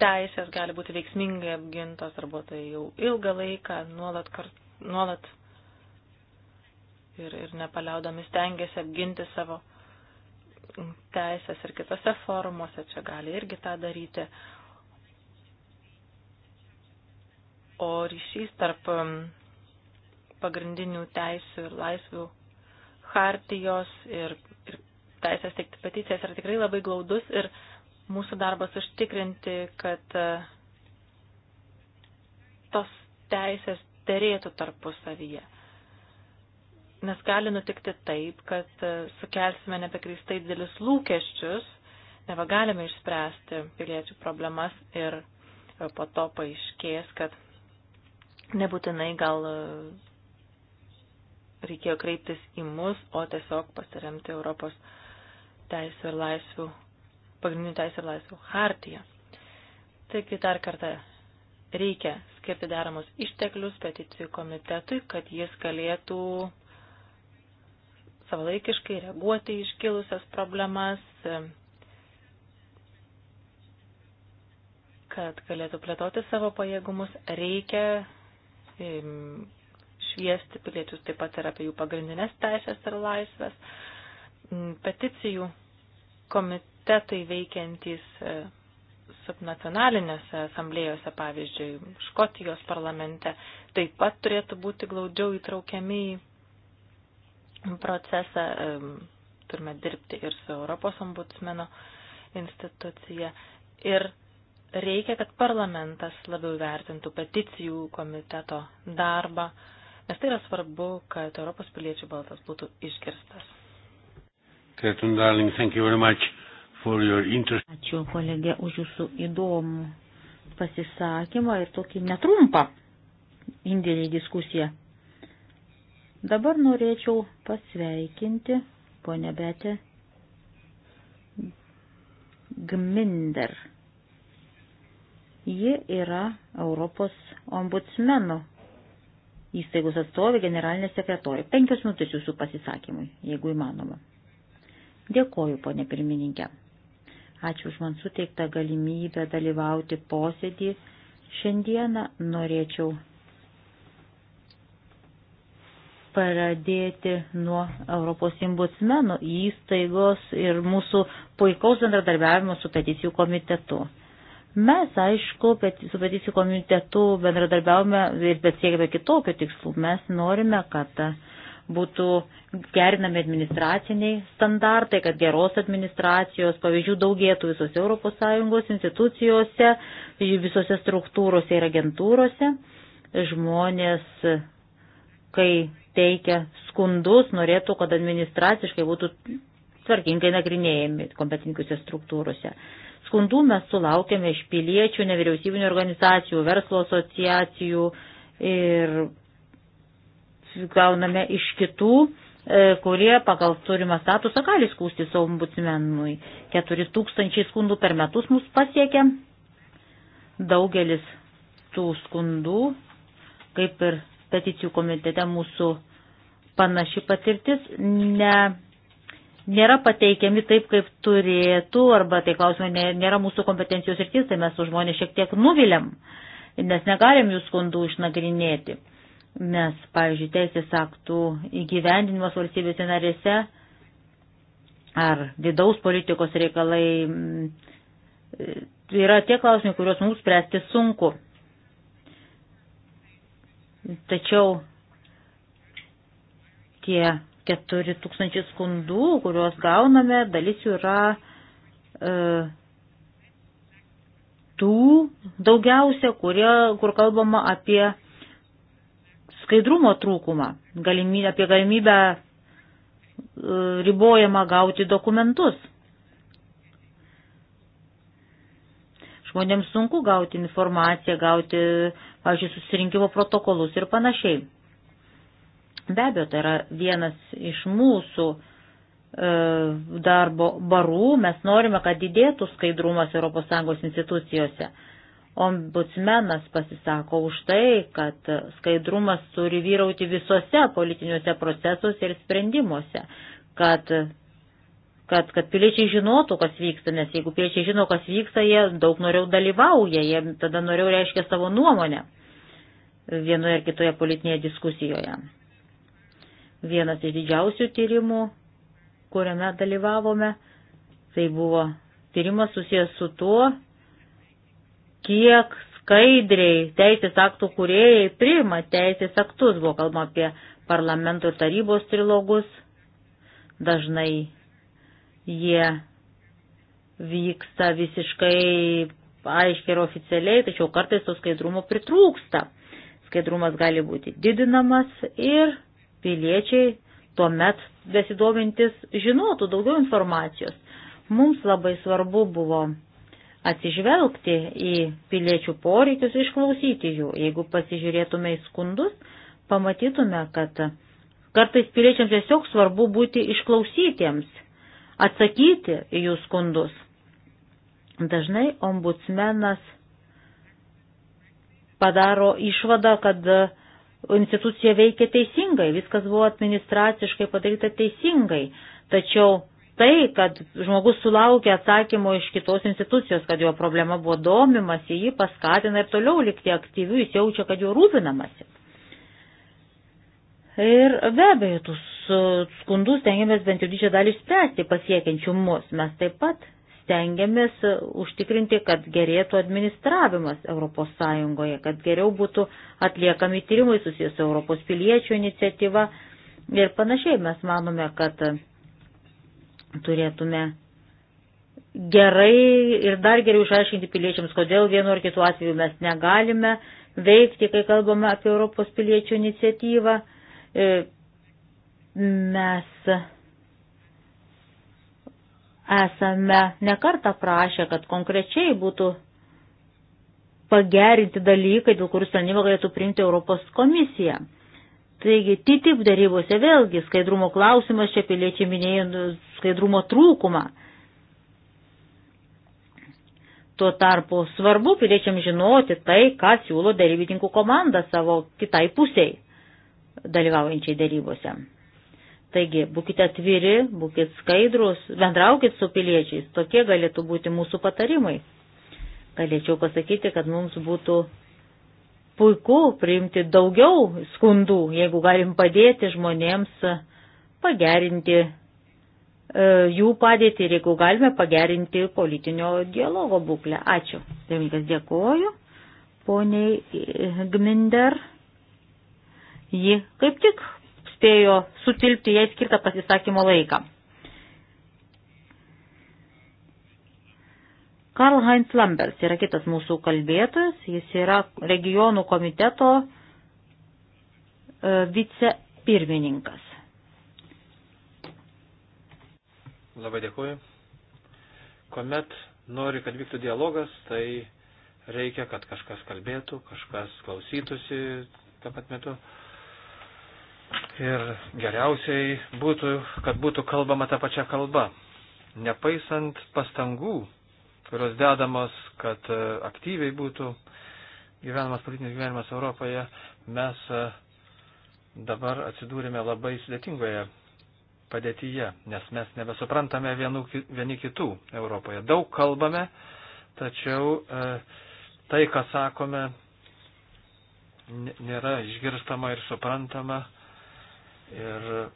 teisės gali būti veiksmingai apgintos, darbuotojai jau ilgą laiką nuolat, kart, nuolat ir, ir nepaliaudomis stengiasi apginti savo teisės ir kitose formuose, čia gali irgi tą daryti. O ryšys tarp um, pagrindinių teisų ir laisvių hartijos ir, ir teisės teikti peticijas yra tikrai labai glaudus ir mūsų darbas užtikrinti, kad e, tos teisės derėtų tarpusavyje. Nes gali nutikti taip, kad e, sukelsime nebekrystai didelius lūkesčius, neva galime išspręsti piliečių problemas ir e, po to paaiškės, kad nebūtinai gal reikėjo kreiptis į mus, o tiesiog pasiremti Europos teisų ir laisvių, pagrindinių teisų ir laisvių hartiją. Taigi dar kartą reikia skirti deramus išteklius peticijų komitetui, kad jis galėtų savalaikiškai reaguoti iškilusias problemas, kad galėtų plėtoti savo pajėgumus, reikia šviesti piliečius taip pat ir apie jų pagrindinės teisės ir laisvės. Mm, peticijų komitetai veikiantys e, subnacionalinėse asamblėjose, pavyzdžiui, Škotijos parlamente, taip pat turėtų būti glaudžiau įtraukiami į procesą. E, turime dirbti ir su Europos ombudsmeno institucija. Ir reikia, kad parlamentas labiau vertintų peticijų komiteto darbą nes tai yra svarbu, kad Europos piliečių balsas būtų išgirstas. Kretum, darling, thank you very much for your interest. Ačiū, kolegė, už jūsų įdomų pasisakymą ir tokį netrumpą indėlį į diskusiją. Dabar norėčiau pasveikinti ponę Betę Gminder. Ji yra Europos ombudsmeno įstaigos atstovė, generalinė sekretorė. Penkios minutės jūsų pasisakymui, jeigu įmanoma. Dėkoju, ponė pirmininkė. Ačiū už man suteiktą galimybę dalyvauti posėdį. Šiandieną norėčiau pradėti nuo Europos imbucmenų įstaigos ir mūsų puikaus bendradarbiavimo su peticijų komitetu. Mes, aišku, su peticijų komitetu bendradarbiaujame ir bet siekime kitokio tikslų. Mes norime, kad būtų gerinami administraciniai standartai, kad geros administracijos pavyzdžių daugėtų visose ES institucijose, visose struktūrose ir agentūrose. Žmonės, kai teikia skundus, norėtų, kad administraciškai būtų tvarkingai nagrinėjami kompetinkiuose struktūrose. Skundų mes sulaukėme iš piliečių, nevyriausybinio organizacijų, verslo asociacijų ir gauname iš kitų, e, kurie pagal turimą statusą gali skūsti savo ombudsmenui. 4000 skundų per metus mus pasiekia. Daugelis tų skundų, kaip ir peticijų komitete mūsų panaši patirtis, ne nėra pateikiami taip, kaip turėtų, arba tai klausimai nėra mūsų kompetencijos ir tis, tai mes su žmonės šiek tiek nuviliam, nes negalim jų skundų išnagrinėti. Nes, pavyzdžiui, teisės aktų įgyvendinimas valstybėse narėse ar vidaus politikos reikalai mm, yra tie klausimai, kuriuos mums spręsti sunku. Tačiau tie 4 tūkstančiai skundų, kuriuos gauname, dalis jų yra e, tų daugiausia, kurie, kur kalbama apie skaidrumo trūkumą, galimybę, apie galimybę e, ribojama gauti dokumentus. Žmonėms sunku gauti informaciją, gauti, pavyzdžiui, susirinkimo protokolus ir panašiai. Be abejo, tai yra vienas iš mūsų e, darbo barų. Mes norime, kad didėtų skaidrumas ES institucijose. Ombudsmenas pasisako už tai, kad skaidrumas turi vyrauti visose politiniuose procesuose ir sprendimuose, kad, kad, kad piliečiai žinotų, kas vyksta, nes jeigu piliečiai žino, kas vyksta, jie daug noriau dalyvauja, jie tada noriau reiškia savo nuomonę vienoje ar kitoje politinėje diskusijoje vienas iš didžiausių tyrimų, kuriame dalyvavome. Tai buvo tyrimas susijęs su tuo, kiek skaidriai teisės aktų kuriejai priima teisės aktus. Buvo kalbama apie parlamento ir tarybos trilogus. Dažnai jie vyksta visiškai aiškiai ir oficialiai, tačiau kartais to skaidrumo pritrūksta. Skaidrumas gali būti didinamas ir piliečiai tuomet besidomintis žinotų daugiau informacijos. Mums labai svarbu buvo atsižvelgti į piliečių poreikius, išklausyti jų. Jeigu pasižiūrėtume į skundus, pamatytume, kad kartais piliečiams tiesiog svarbu būti išklausytiems, atsakyti į jų skundus. Dažnai ombudsmenas padaro išvadą, kad institucija veikė teisingai, viskas buvo administraciškai padaryta teisingai, tačiau tai, kad žmogus sulaukė atsakymo iš kitos institucijos, kad jo problema buvo domimas, jį paskatina ir toliau likti aktyviu, jis jaučia, kad jo rūpinamasi. Ir be abejo, tų skundų stengiamės bent jau didžią dalį išspręsti pasiekiančių mus. Mes taip pat stengiamės užtikrinti, kad gerėtų administravimas ES, kad geriau būtų atliekami tyrimai susijęs su Europos piliečių iniciatyva ir panašiai. Mes manome, kad turėtume gerai ir dar geriau išaiškinti piliečiams, kodėl vienu ar kitu atveju mes negalime veikti, kai kalbame apie Europos piliečių iniciatyvą. E, mes esame nekartą prašę, kad konkrečiai būtų pagerinti dalykai, dėl kurių sprendimą galėtų priimti Europos komisija. Taigi, TTIP darybose vėlgi skaidrumo klausimas, čia piliečiai minėjo skaidrumo trūkumą. Tuo tarpu svarbu piliečiam žinoti tai, ką siūlo darybininkų komanda savo kitai pusiai dalyvaujančiai darybose. Taigi, būkite atviri, būkite skaidrus, bendraukit su piliečiais, tokie galėtų būti mūsų patarimai. Galėčiau pasakyti, kad mums būtų puiku priimti daugiau skundų, jeigu galim padėti žmonėms e, pagerinti e, jų padėtį ir jeigu galime pagerinti politinio dialogo būklę. Ačiū. Pirmininkas dėkoju. Poniai Gminder. Ji kaip tik spėjo sutilpti jai skirtą pasisakymo laiką. Karl Heinz Lambers yra kitas mūsų kalbėtojas, jis yra regionų komiteto e, vicepirmininkas. Labai dėkuoju. Komet nori, kad vyktų dialogas, tai reikia, kad kažkas kalbėtų, kažkas klausytųsi tą pat metu. Uh, Ir geriausiai būtų, kad būtų kalbama tą pačią kalbą. Nepaisant pastangų, kurios dedamos, kad e, aktyviai būtų gyvenimas, politinis gyvenimas Europoje, mes e, dabar atsidūrėme labai sudėtingoje padėtyje, nes mes nebesuprantame vienų, vieni kitų Europoje. Daug kalbame, tačiau e, tai, ką sakome, nėra išgirstama ir suprantama. E, ir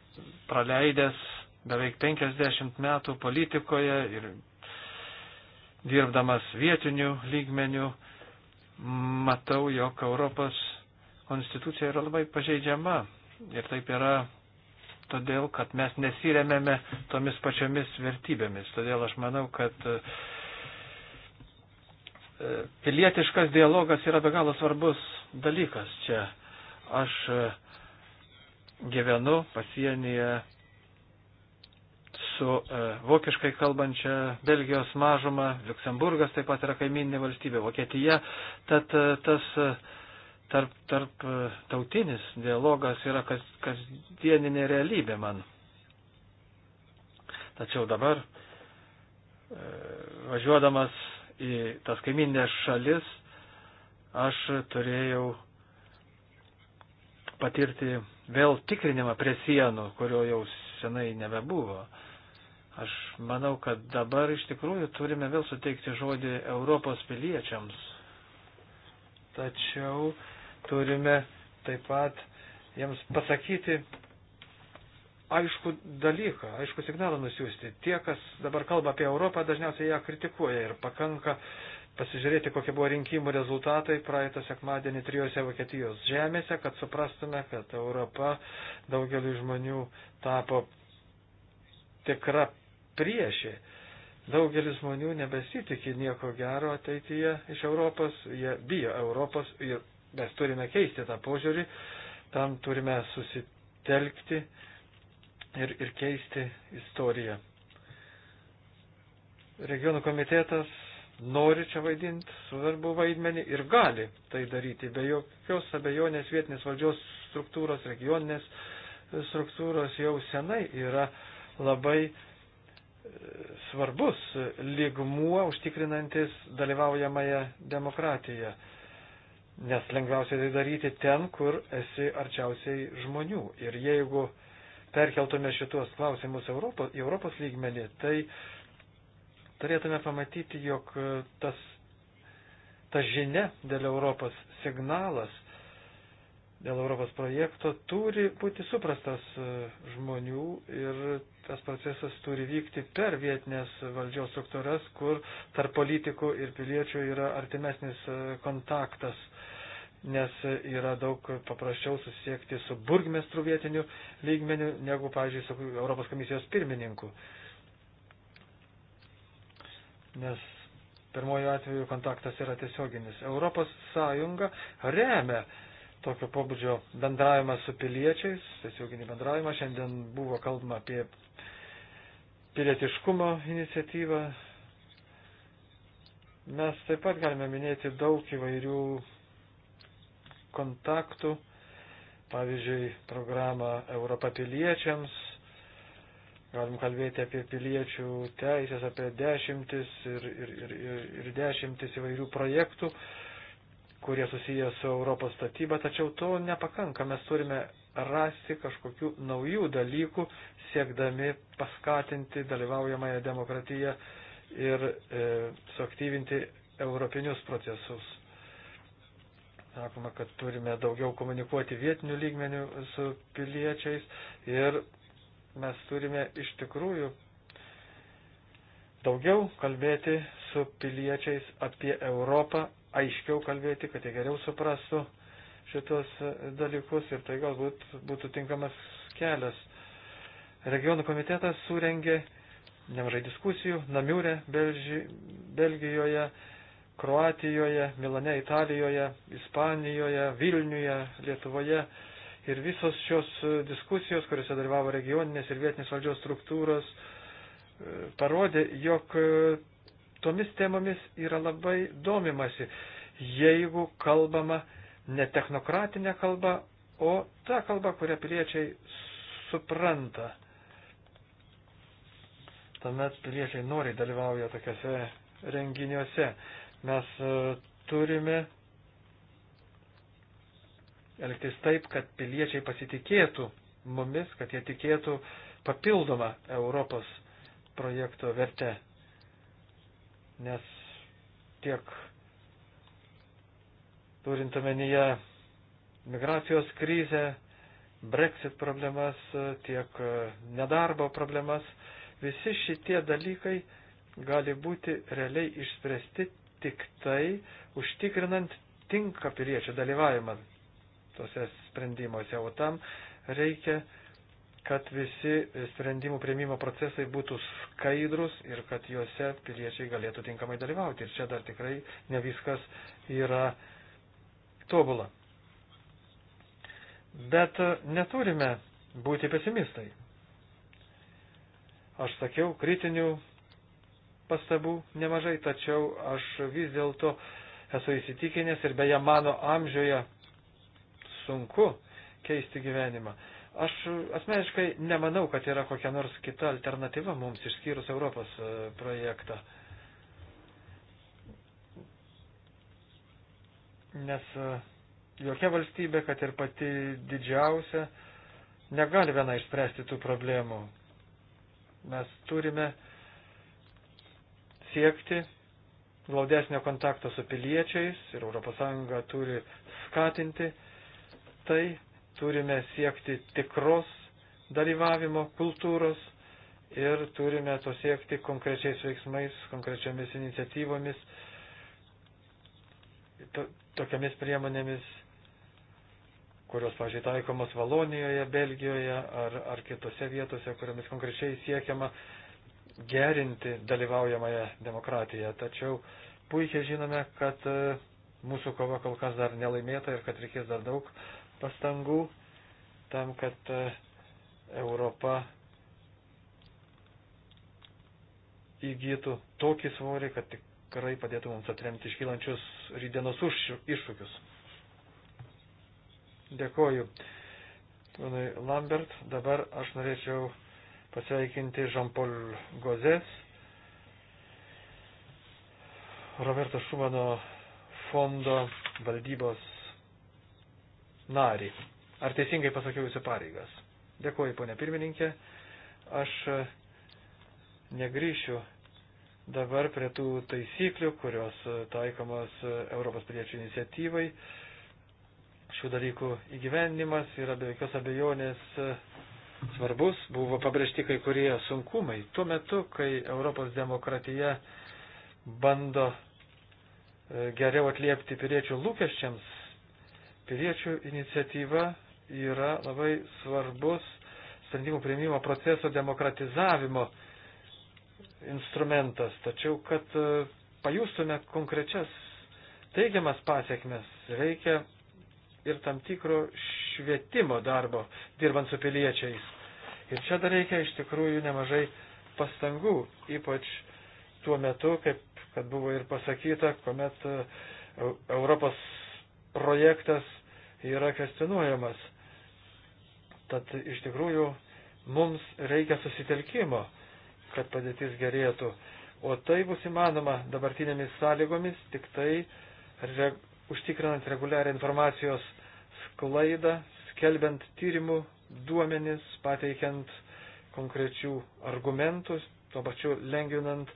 praleidęs beveik 50 metų politikoje ir dirbdamas vietiniu lygmeniu, matau, jog Europos konstitucija yra labai pažeidžiama. Ir taip yra todėl, kad mes nesiremėme tomis pačiomis vertybėmis. Todėl aš manau, kad e, pilietiškas dialogas yra be galo svarbus dalykas čia. Aš e, gyvenu pasienyje su e, vokiškai kalbančia Belgijos mažuma, Luksemburgas taip pat yra kaiminė valstybė, Vokietija, tad e, tas e, tarp, tarp e, tautinis dialogas yra kas, kasdieninė realybė man. Tačiau dabar e, važiuodamas į tas kaiminės šalis, aš turėjau patirti vėl tikrinimą prie sienų, kurio jau senai nebebuvo. Aš manau, kad dabar iš tikrųjų turime vėl suteikti žodį Europos piliečiams. Tačiau turime taip pat jiems pasakyti aišku dalyką, aišku signalą nusiųsti. Tie, kas dabar kalba apie Europą, dažniausiai ją kritikuoja ir pakanka uh, pasižiūrėti, kokie buvo rinkimų rezultatai praeitą sekmadienį trijose Vokietijos žemėse, kad suprastume, kad Europa daugeliu žmonių tapo tikra priešė. Daugelis žmonių nebesitikė nieko gero ateityje iš Europos, jie bijo Europos ir mes turime keisti tą požiūrį, tam turime susitelkti ir, ir keisti istoriją. Regionų komitetas nori čia vaidinti svarbu vaidmenį ir gali tai daryti. Be jokios abejonės vietinės valdžios struktūros, regioninės struktūros jau senai yra labai e, svarbus lygmuo užtikrinantis dalyvaujamąją demokratiją. Nes lengviausia tai daryti ten, kur esi arčiausiai žmonių. Ir jeigu perkeltume šitos klausimus Europos, Europos lygmenį, tai turėtume pamatyti, jog e, tas, ta žinia dėl Europos signalas, dėl Europos projekto turi būti suprastas e, žmonių ir tas procesas turi vykti per vietinės valdžios struktūras, kur tarp politikų ir piliečių yra artimesnis e, kontaktas nes yra daug paprasčiau susiekti su burgmestru vietiniu lygmeniu negu, pavyzdžiui, su Europos komisijos pirmininku. Uh, nes pirmojo atveju kontaktas yra tiesioginis. Europos Sąjunga remia tokio pobūdžio bendravimą su piliečiais, tiesioginį bendravimą. Šiandien buvo kalbama apie pilietiškumo iniciatyvą. Mes taip pat galime minėti daug įvairių kontaktų, pavyzdžiui, programą Europa piliečiams, Galim kalbėti apie piliečių teisės, apie dešimtis ir, ir, ir, ir dešimtis įvairių projektų, kurie susiję su Europos statyba, tačiau to nepakanka. Mes turime rasti kažkokių naujų dalykų, siekdami paskatinti dalyvaujamąją demokratiją ir e, suaktyvinti europinius procesus. Sakoma, kad turime daugiau komunikuoti vietinių lygmenių su piliečiais ir mes turime iš tikrųjų daugiau kalbėti su piliečiais apie Europą, aiškiau kalbėti, kad jie geriau suprastų šitos dalykus ir tai galbūt būtų tinkamas kelias. Regionų komitetas surengė nemažai diskusijų Namiūrė, Belži, Belgijoje, Kroatijoje, Milane, Italijoje, Ispanijoje, Vilniuje, Lietuvoje. Ir visos šios e, diskusijos, kuriuose dalyvavo regioninės ir vietinės valdžios struktūros, e, parodė, jog e, tomis temomis yra labai domimasi, jeigu kalbama ne technokratinė kalba, o ta kalba, kurią piliečiai supranta. Tuomet piliečiai noriai dalyvauja tokiuose renginiuose. Mes turime elgtis taip, kad piliečiai pasitikėtų mumis, kad jie tikėtų papildomą Europos projekto vertę. Nes tiek turint omenyje migracijos krizę, Brexit problemas, tiek e, nedarbo problemas, visi šitie dalykai gali būti realiai išspręsti tik tai užtikrinant tinka piliečių dalyvavimą tose sprendimuose, o tam reikia, kad visi sprendimų prieimimo procesai būtų skaidrus ir kad juose piliečiai galėtų tinkamai dalyvauti. Ir čia dar tikrai ne viskas yra tobula. Bet neturime būti pesimistai. Aš sakiau, kritinių pastabų nemažai, tačiau aš vis dėlto esu įsitikinęs ir beje mano amžiuje sunku keisti gyvenimą. Aš asmeniškai nemanau, kad yra kokia nors kita alternatyva mums išskyrus Europos e, projektą. Nes e, jokia valstybė, kad ir pati didžiausia, negali viena išspręsti tų problemų. Mes turime siekti glaudesnio kontakto su piliečiais ir ES turi skatinti tai turime siekti tikros dalyvavimo kultūros ir turime to siekti konkrečiais veiksmais, konkrečiamis iniciatyvomis, to, tokiamis priemonėmis, kurios, pažiūrėjau, taikomos Valonijoje, Belgijoje ar, ar kitose vietose, kuriomis konkrečiai siekiama gerinti dalyvaujamąją demokratiją. Tačiau puikiai žinome, kad e, mūsų kova kol kas dar nelaimėta ir kad reikės dar daug pastangų tam, kad e, Europa įgytų tokį svorį, kad tikrai padėtų mums atremti iškylančius rydienos iššūkius. Dėkoju. Ponai Lambert, dabar aš norėčiau pasveikinti Jean-Paul Gozes, Roberto Šumano fondo valdybos narį. Ar teisingai pasakiau jūsų pareigas? Dėkuoju, ponė pirmininkė. Aš e, negryšiu dabar prie tų taisyklių, kurios e, taikomos e, Europos piliečių iniciatyvai. Šių dalykų įgyvendimas yra be jokios abejonės svarbus. Buvo pabrėžti kai kurie sunkumai. Tuo metu, kai Europos demokratija bando geriau atliepti piliečių lūkesčiams, Piliečių iniciatyva yra labai svarbus sprendimų prieimimo proceso demokratizavimo instrumentas. Tačiau, kad e, pajustume konkrečias teigiamas pasiekmes, reikia ir tam tikro švietimo darbo, dirbant su piliečiais. Ir čia dar reikia iš tikrųjų nemažai pastangų, ypač tuo metu, kaip kad buvo ir pasakyta, kuomet e, Europos projektas yra kvestionuojamas. Tad iš tikrųjų mums reikia susitelkimo, kad padėtis gerėtų. O tai bus įmanoma dabartinėmis sąlygomis tik tai re, užtikrinant reguliarią informacijos sklaidą, skelbiant tyrimų duomenis, pateikiant konkrečių argumentų, tuo pačiu lengvinant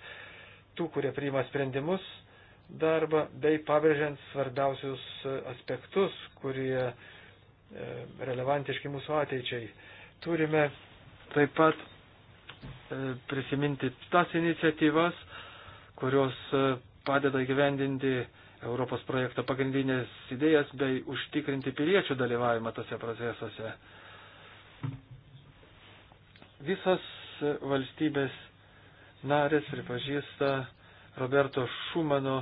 tų, kurie priima sprendimus darbą bei pabrėžiant svarbiausius aspektus, kurie e, relevantiški mūsų ateičiai. Turime taip pat e, prisiminti tas iniciatyvas, kurios e, padeda gyvendinti Europos projekto pagrindinės idėjas bei užtikrinti piliečių dalyvavimą tose procesuose. Visas valstybės narės pripažįsta Roberto Šumano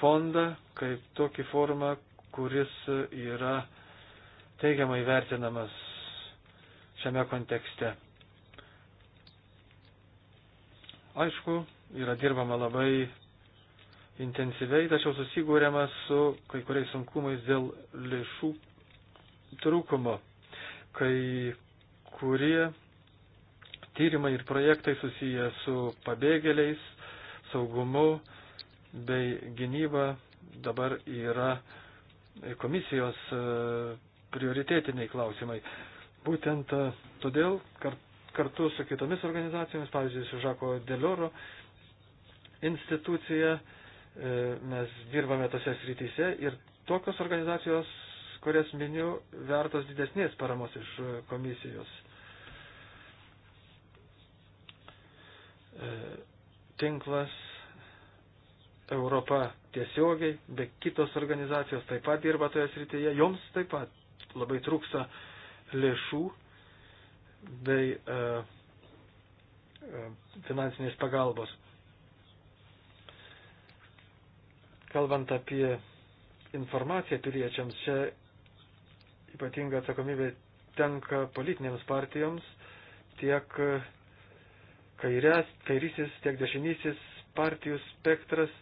fondą kaip tokį formą, kuris yra teigiamai vertinamas šiame kontekste. Aišku, yra dirbama labai intensyviai, tačiau susigūrėma su kai kuriais sunkumais dėl lėšų trūkumo, kai kurie tyrimai ir projektai susiję su pabėgėliais, saugumu, bei gynyba dabar yra komisijos e, prioritetiniai klausimai. Būtent e, todėl kartu su kitomis organizacijomis, pavyzdžiui, su Žako Delioro institucija, e, mes dirbame tose srityse ir tokios organizacijos, kurias miniu, vertos didesnės paramos iš komisijos. Tinklas Europa tiesiogiai, be kitos organizacijos taip pat dirba toje srityje, joms taip pat labai trūksa lėšų bei e, e, finansinės pagalbos. Kalbant apie informaciją piliečiams, čia ypatinga atsakomybė tenka politinėms partijoms, tiek kairės, kairysis, tiek dešinysis partijų spektras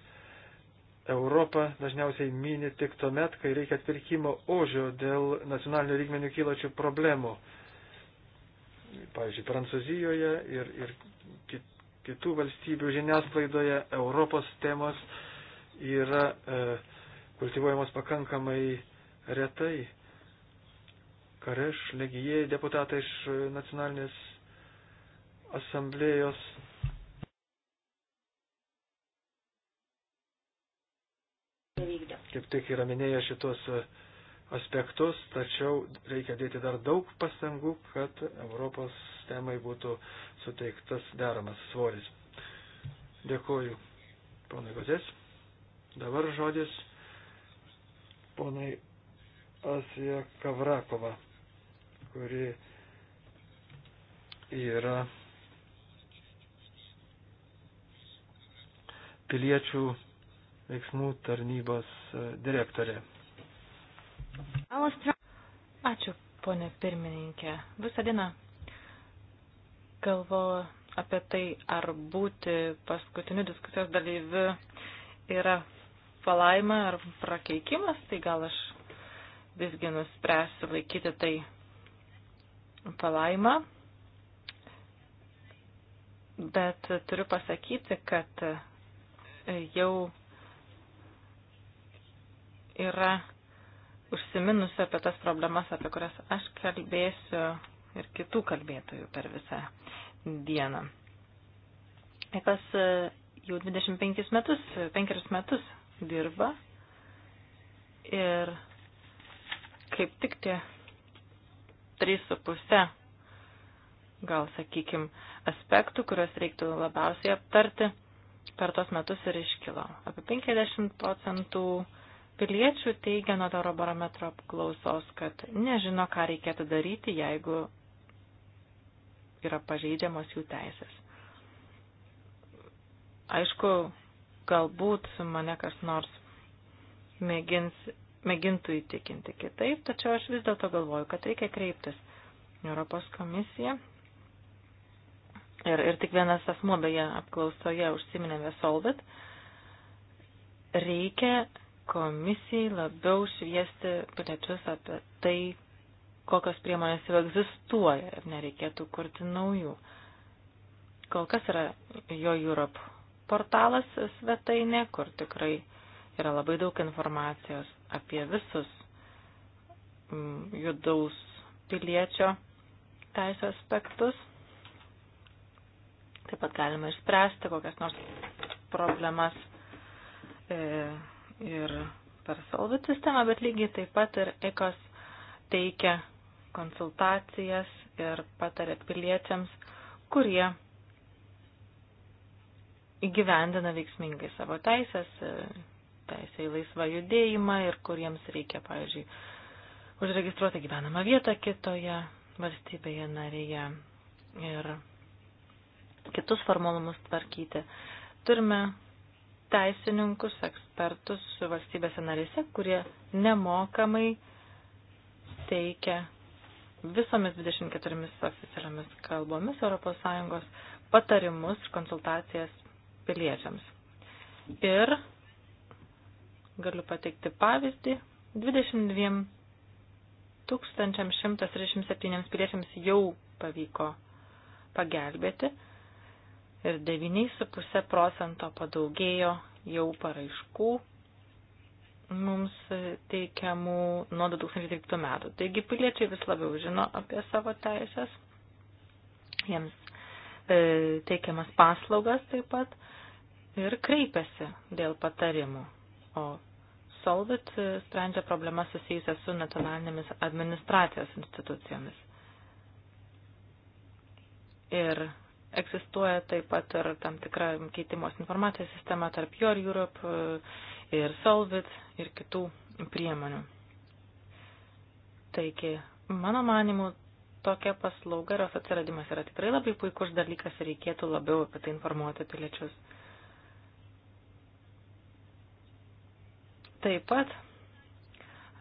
Europą dažniausiai mini tik tuomet, kai reikia atpirkimo ožio dėl nacionalinių lygmenių kylačių problemų. Pavyzdžiui, Prancūzijoje ir, ir kit, kitų valstybių žiniasklaidoje Europos temos yra e, kultivuojamos pakankamai retai. Kareš, legijai, deputatai iš nacionalinės asamblėjos nevykdo. Kaip tik yra minėję šitos e, aspektus, tačiau reikia dėti dar daug pastangų, kad Europos temai būtų suteiktas deramas svoris. Dėkoju, ponai Gozės. Dabar žodis ponai Asija Kavrakova, kuri yra piliečių veiksmų tarnybos e, direktorė. Ačiū, ponė pirmininkė. Visą dieną galvoju apie tai, ar būti paskutiniu diskusijos dalyviu yra palaima ar prakeikimas, tai gal aš visgi nuspręsiu laikyti tai palaima. Bet turiu pasakyti, kad jau yra užsiminusi apie tas problemas, apie kurias aš kalbėsiu ir kitų kalbėtojų per visą dieną. Ekas e, jau 25 metus, 5 metus dirba ir kaip tik tie 3,5 gal sakykim aspektų, kuriuos reiktų labiausiai aptarti per tos metus ir iškilo. Apie 50 procentų piliečių teigia nuo Eurobarometro apklausos, kad nežino, ką reikėtų daryti, jeigu yra pažeidžiamos jų teisės. Aišku, galbūt mane kas nors mėgins, mėgintų įtikinti kitaip, tačiau aš vis dėlto galvoju, kad reikia kreiptis Europos komisiją. Ir, ir tik vienas asmuo beje apklausoje užsiminė Vesolvet. Reikia komisijai labiau šviesti piliečius apie tai, kokios priemonės jau egzistuoja ir nereikėtų kurti naujų. Kol kas yra jo Europe portalas svetainė, kur tikrai yra labai daug informacijos apie visus mm, judaus piliečio teisų aspektus. Taip pat galima išspręsti kokias nors problemas e, ir per Solvit sistemą, bet lygiai taip pat ir ECOS teikia konsultacijas ir patarė piliečiams, kurie įgyvendina veiksmingai savo teisės, teisę į laisvą judėjimą ir kuriems reikia, pavyzdžiui, užregistruoti gyvenamą vietą kitoje valstybėje narėje ir kitus formalumus tvarkyti. Turime teisininkus, ekspertus valstybėse narėse, kurie nemokamai teikia visomis 24 oficialiomis kalbomis ES patarimus ir konsultacijas piliečiams. Ir galiu pateikti pavyzdį, 22 137 piliečiams jau pavyko pagelbėti ir 9,5 procento padaugėjo jau paraiškų mums teikiamų nuo 2013 metų. Taigi piliečiai vis labiau žino apie savo teisės, jiems e, teikiamas paslaugas taip pat ir kreipiasi dėl patarimų. O Solvit e, sprendžia problemas susijusias su nacionalinėmis administracijos institucijomis. Ir egzistuoja taip pat ir tam tikra keitimos informacijos sistema tarp Your Europe e, ir Solvit ir kitų priemonių. Taigi, mano manimu, tokia paslauga ir jos atsiradimas yra tikrai labai puikus dalykas ir reikėtų labiau apie tai informuoti piliečius. Taip pat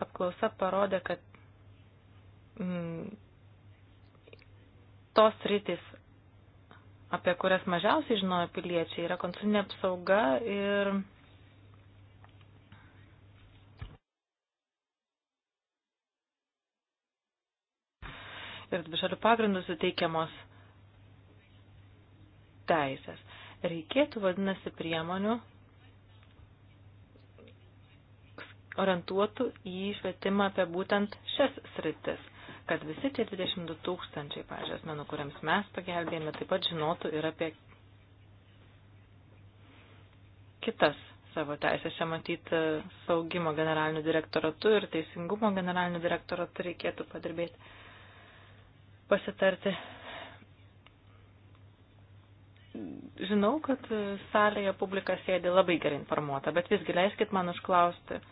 apklausa parodė, kad mm, tos rytis, apie kurias mažiausiai žinojo piliečiai, yra konsulinė apsauga ir ir dvišalių pagrindų suteikiamos teisės. Reikėtų, vadinasi, priemonių orientuotų į švietimą apie būtent šias sritis kad visi tie 22 tūkstančiai, pažiūrėjau, asmenų, kuriems mes pagelbėjame, taip pat žinotų ir apie kitas savo teisės. Čia matyti e, saugimo generaliniu direktoratu ir teisingumo generaliniu direktoratu reikėtų padirbėti, pasitarti. Žinau, kad e, salėje publika sėdi labai gerai informuota, bet visgi leiskit man užklausti,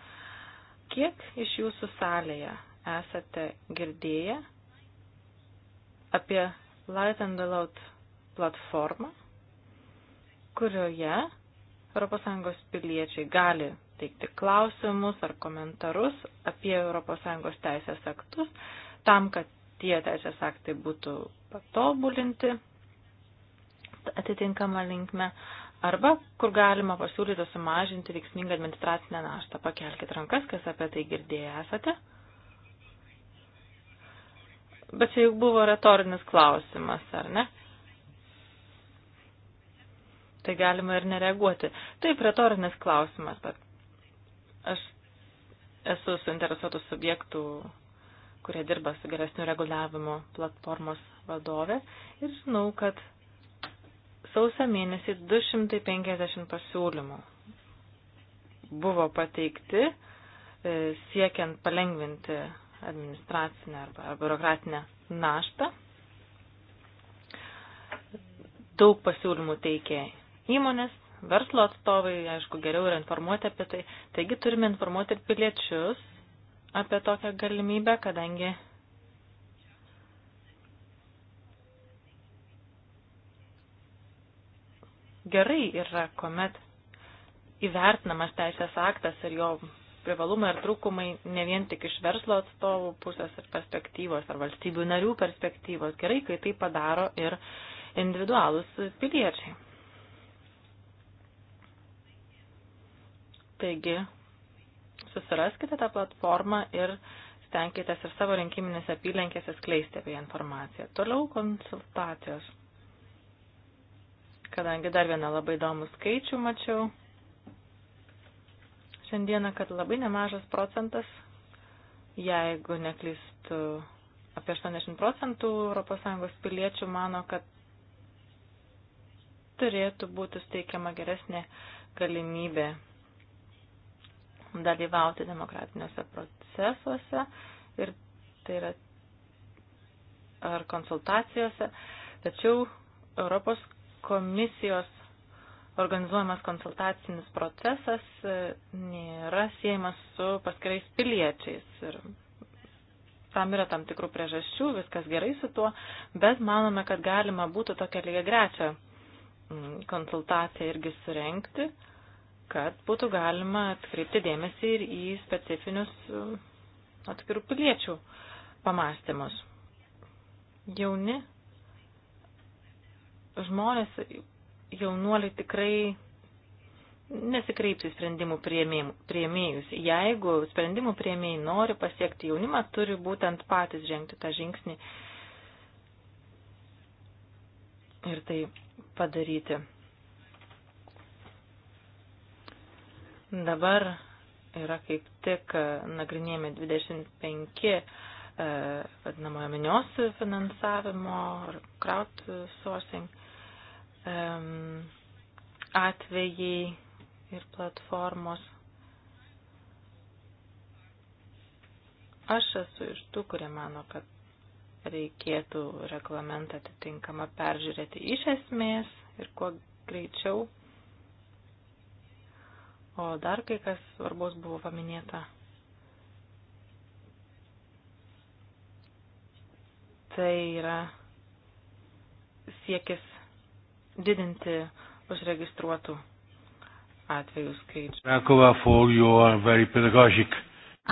kiek iš jūsų salėje esate girdėję apie Light and Loud platformą, kurioje ES piliečiai gali teikti klausimus ar komentarus apie ES teisės aktus, tam, kad tie teisės aktai būtų patobulinti atitinkamą linkmę, arba kur galima pasiūlyti sumažinti veiksmingą administracinę naštą. Pakelkite rankas, kas apie tai girdėję esate. Bet čia juk buvo retorinis klausimas, ar ne? Tai galima ir nereaguoti. Taip, retorinis klausimas, bet aš esu suinteresuotų subjektų, kurie dirba su geresniu reguliavimo platformos vadovė ir žinau, kad sausio mėnesį 250 pasiūlymų buvo pateikti e, siekiant palengvinti administracinę arba biurokratinę naštą. Daug pasiūlymų teikia įmonės, verslo atstovai, aišku, geriau yra informuoti apie tai. Taigi turime informuoti ir piliečius apie tokią galimybę, kadangi gerai yra, kuomet įvertinamas teisės aktas ir jo privalumai ir trūkumai ne vien tik iš verslo atstovų pusės ir perspektyvos ar valstybių narių perspektyvos. Gerai, kai tai padaro ir individualus piliečiai. Taigi, susiraskite tą platformą ir stenkitės ir savo rinkiminėse apylinkėse skleisti apie informaciją. Toliau konsultacijos. Kadangi dar vieną labai įdomų skaičių mačiau šiandieną, kad labai nemažas procentas, jeigu neklystu, apie 80 procentų ES piliečių mano, kad turėtų būti steikiama geresnė galimybė dalyvauti demokratiniuose procesuose ir tai yra ar konsultacijose. Tačiau Europos komisijos organizuojamas konsultacinis procesas e, nėra siejamas su paskirais piliečiais. Ir tam yra tam tikrų priežasčių, viskas gerai su tuo, bet manome, kad galima būtų tokią lygiai grečią mm, konsultaciją irgi surenkti, kad būtų galima atkreipti dėmesį ir į specifinius mm, atskirų piliečių pamastymus. Jauni žmonės jaunuoliai tikrai nesikreips į sprendimų prieimėjus. Jeigu sprendimų prieimėjai nori pasiekti jaunimą, turi būtent patys žengti tą žingsnį ir tai padaryti. Dabar yra kaip tik nagrinėjami 25 e, vadinamojo minios finansavimo ar crowdsourcing um, atvejai ir platformos. Aš esu iš tų, kurie mano, kad reikėtų reglamentą atitinkamą peržiūrėti iš esmės ir kuo greičiau. O dar kai kas svarbus buvo paminėta. Tai yra siekis didinti užregistruotų atvejų skaičių.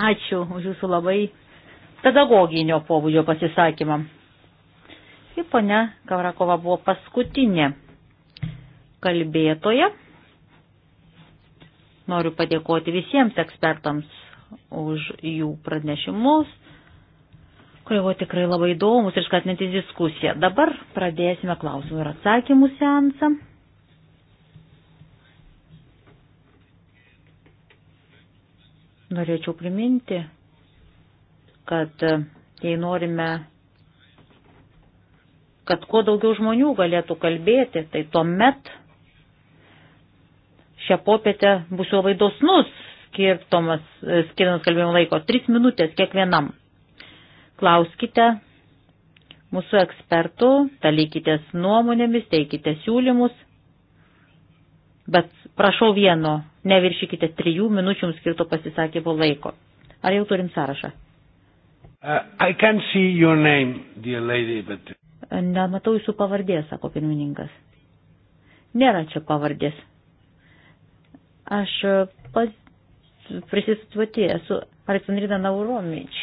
Ačiū už jūsų labai pedagoginio pobūdžio pasisakymą. Ir ponia Kavrakova buvo paskutinė kalbėtoja. Noriu padėkoti visiems ekspertams už jų pranešimus, kurie buvo tikrai labai įdomus ir skatinantis diskusiją. Dabar pradėsime klausimų ir atsakymų seansą. Norėčiau priminti, kad e, jei norime, kad kuo daugiau žmonių galėtų kalbėti, tai tuomet šią popietę bus labai dosnus skirtomas, e, skirtamas kalbėjimo laiko, tris minutės kiekvienam Klauskite mūsų ekspertų, dalykitės nuomonėmis, teikite siūlymus, bet prašau vieno, neviršykite trijų minučių jums skirto pasisakymo laiko. Ar jau turim sąrašą? Uh, name, lady, but... Nematau jūsų pavardės, sako pirmininkas. Nėra čia pavardės. Aš pas, prisistuoti esu Aleksandrina Nauromič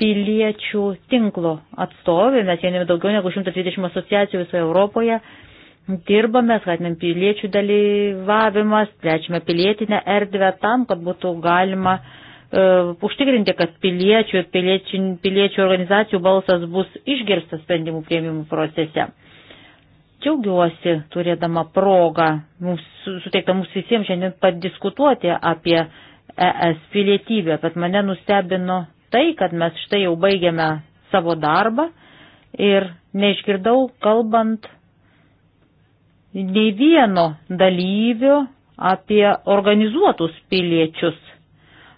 piliečių tinklo atstovė, mes vienėme daugiau negu 120 asociacijų visoje Europoje, dirbame, skatinam piliečių dalyvavimą, plečiame pilietinę erdvę tam, kad būtų galima uh, užtikrinti, kad piliečių ir piliečių, piliečių organizacijų balsas bus išgirstas sprendimų prieimimų procese. Džiaugiuosi turėdama progą, mums, suteikta mums visiems šiandien padiskutuoti apie ES pilietybę, bet mane nustebino tai, kad mes štai jau baigiame savo darbą ir neišgirdau kalbant nei vieno dalyvio apie organizuotus piliečius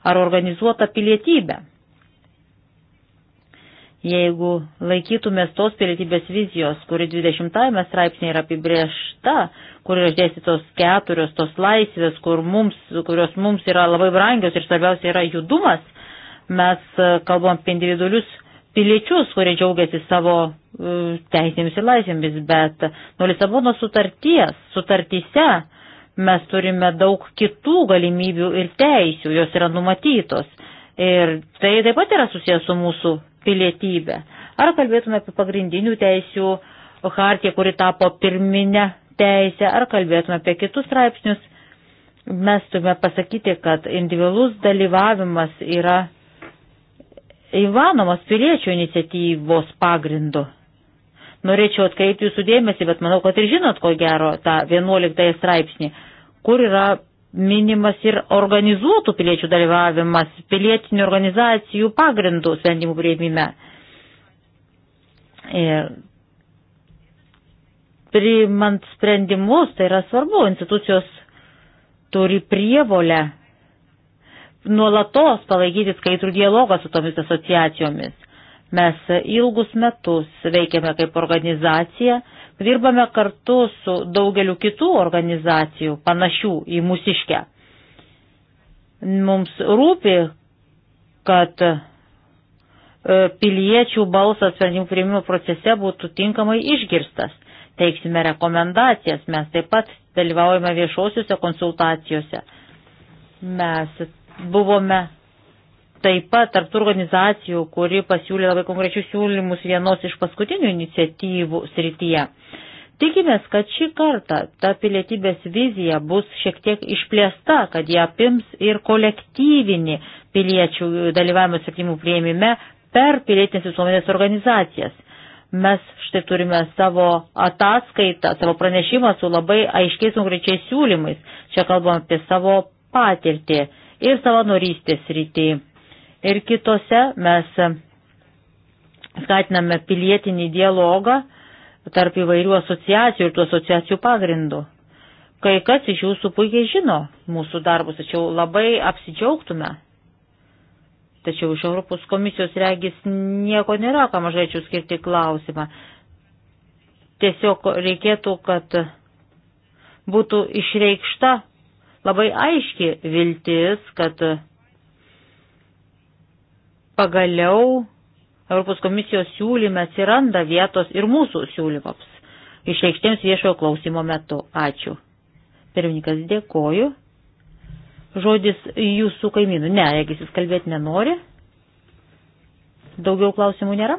ar organizuotą pilietybę. Jeigu laikytumės tos pilietybės vizijos, kuri 20-ame straipsnėje yra apibriešta, kur yra išdėstytos keturios tos laisvės, kur mums, kurios mums yra labai brangios ir svarbiausia yra judumas, mes e, kalbam apie individualius piliečius, kurie džiaugiasi savo e, teisėmis ir laisvėmis, bet nuo Lisabono sutarties, sutartyse mes turime daug kitų galimybių ir teisių, jos yra numatytos. Ir tai taip pat yra susijęs su mūsų pilietybė. Ar kalbėtume apie pagrindinių teisių hartiją, kuri tapo pirminę teisę, ar kalbėtume apie kitus straipsnius, mes turime pasakyti, kad individualus dalyvavimas yra įmanomas piliečių iniciatyvos pagrindu. Norėčiau atkreipti jūsų dėmesį, bet manau, kad ir žinot, ko gero, tą 11 straipsnį, kur yra minimas ir organizuotų piliečių dalyvavimas, pilietinių organizacijų pagrindų sprendimų prieimime. Ir priimant sprendimus, tai yra svarbu, institucijos turi prievolę nuolatos palaikyti skaitrų dialogą su tomis asociacijomis. Mes ilgus metus veikiame kaip organizacija, dirbame kartu su daugeliu kitų organizacijų panašių į mūsiškę. Mums rūpi, kad e, piliečių balsas sprendimų prieimimo procese būtų tinkamai išgirstas. Teiksime rekomendacijas, mes taip pat dalyvaujame viešosiuose konsultacijose. Mes buvome taip pat tarp organizacijų, kuri pasiūlė labai konkrečius siūlymus vienos iš paskutinių iniciatyvų srityje. Tikimės, kad šį kartą ta pilietybės vizija bus šiek tiek išplėsta, kad jie apims ir kolektyvinį piliečių dalyvavimo sakymų prieimime per pilietinės visuomenės organizacijas. Mes štai turime savo ataskaitą, savo pranešimą su labai aiškiais konkrečiais siūlymais. Čia kalbam apie savo patirtį ir savanorystės rytį. Ir kitose mes skatiname pilietinį dialogą tarp įvairių asociacijų ir tų asociacijų pagrindų. Kai kas iš jūsų puikiai žino mūsų darbus, tačiau labai apsidžiaugtume. Tačiau iš Europos komisijos regis nieko nėra, ką mažaičiau skirti klausimą. Tiesiog reikėtų, kad būtų išreikšta labai aiški viltis, kad pagaliau Europos komisijos siūlyme atsiranda vietos ir mūsų siūlymams išreikštiems viešojo klausimo metu. Ačiū. Pirmininkas, dėkoju. Žodis jūsų kaimynų. Ne, jeigu jis kalbėti nenori. Daugiau klausimų nėra.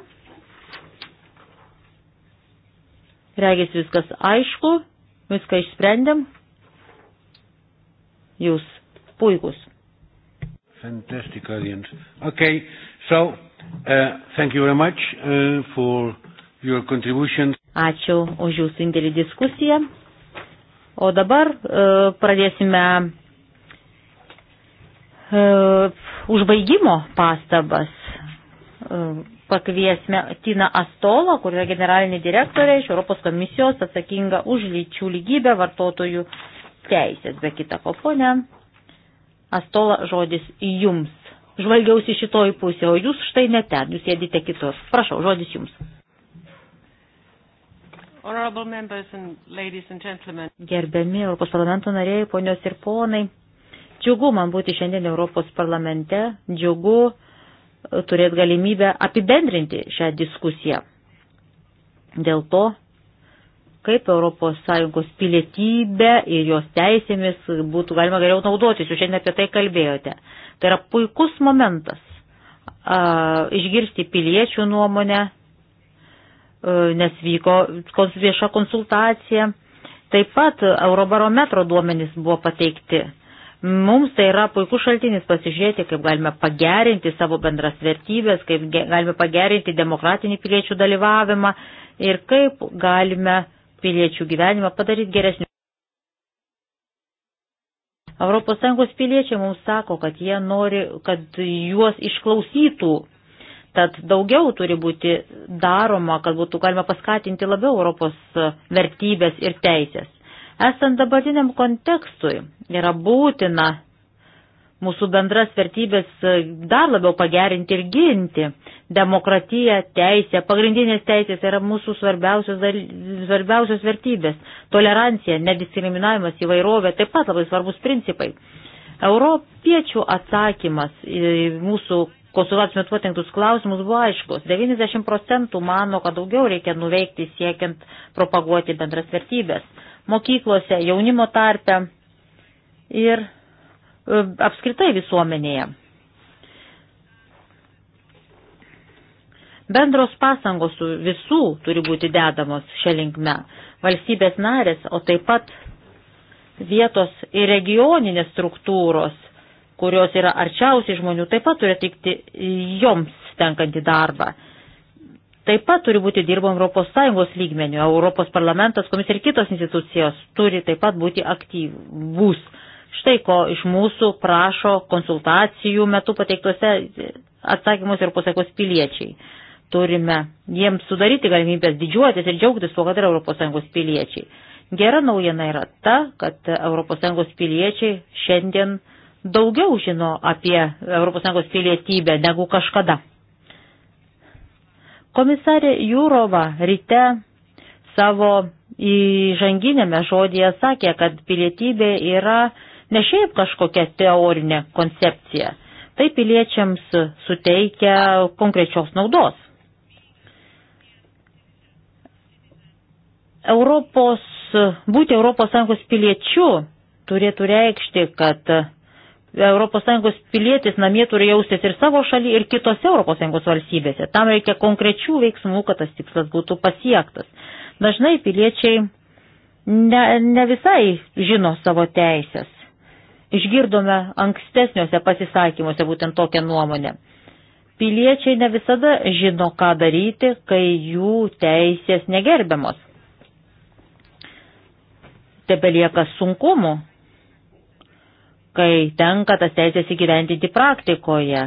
Regis viskas aišku, viską išsprendėm. Jūs puikus. Fantastic audience. Okay, so uh, thank you very much uh, for your contribution. Ačiū už jūsų indėlį diskusiją. O dabar uh, pradėsime uh, užbaigimo pastabas. Uh, pakviesime Tina Astolą, kur yra generalinė direktorė iš Europos komisijos atsakinga už lyčių lygybę vartotojų teisės, be kita ko, ponė. Astola žodis jums. Žvalgiausi šitoj pusė, o jūs štai ne ten, jūs sėdite kitur. Prašau, žodis jums. Gerbiami Europos parlamento nariai, ponios ir ponai, džiugu man būti šiandien Europos parlamente, džiugu e, turėti galimybę apibendrinti šią diskusiją. Dėl to kaip ES pilietybė ir jos teisėmis būtų galima geriau naudotis. Jūs šiandien apie tai kalbėjote. Tai yra puikus momentas a, išgirsti piliečių nuomonę, a, nes vyko vieša konsultacija. Taip pat Eurobarometro duomenys buvo pateikti. Mums tai yra puikus šaltinis pasižiūrėti, kaip galime pagerinti savo bendras vertybės, kaip galime pagerinti demokratinį piliečių dalyvavimą ir kaip galime piliečių gyvenimą padaryti geresniu. ES piliečiai mums sako, kad jie nori, kad juos išklausytų. Tad daugiau turi būti daroma, kad būtų galima paskatinti labiau Europos vertybės ir teisės. Esant dabartiniam kontekstui yra būtina mūsų bendras vertybės e, dar labiau pagerinti ir ginti. Demokratija, teisė, pagrindinės teisės tai yra mūsų svarbiausios, dal... svarbiausios vertybės. Tolerancija, nediskriminavimas, įvairovė taip pat labai svarbus principai. Europiečių atsakymas į mūsų konsultacijų metu patinktus klausimus buvo aiškus. 90 procentų mano, kad daugiau reikia nuveikti siekiant propaguoti bendras vertybės. Mokyklose, jaunimo tarpe ir E, apskritai visuomenėje. Bendros pastangos visų turi būti dedamos šią linkme. Valstybės narės, o taip pat vietos ir regioninės struktūros, kurios yra arčiausiai žmonių, taip pat turi atlikti joms tenkantį darbą. Taip pat turi būti dirbama ES lygmenių. Europos parlamentas, komisija ir kitos institucijos turi taip pat būti aktyvūs štai ko iš mūsų prašo konsultacijų metu pateiktuose atsakymus ir pasakos piliečiai. Turime jiems sudaryti galimybės didžiuotis ir džiaugtis tuo, kad yra ES piliečiai. Gera naujiena yra ta, kad ES piliečiai šiandien daugiau žino apie ES pilietybę negu kažkada. Komisarė Jūrova ryte savo įžanginėme žodėje sakė, kad pilietybė yra ne šiaip kažkokia teorinė koncepcija. Tai piliečiams suteikia konkrečios naudos. Europos, būti ES piliečiu turėtų reikšti, kad ES pilietis namie turi jaustis ir savo šalyje, ir kitose ES valstybėse. Tam reikia konkrečių veiksmų, kad tas tikslas būtų pasiektas. Dažnai piliečiai ne, ne visai žino savo teisės. Išgirdome ankstesniuose pasisakymuose būtent tokią nuomonę. Piliečiai ne visada žino, ką daryti, kai jų teisės negerbiamos. Tebelieka sunkumų, kai tenka tas teisės įgyvendinti praktikoje.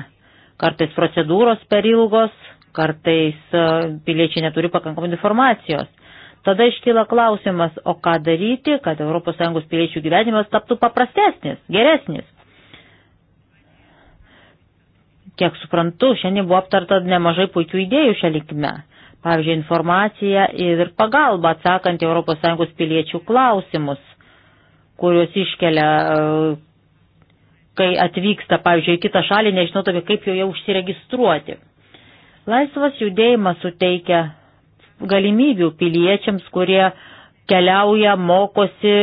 Kartais procedūros per ilgos, kartais e, piliečiai neturi pakankamai informacijos. Tada iškyla klausimas, o ką daryti, kad ES piliečių gyvenimas taptų paprastesnis, geresnis. Kiek suprantu, šiandien buvo aptarta nemažai puikių idėjų šią linkme. Pavyzdžiui, informacija ir pagalba atsakant ES piliečių klausimus, kuriuos iškelia, e, kai atvyksta, pavyzdžiui, į kitą šalį, nežinodami, kaip joje užsiregistruoti. Laisvas judėjimas suteikia galimybių piliečiams, kurie keliauja, mokosi,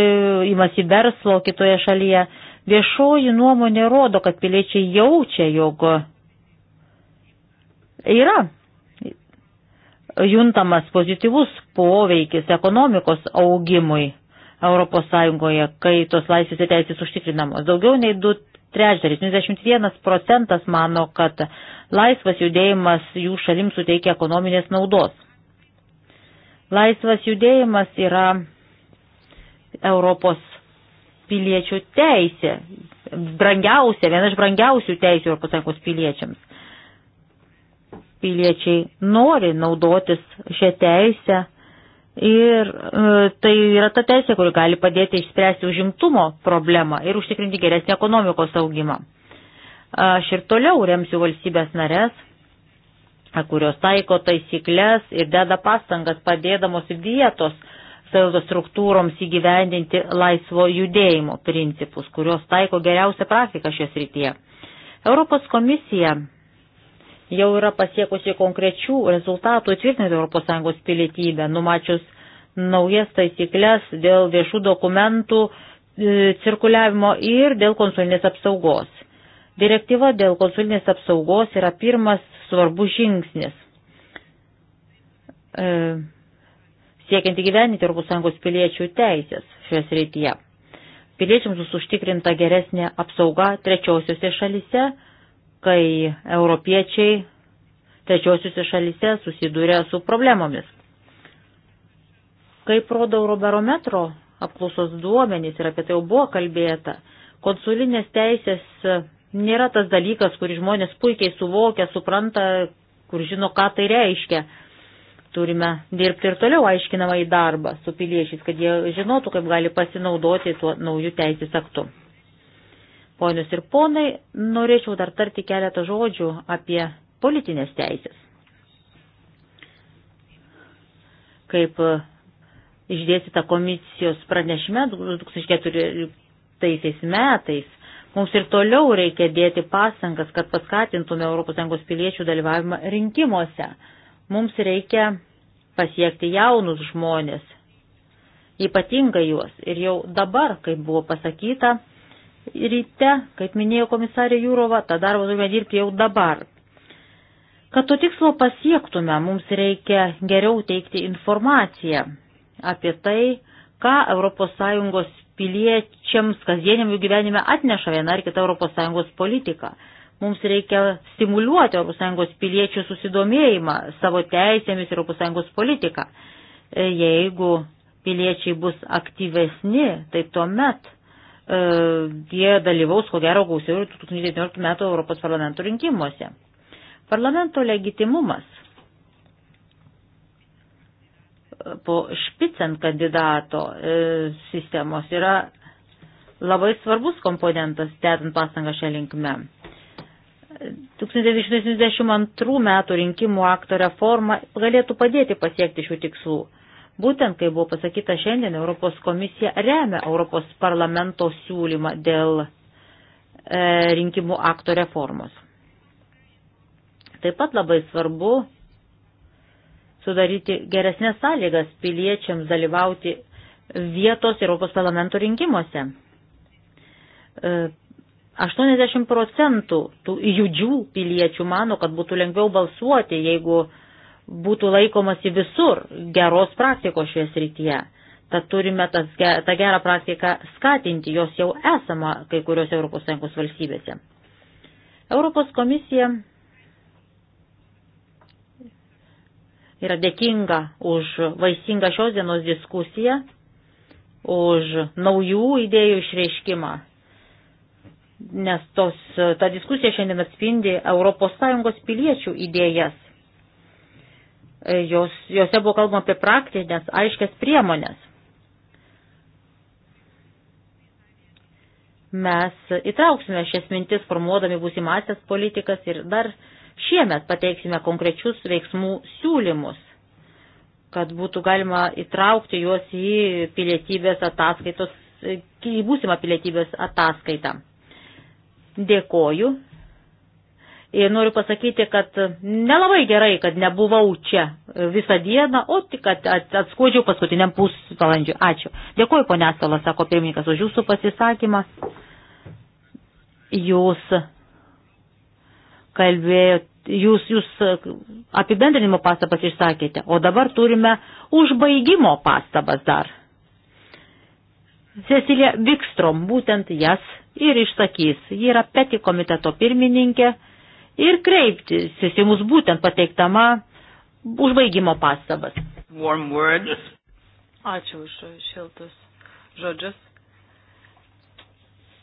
imasi verslo kitoje šalyje. Viešoji nuomonė rodo, kad piliečiai jaučia, jog yra juntamas pozityvus poveikis ekonomikos augimui ES, kai tos laisvės ir teisės užtikrinamos. Daugiau nei 2 trečdalis, 91 procentas mano, kad laisvas judėjimas jų šalim suteikia ekonominės naudos. Laisvas judėjimas yra Europos piliečių teisė, brangiausia, viena iš brangiausių teisių Europos Sąjungos piliečiams. Piliečiai nori naudotis šią teisę ir e, tai yra ta teisė, kuri gali padėti išspręsti užimtumo problemą ir užtikrinti geresnį ekonomikos augimą. Aš ir toliau remsiu valstybės narės kurios taiko taisyklės ir deda pastangas padėdamos vietos savivaldos struktūroms įgyvendinti laisvo judėjimo principus, kurios taiko geriausią praktiką šios rytyje. Europos komisija jau yra pasiekusi konkrečių rezultatų įtvirtinti ES pilietybę, numačius naujas taisyklės dėl viešų dokumentų e, cirkuliavimo ir dėl konsulinės apsaugos. Direktyva dėl konsulinės apsaugos yra pirmas svarbus žingsnis. E, siekiant įgyveninti ES piliečių teisės šioje srityje. Piliečiams bus užtikrinta geresnė apsauga trečiosiuose šalise, kai europiečiai trečiosiuose šalise susiduria su problemomis. Kaip rodo Eurobarometro apklausos duomenys ir apie tai jau buvo kalbėta, konsulinės teisės nėra tas dalykas, kurį žmonės puikiai suvokia, supranta, kur žino, ką tai reiškia. Turime dirbti ir toliau aiškinamą į darbą su piliečiais, kad jie žinotų, kaip gali pasinaudoti tuo naujų teisės aktu. Ponius ir ponai, norėčiau dar tarti keletą žodžių apie politinės teisės. Kaip išdėstyta komisijos pranešime 2004 metais Mums ir toliau reikia dėti pastangas, kad paskatintume ES piliečių dalyvavimą rinkimuose. Mums reikia pasiekti jaunus žmonės, ypatingai juos. Ir jau dabar, kaip buvo pasakyta, ryte, kaip minėjo komisarė Jūrova, tą darbą turime dirbti jau dabar. Kad to tikslo pasiektume, mums reikia geriau teikti informaciją apie tai, ką ES piliečiams kasdieniam jų gyvenime atneša viena ar kita ES politika. Mums reikia stimuliuoti ES piliečių susidomėjimą savo teisėmis ir ES politiką. E, jeigu piliečiai bus aktyvesni, tai tuomet e, jie dalyvaus, ko gero, gausiau ir 2019 metų Europos parlamento rinkimuose. Parlamento legitimumas po špicent kandidato e, sistemos yra labai svarbus komponentas, dedant pastangą šią linkmę. 1972 metų rinkimų akto reforma galėtų padėti pasiekti šių tikslų. Būtent, kai buvo pasakyta šiandien, Europos komisija remia Europos parlamento siūlymą dėl e, rinkimų akto reformos. Taip pat labai svarbu sudaryti geresnės sąlygas piliečiams dalyvauti vietos Europos parlamento rinkimuose. 80 e, procentų tų judžių piliečių mano, kad būtų lengviau balsuoti, jeigu būtų laikomasi visur geros praktikos šioje srityje. Tad turime tas, tą gerą praktiką skatinti, jos jau esama kai kuriuose ES valstybėse. Europos komisija yra dėkinga už vaisingą šios dienos diskusiją, už naujų idėjų išreiškimą, nes tos, ta diskusija šiandien atspindi ES piliečių idėjas. Jos, jose buvo kalbama apie praktinės, aiškias priemonės. Mes įtrauksime šias mintis formuodami būsimasias politikas ir dar uh, Šiemet pateiksime konkrečius veiksmų siūlymus, kad būtų galima įtraukti juos į pilietybės ataskaitos, į būsimą pilietybės ataskaitą. Dėkoju. Ir noriu pasakyti, kad nelabai gerai, kad nebuvau čia visą dieną, o tik atskuodžiau paskutiniam pusvalandžiu. Ačiū. Dėkuoju, ponia Sola, sako pirmininkas, už jūsų pasisakymą. Jūs kalbėjot, jūs, jūs e, apibendrinimo pastabas išsakėte, o dabar turime užbaigimo pastabas dar. Cecilija Vikstrom būtent jas ir išsakys. Ji yra peti komiteto pirmininkė ir kreiptis į mus būtent pateiktama užbaigimo pastabas. Warm words. Ačiū už šiltus žodžius.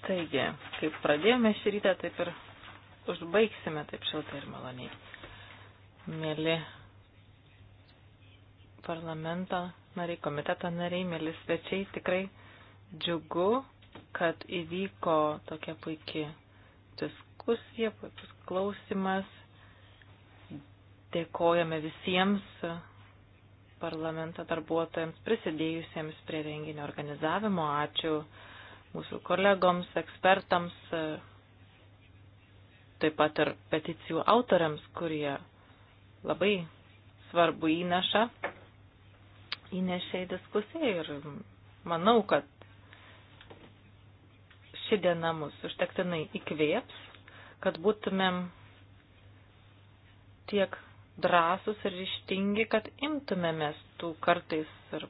Taigi, kaip pradėjome šį rytą, taip ir užbaigsime taip šiltai ir maloniai. Mėly parlamento nariai, komiteto nariai, mėly svečiai, tikrai džiugu, kad įvyko tokia puikia diskusija, puikus klausimas. Dėkojame visiems parlamento darbuotojams prisidėjusiems prie renginio organizavimo. Ačiū mūsų kolegoms, ekspertams, taip pat ir peticijų autoriams, kurie labai svarbu įneša, įnešė į diskusiją ir manau, kad ši diena mus užtektinai įkvėps, kad būtumėm tiek drąsus ir ryštingi, kad imtumėmės tų kartais ir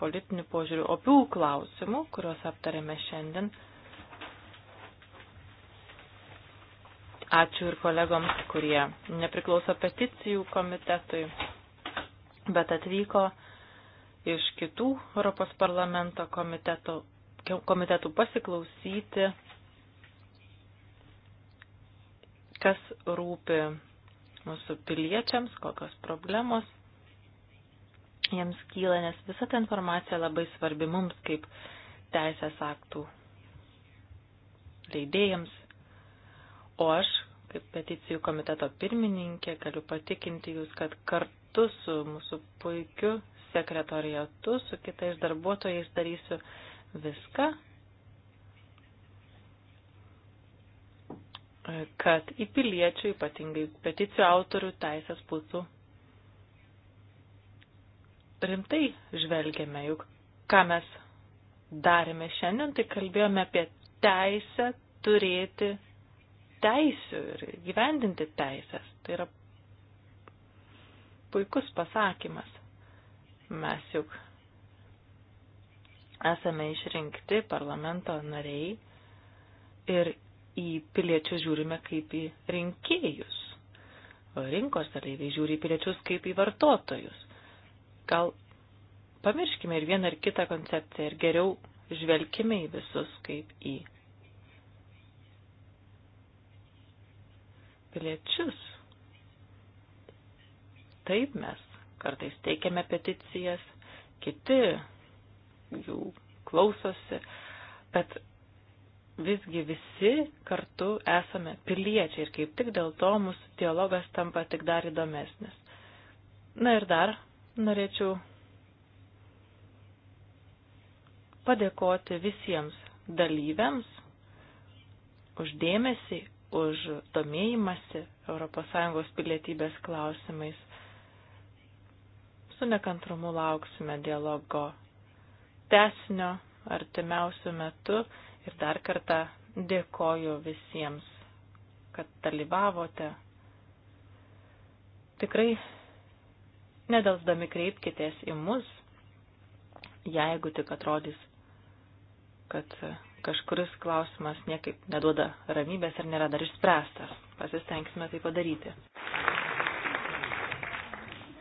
politinių požiūrių opių klausimų, kuriuos aptarėme šiandien Ačiū ir kolegoms, kurie nepriklauso peticijų komitetui, bet atvyko iš kitų Europos parlamento komitetų, komitetų pasiklausyti, kas rūpi mūsų piliečiams, kokios problemos jiems kyla, nes visa ta informacija labai svarbi mums kaip teisės aktų leidėjams O aš, kaip peticijų komiteto pirmininkė, galiu patikinti Jūs, kad kartu su mūsų puikiu sekretoriatu, su kitais darbuotojais darysiu viską, kad į piliečių, ypatingai peticijų autorių teisės būtų rimtai žvelgiame, juk ką mes darėme šiandien, tai kalbėjome apie teisę turėti teisių ir gyvendinti teisės. Tai yra puikus pasakymas. Mes juk esame išrinkti parlamento nariai ir į piliečius žiūrime kaip į rinkėjus. O rinkos dalyviai žiūri į piliečius kaip į vartotojus. Gal pamirškime ir vieną ar kitą koncepciją ir geriau žvelgime į visus kaip į piliečius. Taip mes kartais teikiame peticijas, kiti jų klausosi, bet visgi visi kartu esame piliečiai ir kaip tik dėl to mūsų dialogas tampa tik dar įdomesnis. Na ir dar norėčiau padėkoti visiems dalyviams uždėmesį, už domėjimąsi ES pilietybės klausimais. Su nekantrumu lauksime dialogo tesnio artimiausių metų ir dar kartą dėkoju visiems, kad dalyvavote. Tikrai nedelsdami kreipkitės į mus, jeigu tik atrodys, kad kažkuris klausimas niekaip neduoda ramybės ir nėra dar išspręstas. Pasistengsime tai padaryti.